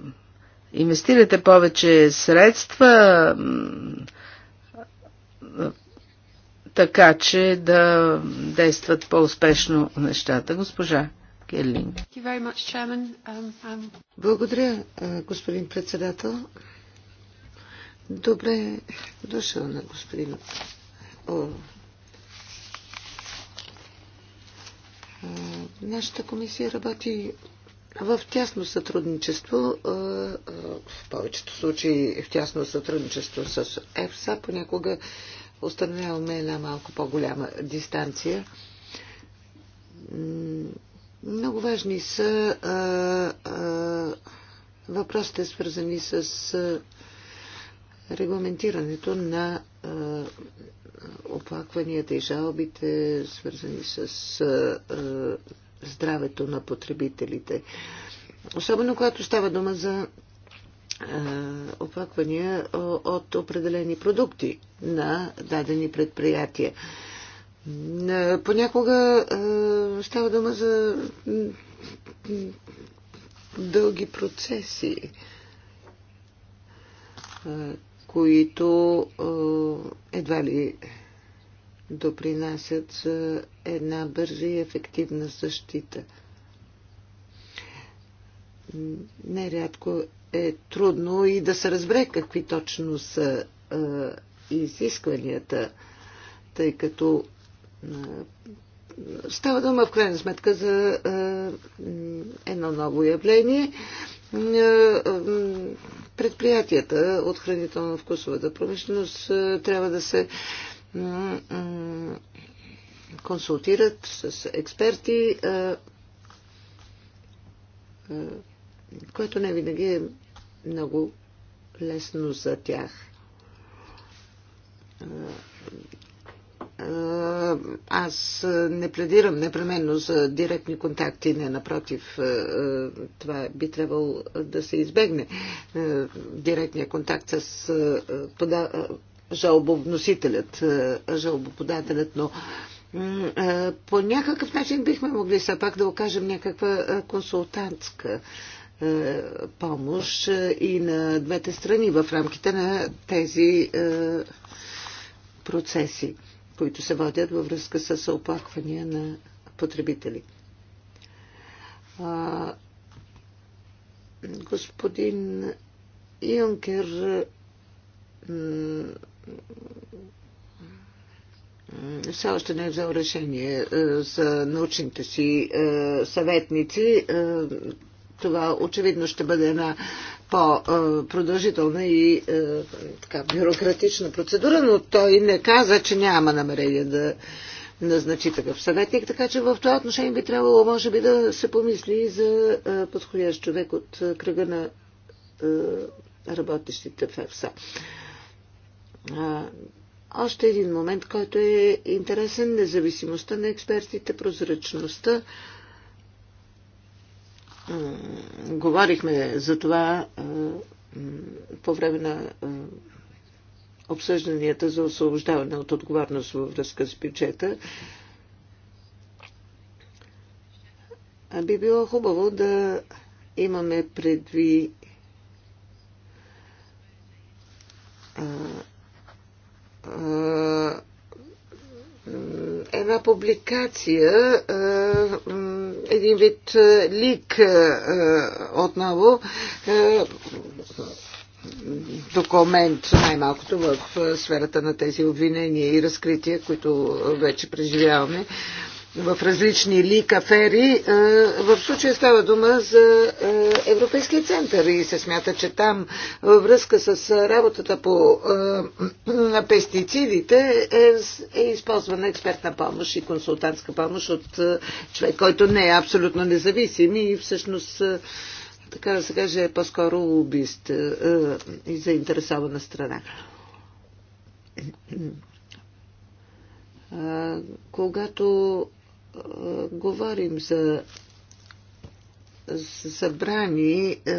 инвестирате повече средства, така че да действат по-успешно нещата. Госпожа Келлин. Um, um, Благодаря, господин председател. Добре дошъл на господин О. Нашата комисия работи в тясно сътрудничество, в повечето случаи в тясно сътрудничество с ЕФСА, понякога установяваме една малко по-голяма дистанция. Много важни са въпросите, свързани с регламентирането на оплакванията и жалбите, свързани с здравето на потребителите. Особено когато става дума за оплаквания от определени продукти на дадени предприятия. Понякога става дума за дълги процеси които е, едва ли допринасят за една бърза и ефективна защита. Нерядко е трудно и да се разбере какви точно са е, изискванията, тъй като е, Става дума в крайна сметка за едно ново явление. Предприятията от хранително-вкусовата промишленост трябва да се консултират с експерти, което не винаги е много лесно за тях. Е, аз не пледирам непременно за директни контакти, не напротив, е, е, това би трябвало да се избегне. Директния контакт с пода... жалбовносителят, жалбоподателят, но по някакъв начин бихме могли все пак да окажем някаква консултантска помощ и на двете страни в рамките на тези процеси които се водят във връзка с оплаквания на потребители. А, господин Юнкер все още не е взел решение е, за научните си е, съветници. Е, това очевидно ще бъде една по-продължителна и е, така, бюрократична процедура, но той не каза, че няма намерение да назначи такъв съветник, така че в това отношение би трябвало, може би, да се помисли за е, подходящ човек от е, кръга на работещите в ЕФСА. Още един момент, който е интересен, независимостта на експертите, прозрачността говорихме за това по време на обсъжданията за освобождаване от отговорност във връзка с бюджета. Би било хубаво да имаме предви една публикация един вид е, лик е, е, отново документ, най-малкото в сферата на тези обвинения и разкрития, които вече преживяваме в различни ли кафери. Е, в случая става дума за е, Европейския център и се смята, че там във връзка с работата по е, пестицидите е, е използвана експертна помощ и консултантска помощ от човек, който не е абсолютно независим и всъщност така да се каже е по-скоро убийст и заинтересована страна когато е, говорим за събрани е,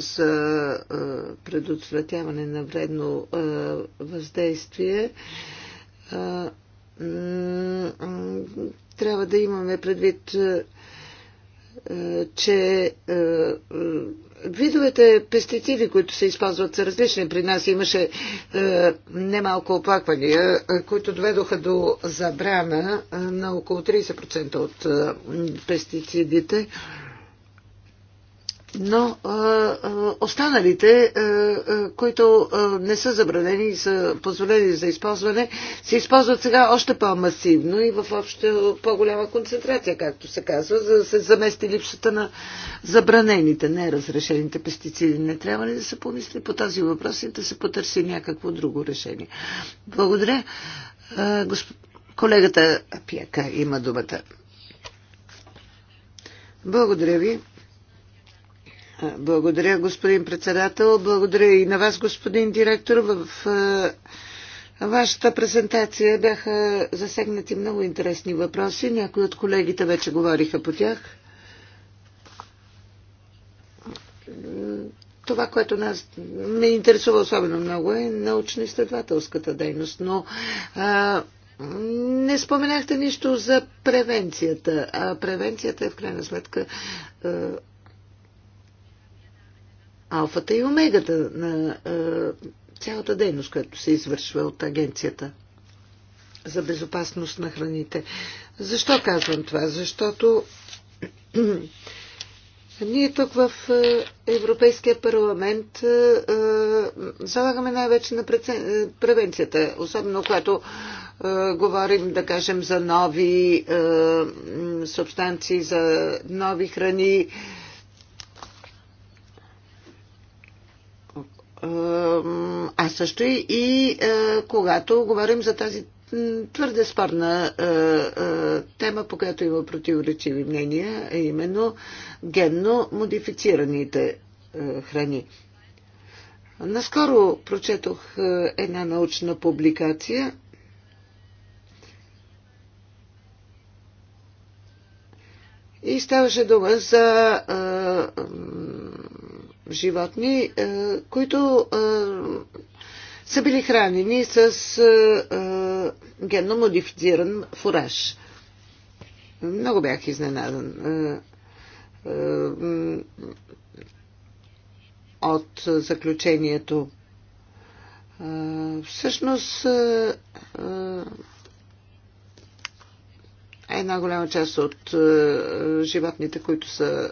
за е, предотвратяване на вредно въздействие, трябва да имаме предвид е, че е, е, видовете пестициди, които се използват, са различни. При нас имаше немалко оплаквания, които доведоха до забрана на около 30% от пестицидите но а, а, останалите, а, а, които а, не са забранени и са позволени за използване, се използват сега още по-масивно и в още по-голяма концентрация, както се казва, за да се замести липсата на забранените, неразрешените пестициди. Не трябва ли да се помисли по тази въпрос и да се потърси някакво друго решение? Благодаря. А, госп... Колегата Пиека има думата. Благодаря ви. Благодаря, господин председател. Благодаря и на вас, господин директор. В вашата презентация бяха засегнати много интересни въпроси. Някои от колегите вече говориха по тях. Това, което нас ме интересува особено много е научно-изследователската дейност, но а, не споменахте нищо за превенцията, а превенцията е в крайна сметка а, алфата и омегата на е, цялата дейност, която се извършва от агенцията за безопасност на храните. Защо казвам това? Защото [clears throat] ние тук в е, Европейския парламент е, залагаме най-вече на превенцията, особено когато говорим, да кажем, за нови субстанции, за нови храни, а също и, и е, когато говорим за тази твърде спорна е, е, тема, по която има противоречиви мнения, е именно генно модифицираните храни. Наскоро прочетох една научна публикация, И ставаше дума за животни, е, които е, са били хранени с е, генно модифициран фураж. Много бях изненадан от заключението. Всъщност, една голяма част от животните, които са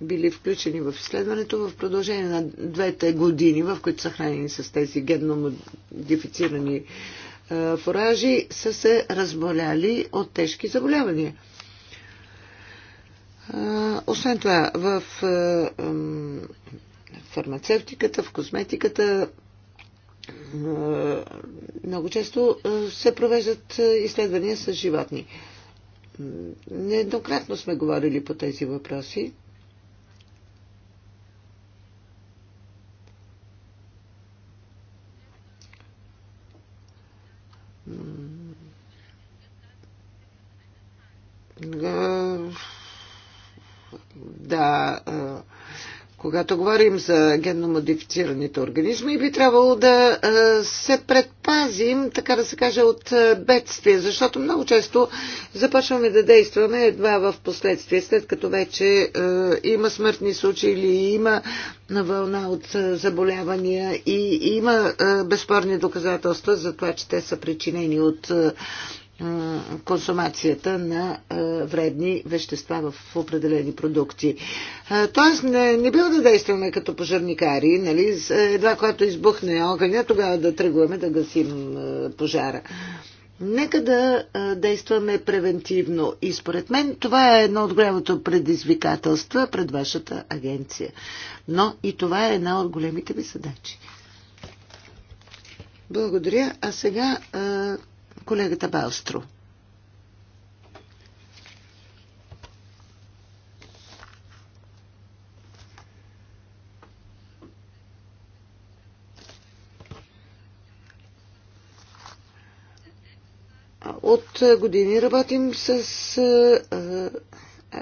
били включени в изследването в продължение на двете години, в които са хранени с тези генномодифицирани фуражи, са се разболяли от тежки заболявания. Освен това, в фармацевтиката, в косметиката много често се провеждат изследвания с животни. Нееднократно сме говорили по тези въпроси. когато говорим за генно модифицираните организми, би трябвало да се предпазим, така да се каже, от бедствия, защото много често започваме да действаме едва в последствие, след като вече има смъртни случаи или има вълна от заболявания и има безспорни доказателства за това, че те са причинени от консумацията на вредни вещества в определени продукти. Тоест не, не бива да действаме като пожарникари, нали? едва когато избухне огъня, тогава да тръгваме да гасим пожара. Нека да действаме превентивно и според мен това е едно от голямото предизвикателство пред вашата агенция. Но и това е една от големите ви задачи. Благодаря. А сега колегата Балстро. От години работим с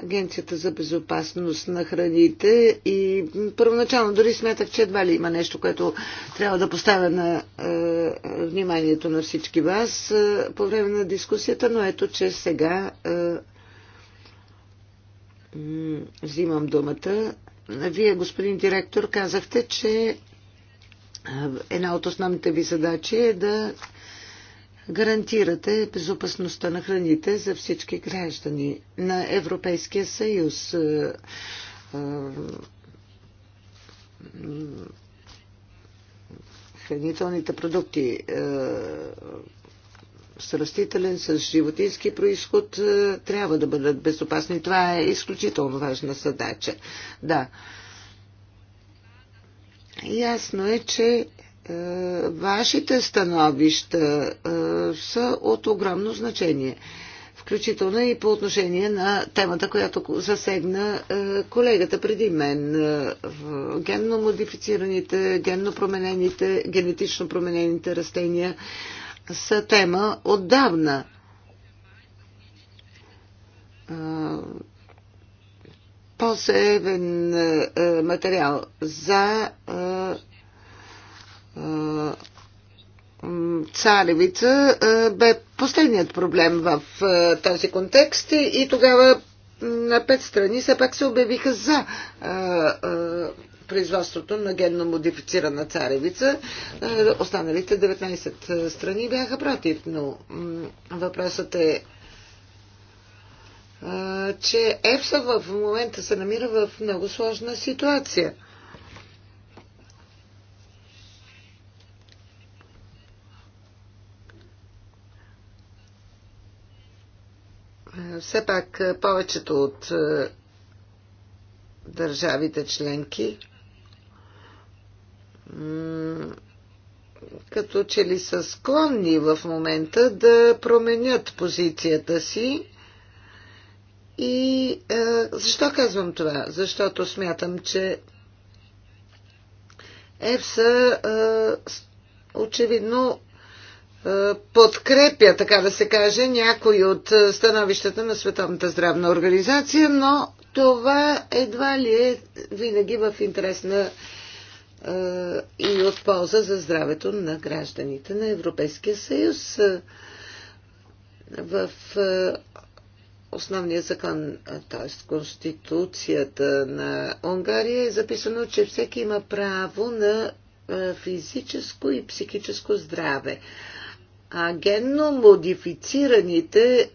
Агенцията за безопасност на храните и първоначално дори смятах, че едва ли има нещо, което трябва да поставя на е, вниманието на всички вас е, по време на дискусията, но ето, че сега е, взимам думата. Вие, господин директор, казахте, че е, една от основните ви задачи е да гарантирате безопасността на храните за всички граждани на Европейския съюз. Е, е, хранителните продукти е, с растителен, с животински происход трябва да бъдат безопасни. Това е изключително важна задача. Да. Ясно е, че е, вашите становища е, са от огромно значение. Включително и по отношение на темата, която засегна е, колегата преди мен. Генно модифицираните, генно променените, генетично променените растения са тема отдавна по-севен материал за е, царевица е, бе последният проблем в е, този контекст и тогава на пет страни все пак се обявиха за производството на генно модифицирана царевица. Останалите 19 страни бяха против, но въпросът е че ЕФСА в момента се намира в много сложна ситуация. все пак е, повечето от е, държавите членки като че ли са склонни в момента да променят позицията си. И е, защо казвам това? Защото смятам, че ЕФСА е, очевидно е, подкрепя, така да се каже, някои от становищата на Световната здравна организация, но това едва ли е винаги в интерес на е, и от полза за здравето на гражданите на Европейския съюз. В е, основния закон, т.е. Конституцията на Унгария е записано, че всеки има право на физическо и психическо здраве а генно модифицираните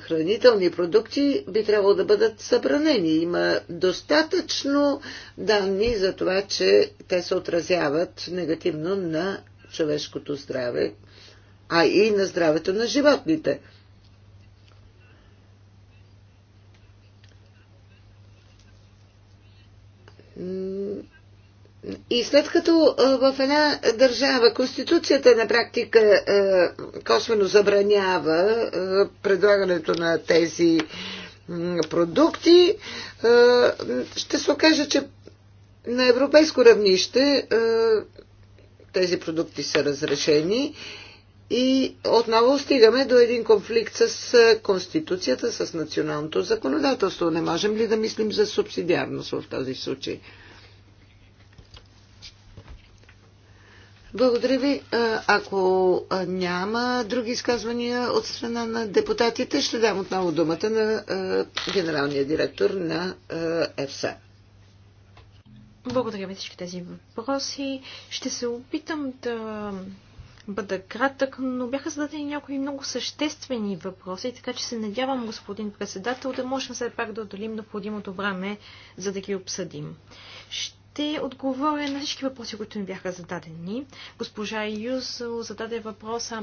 хранителни продукти би трябвало да бъдат събранени. Има достатъчно данни за това, че те се отразяват негативно на човешкото здраве, а и на здравето на животните. И след като в една държава Конституцията на практика косвено забранява предлагането на тези продукти, ще се окаже, че на европейско равнище тези продукти са разрешени и отново стигаме до един конфликт с Конституцията, с националното законодателство. Не можем ли да мислим за субсидиарност в този случай? Благодаря ви. Ако няма други изказвания от страна на депутатите, ще дам отново думата на генералния директор на ЕФСА. Благодаря ви всички тези въпроси. Ще се опитам да бъда кратък, но бяха зададени някои много съществени въпроси, така че се надявам, господин председател, да можем все пак да отделим необходимото време, за да ги обсъдим. Ще те отговоря на всички въпроси, които ми бяха зададени. Госпожа Юзо зададе въпроса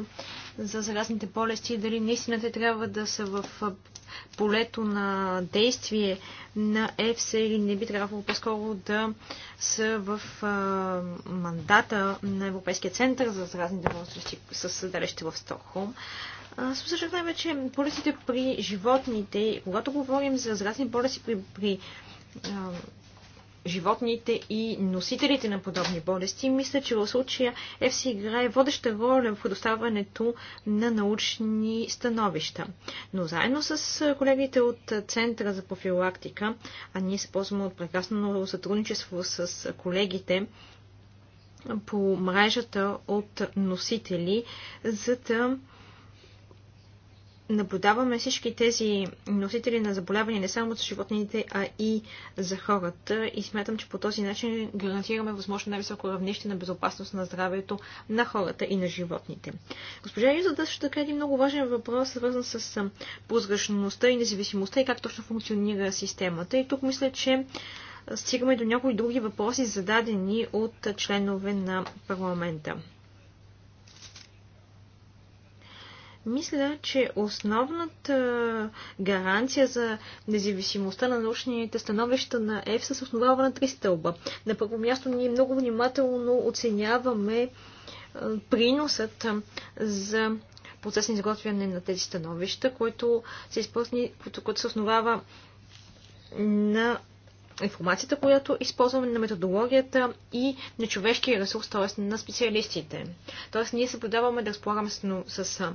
за заразните болести, дали наистина те трябва да са в полето на действие на ЕФСА или не би трябвало по-скоро да са в а, мандата на Европейския център за заразните болести с съдалище в Стокхолм. Също време, че болестите при животните, когато говорим за заразни болести при, при животните и носителите на подобни болести. Мисля, че в случая ЕФСИ играе водеща роля в предоставянето на научни становища. Но заедно с колегите от Центъра за профилактика, а ние се ползваме от прекрасно сътрудничество с колегите по мрежата от носители, за да наблюдаваме всички тези носители на заболявания не само за животните, а и за хората. И смятам, че по този начин гарантираме възможно най-високо равнище на безопасност на здравето на хората и на животните. Госпожа Юза да ще така един много важен въпрос, свързан с прозрачността и независимостта и как точно функционира системата. И тук мисля, че стигаме до някои други въпроси, зададени от членове на парламента. Мисля, че основната гаранция за независимостта на научните становища на ЕФСА се основава на три стълба. На първо място ние много внимателно оценяваме е, приносът е, за процес на изготвяне на тези становища, което се, използни, което, което се основава на информацията, която използваме на методологията и на човешкия ресурс, т.е. на специалистите. Т.е. ние съблюдаваме да разполагаме с, с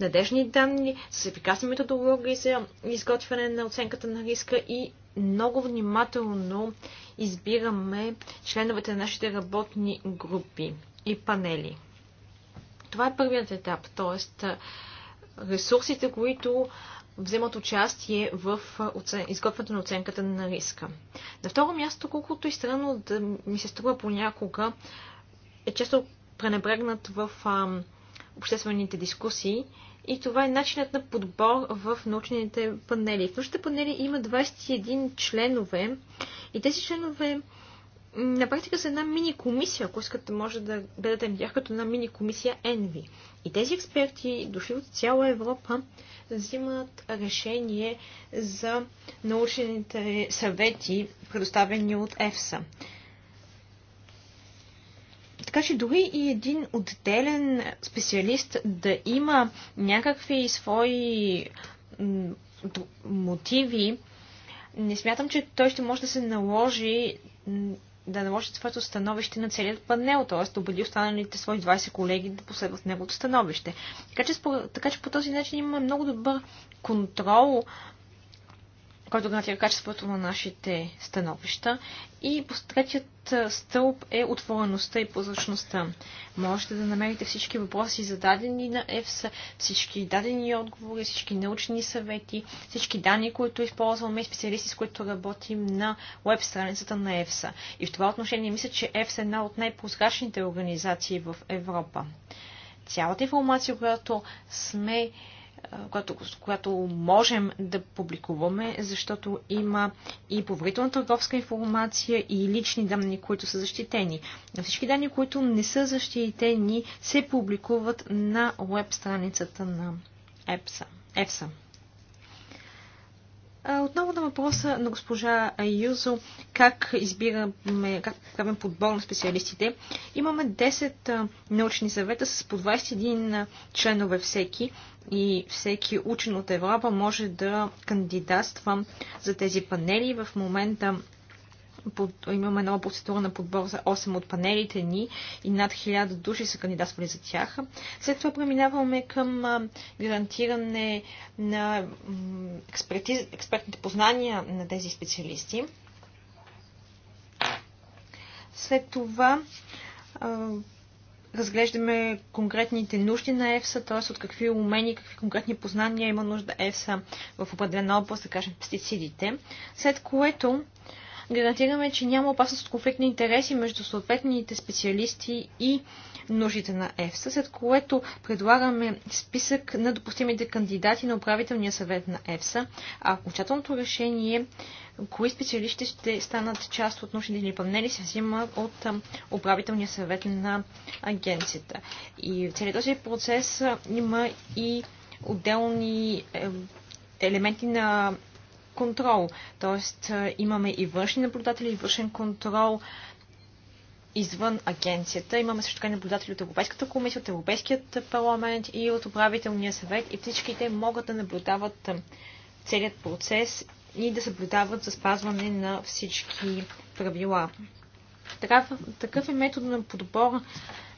надежни данни, с ефикасни методологии за изготвяне на оценката на риска и много внимателно избираме членовете на нашите работни групи и панели. Това е първият етап, т.е. ресурсите, които вземат участие в оцен... изготвянето на оценката на риска. На второ място, колкото и странно да ми се струва понякога, е често пренебрегнат в обществените дискусии и това е начинът на подбор в научните панели. В научните панели има 21 членове и тези членове на практика са една мини-комисия, ако искате, може да гледате на тях като една мини-комисия Envy. И тези експерти, дошли от цяла Европа, взимат решение за научните съвети, предоставени от ЕФСА. Така че дори и един отделен специалист да има някакви свои мотиви, не смятам, че той ще може да се наложи да наложат своето становище на целият панел, т.е. убеди останалите свои 20 колеги да последват неговото становище. Така че, така че по този начин имаме много добър контрол който гарантира качеството на нашите становища. И третият стълб е отвореността и прозрачността. Можете да намерите всички въпроси зададени на ЕФСА, всички дадени отговори, всички научни съвети, всички данни, които използваме и специалисти, с които работим на веб страницата на ЕФСА. И в това отношение мисля, че ЕФС е една от най-прозрачните организации в Европа. Цялата информация, която сме която, която можем да публикуваме, защото има и поверителна търговска информация и лични данни, които са защитени. Всички данни, които не са защитени, се публикуват на веб страницата на EPSA. EFSA. Отново на въпроса на госпожа Юзо, как избираме, как правим подбор на специалистите. Имаме 10 научни съвета с по 21 членове всеки и всеки учен от Европа може да кандидатства за тези панели. В момента под, имаме нова процедура на подбор за 8 от панелите ни и над 1000 души са кандидатствали за тях. След това преминаваме към гарантиране на експертиз, експертните познания на тези специалисти. След това разглеждаме конкретните нужди на ЕФСА, т.е. от какви умения, какви конкретни познания има нужда ЕФСА в определена област, да кажем пестицидите, след което гарантираме, че няма опасност от конфликт на интереси между съответните специалисти и нуждите на ЕФСА, след което предлагаме списък на допустимите кандидати на управителния съвет на ЕФСА, а окончателното решение кои специалисти ще станат част от научните ни панели се взима от управителния съвет на агенцията. И в целият този процес има и отделни елементи на контрол. Тоест имаме и външни наблюдатели, и външен контрол извън агенцията. Имаме също така наблюдатели от Европейската комисия, от Европейският парламент и от управителния съвет и всичките могат да наблюдават целият процес и да съблюдават за спазване на всички правила. Такъв, такъв е метод на подбор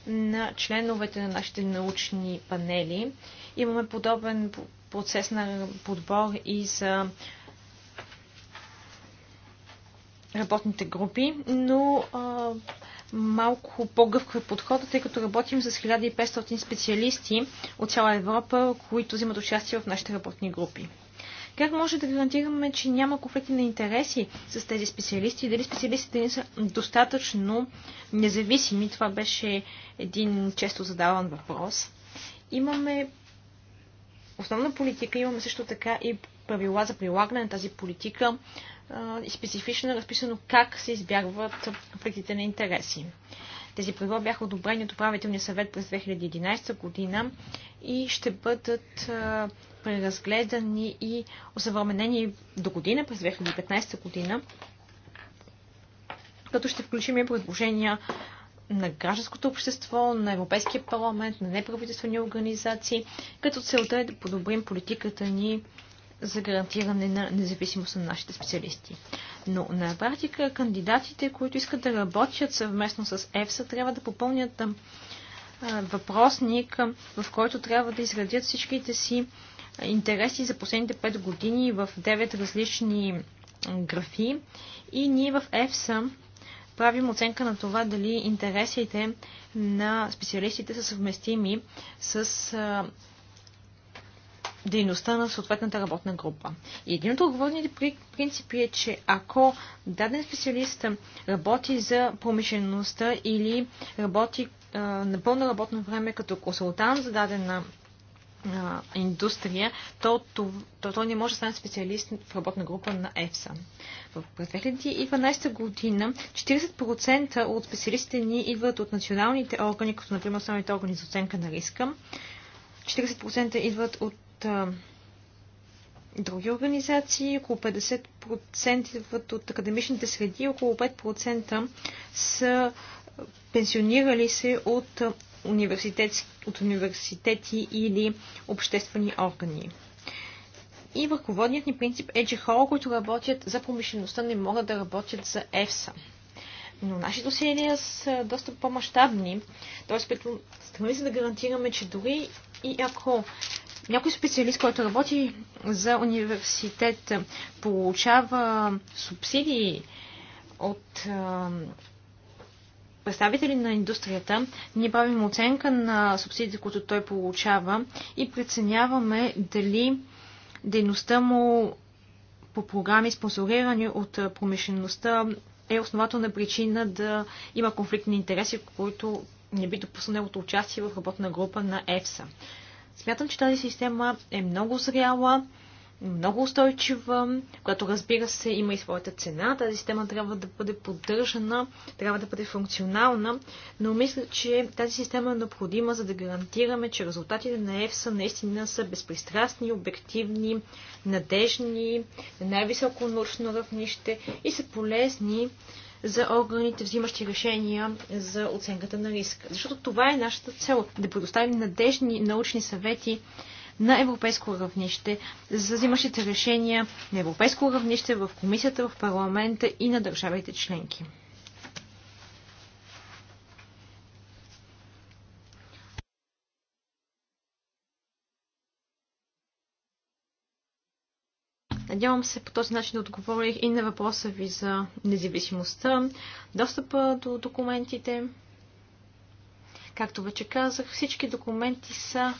на членовете на нашите научни панели. Имаме подобен процес на подбор и за работните групи, но а, малко по-гъвкав е подход, тъй като работим с 1500 специалисти от цяла Европа, които взимат участие в нашите работни групи. Как може да гарантираме, че няма конфликти на интереси с тези специалисти и дали специалистите ни са достатъчно независими? Това беше един често задаван въпрос. Имаме основна политика, имаме също така и правила за прилагане на тази политика и специфично е разписано как се избягват конфликтите на интереси. Тези правила бяха одобрени от управителния съвет през 2011 година и ще бъдат преразгледани и осъвременени до година, през 2015 година, като ще включим и предложения на гражданското общество, на Европейския парламент, на неправителствени организации, като целта е да подобрим политиката ни за гарантиране на независимост на нашите специалисти. Но на практика кандидатите, които искат да работят съвместно с ЕФСА, трябва да попълнят въпросник, в който трябва да изградят всичките си интереси за последните 5 години в 9 различни графи. И ние в ЕФСА правим оценка на това дали интересите на специалистите са съвместими с дейността на съответната работна група. И един от отговорните принципи е, че ако даден специалист работи за промишлеността или работи а, на пълно работно време като консултант за дадена а, индустрия, то, то, то не може да стане специалист в работна група на ЕФСА. В 2012 година 40% от специалистите ни идват от националните органи, като например основните органи за оценка на риска, 40% идват от а, други организации, около 50% от академичните среди, около 5% са пенсионирали се от, университет, от университети или обществени органи. И върховодният ни принцип е, че хора, които работят за промишлеността, не могат да работят за ЕФСА. Но нашите усилия са доста по-масштабни, т.е. стремим се да гарантираме, че дори и ако някой специалист, който работи за университет, получава субсидии от представители на индустрията, ние правим оценка на субсидиите, които той получава и преценяваме дали дейността му по програми, спонсорирани от промишлеността, е основателна причина да има конфликтни интереси, които не би допуснало участие в работна група на ЕФСА. Смятам, че тази система е много зряла, много устойчива, която разбира се има и своята цена. Тази система трябва да бъде поддържана, трябва да бъде функционална, но мисля, че тази система е необходима, за да гарантираме, че резултатите на ЕФСА наистина са безпристрастни, обективни, надежни, на най-високо научно равнище и са полезни за органите, взимащи решения за оценката на риска. Защото това е нашата цел да предоставим надежни научни съвети на европейско равнище, за взимащите решения на европейско равнище в комисията, в парламента и на държавите членки. Надявам се по този начин да отговорих и на въпроса ви за независимостта, достъпа до документите. Както вече казах, всички документи са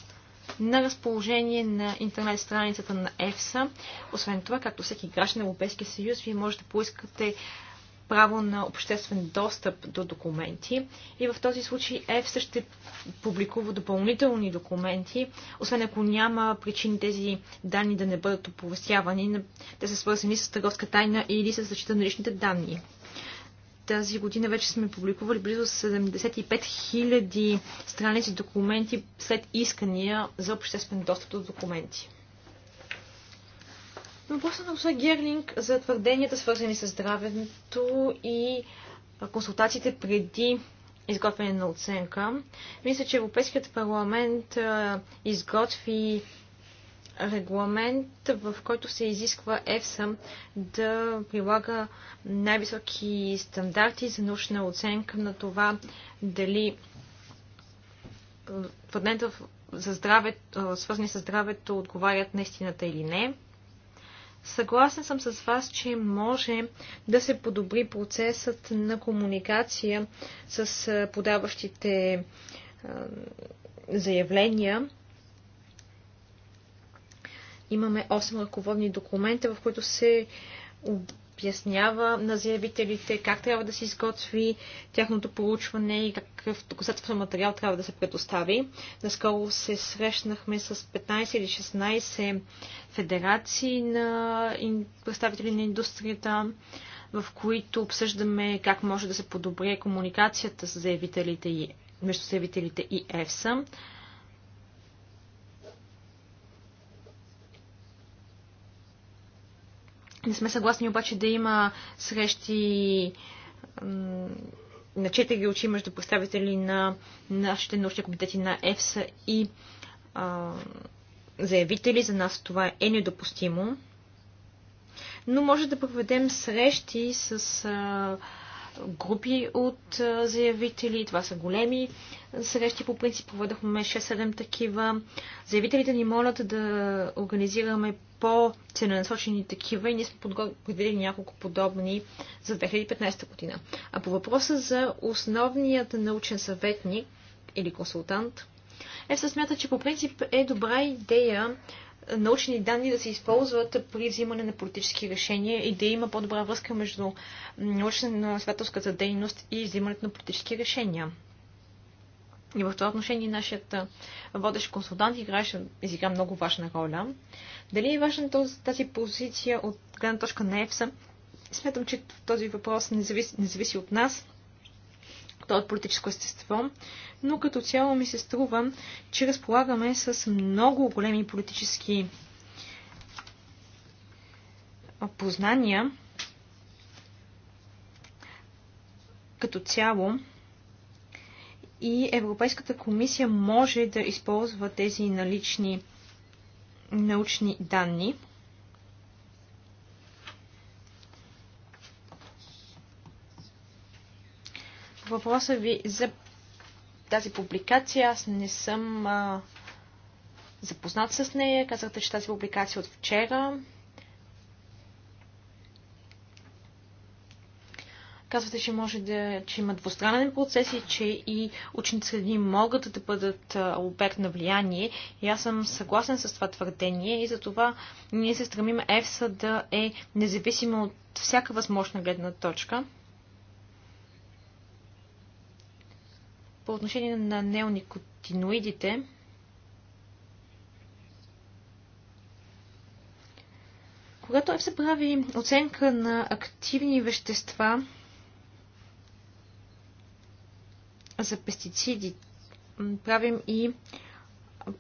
на разположение на интернет страницата на ЕФСА. Освен това, както всеки граждан на Европейския съюз, вие можете да поискате право на обществен достъп до документи и в този случай ЕФСА ще публикува допълнителни документи, освен ако няма причини тези данни да не бъдат оповестявани. Те са свързани с търговска тайна или с защита на личните данни тази година вече сме публикували близо 75 000 страници документи след искания за обществен достъп до документи. Въпросът на госпожа Герлинг за твърденията, свързани с здравето и консултациите преди изготвяне на оценка. Мисля, че Европейският парламент изготви регламент, в който се изисква ЕФСА да прилага най-високи стандарти за научна оценка на това дали твърденията за здравето, свързани с здравето отговарят на истината или не. Съгласен съм с вас, че може да се подобри процесът на комуникация с подаващите заявления. Имаме 8 ръководни документа, в които се обяснява на заявителите как трябва да се изготви тяхното получване и какъв доказателствен материал трябва да се предостави. Наскоро се срещнахме с 15 или 16 федерации на представители на индустрията, в които обсъждаме как може да се подобри комуникацията с заявителите и, между заявителите и ЕФСА. Не сме съгласни обаче да има срещи на четири очи между представители на нашите научни комитети на ЕФСА и а, заявители. За нас това е недопустимо. Но може да проведем срещи с а, групи от заявители. Това са големи срещи. По принцип проведахме 6-7 такива. Заявителите ни молят да организираме по-целенасочени такива и ние сме предвидели няколко подобни за 2015 година. А по въпроса за основният научен съветник или консултант, ЕФСА смята, че по принцип е добра идея научни данни да се използват при взимане на политически решения и да има по-добра връзка между научно-изследователската дейност и взимането на политически решения. И в това отношение нашият водещ консултант играеше, изигра много важна роля. Дали е важна тази позиция от гледна точка на ЕФСА? Смятам, че този въпрос не зависи, не зависи от нас, то е от политическо естество, но като цяло ми се струва, че разполагаме с много големи политически познания като цяло и Европейската комисия може да използва тези налични научни данни. въпроса ви за тази публикация. Аз не съм а, запознат с нея. Казахте, че тази публикация е от вчера. Казвате, че може да, че има двустранен процес и че и ученици среди могат да бъдат обект на влияние. И аз съм съгласен с това твърдение и затова ние се стремим ЕФСА да е независима от всяка възможна гледна точка. По отношение на неоникотиноидите, когато се прави оценка на активни вещества за пестициди, правим и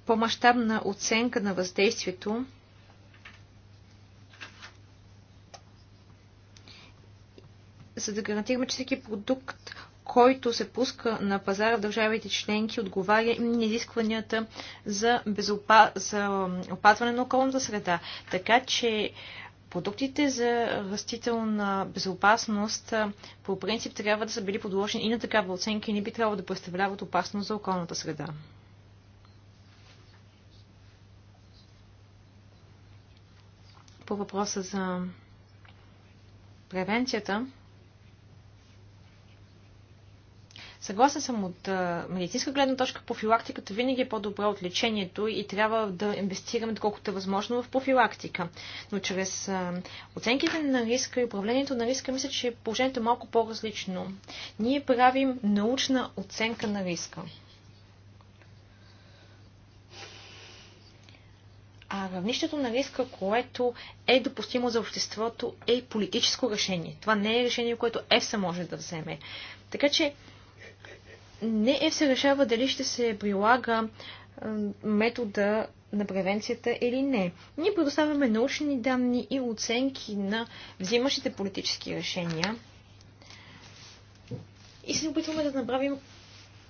по-масштабна оценка на въздействието за да гарантираме, че всеки продукт който се пуска на пазара в държавите членки, отговаря на изискванията за, безопа... за опазване на околната среда. Така че продуктите за растителна безопасност по принцип трябва да са били подложени и на такава оценка и не би трябвало да представляват опасност за околната среда. По въпроса за превенцията, Съгласен съм от а, медицинска гледна точка, профилактиката винаги е по-добра от лечението и трябва да инвестираме доколкото е възможно в профилактика. Но чрез а, оценките на риска и управлението на риска, мисля, че положението е малко по-различно. Ние правим научна оценка на риска. А равнището на риска, което е допустимо за обществото, е политическо решение. Това не е решение, което ЕФСА може да вземе. Така че не е се решава дали ще се прилага метода на превенцията или не. Ние предоставяме научни данни и оценки на взимащите политически решения и се опитваме да направим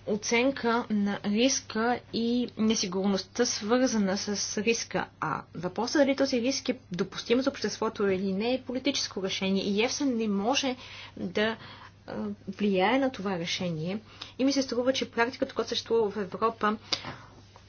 оценка на риска и несигурността, свързана с риска А. Въпросът е дали този риск е допустим за обществото или не е политическо решение и Евсен не може да влияе на това решение. И ми се струва, че практиката, която съществува в Европа,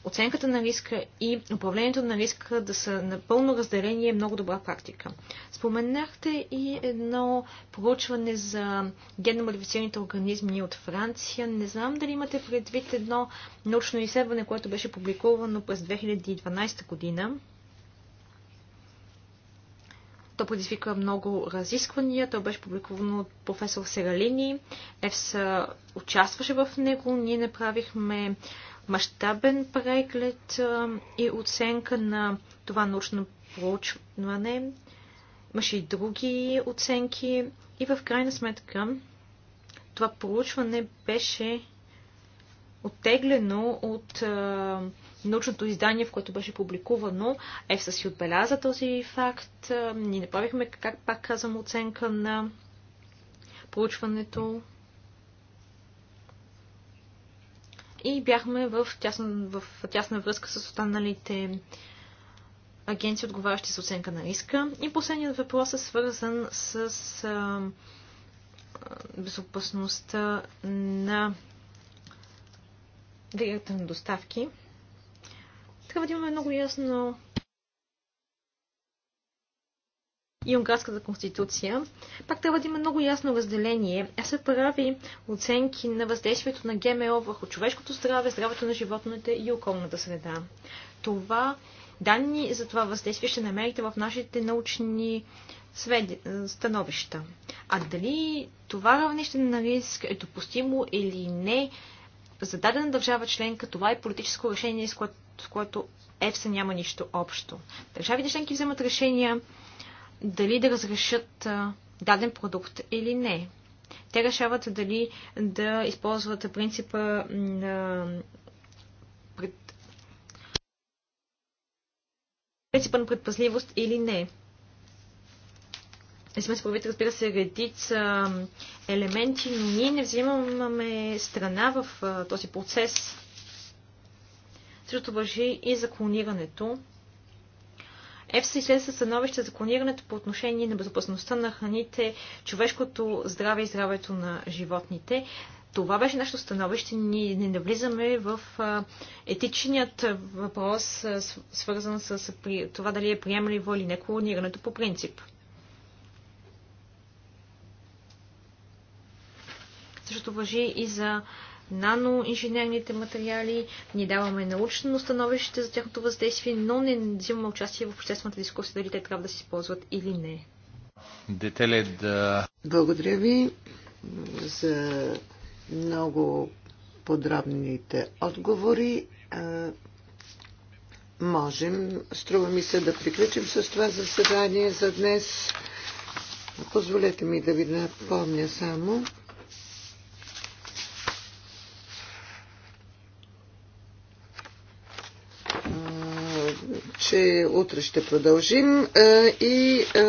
оценката на риска и управлението на риска да са напълно разделени е много добра практика. Споменахте и едно проучване за генномодифицираните организми от Франция. Не знам дали имате предвид едно научно изследване, което беше публикувано през 2012 година. То предизвика много разисквания. То беше публикувано от професор Сералини. Евс участваше в него. Ние направихме мащабен преглед и оценка на това научно проучване. Имаше и други оценки. И в крайна сметка това проучване беше оттеглено от научното издание, в което беше публикувано. ЕФСА си отбеляза този факт. Ние направихме, как пак казвам, оценка на проучването. И бяхме в тясна, в тясна връзка с останалите агенции, отговарящи за оценка на риска. И последният въпрос е свързан с а, безопасността на веригата на доставки. Трябва да имаме много ясно и унгарската конституция, пак трябва да има много ясно разделение. А се прави оценки на въздействието на ГМО върху човешкото здраве, здравето на животните и околната среда. Това данни за това въздействие ще намерите в нашите научни становища. А дали това равнище на риск е допустимо или не за дадена държава членка, това е политическо решение, с което с което ЕФСА няма нищо общо. Държавите членки вземат решения дали да разрешат даден продукт или не. Те решават дали да използват принципа на принципа на предпазливост или не. Не сме справите, разбира се, редица елементи, но ние не взимаме страна в този процес Същото въжи и за клонирането. ЕФСА изследва становище за клонирането по отношение на безопасността на храните, човешкото здраве и здравето на животните. Това беше нашето становище. Ние не навлизаме в етичният въпрос, свързан с това дали е приемливо или не клонирането по принцип. Същото въжи и за наноинженерните материали, ние даваме научно становище за тяхното въздействие, но не взимаме участие в обществената дискусия дали те трябва да се използват или не. Благодаря ви за много подробните отговори. Можем, струва ми се, да приключим с това заседание за днес. Позволете ми да ви напомня само, че утре ще продължим е, и е,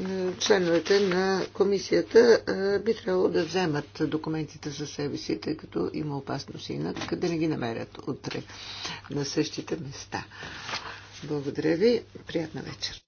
е, членовете на комисията би трябвало да вземат документите за себе си, тъй като има опасност инак да не ги намерят утре на същите места. Благодаря ви. Приятна вечер.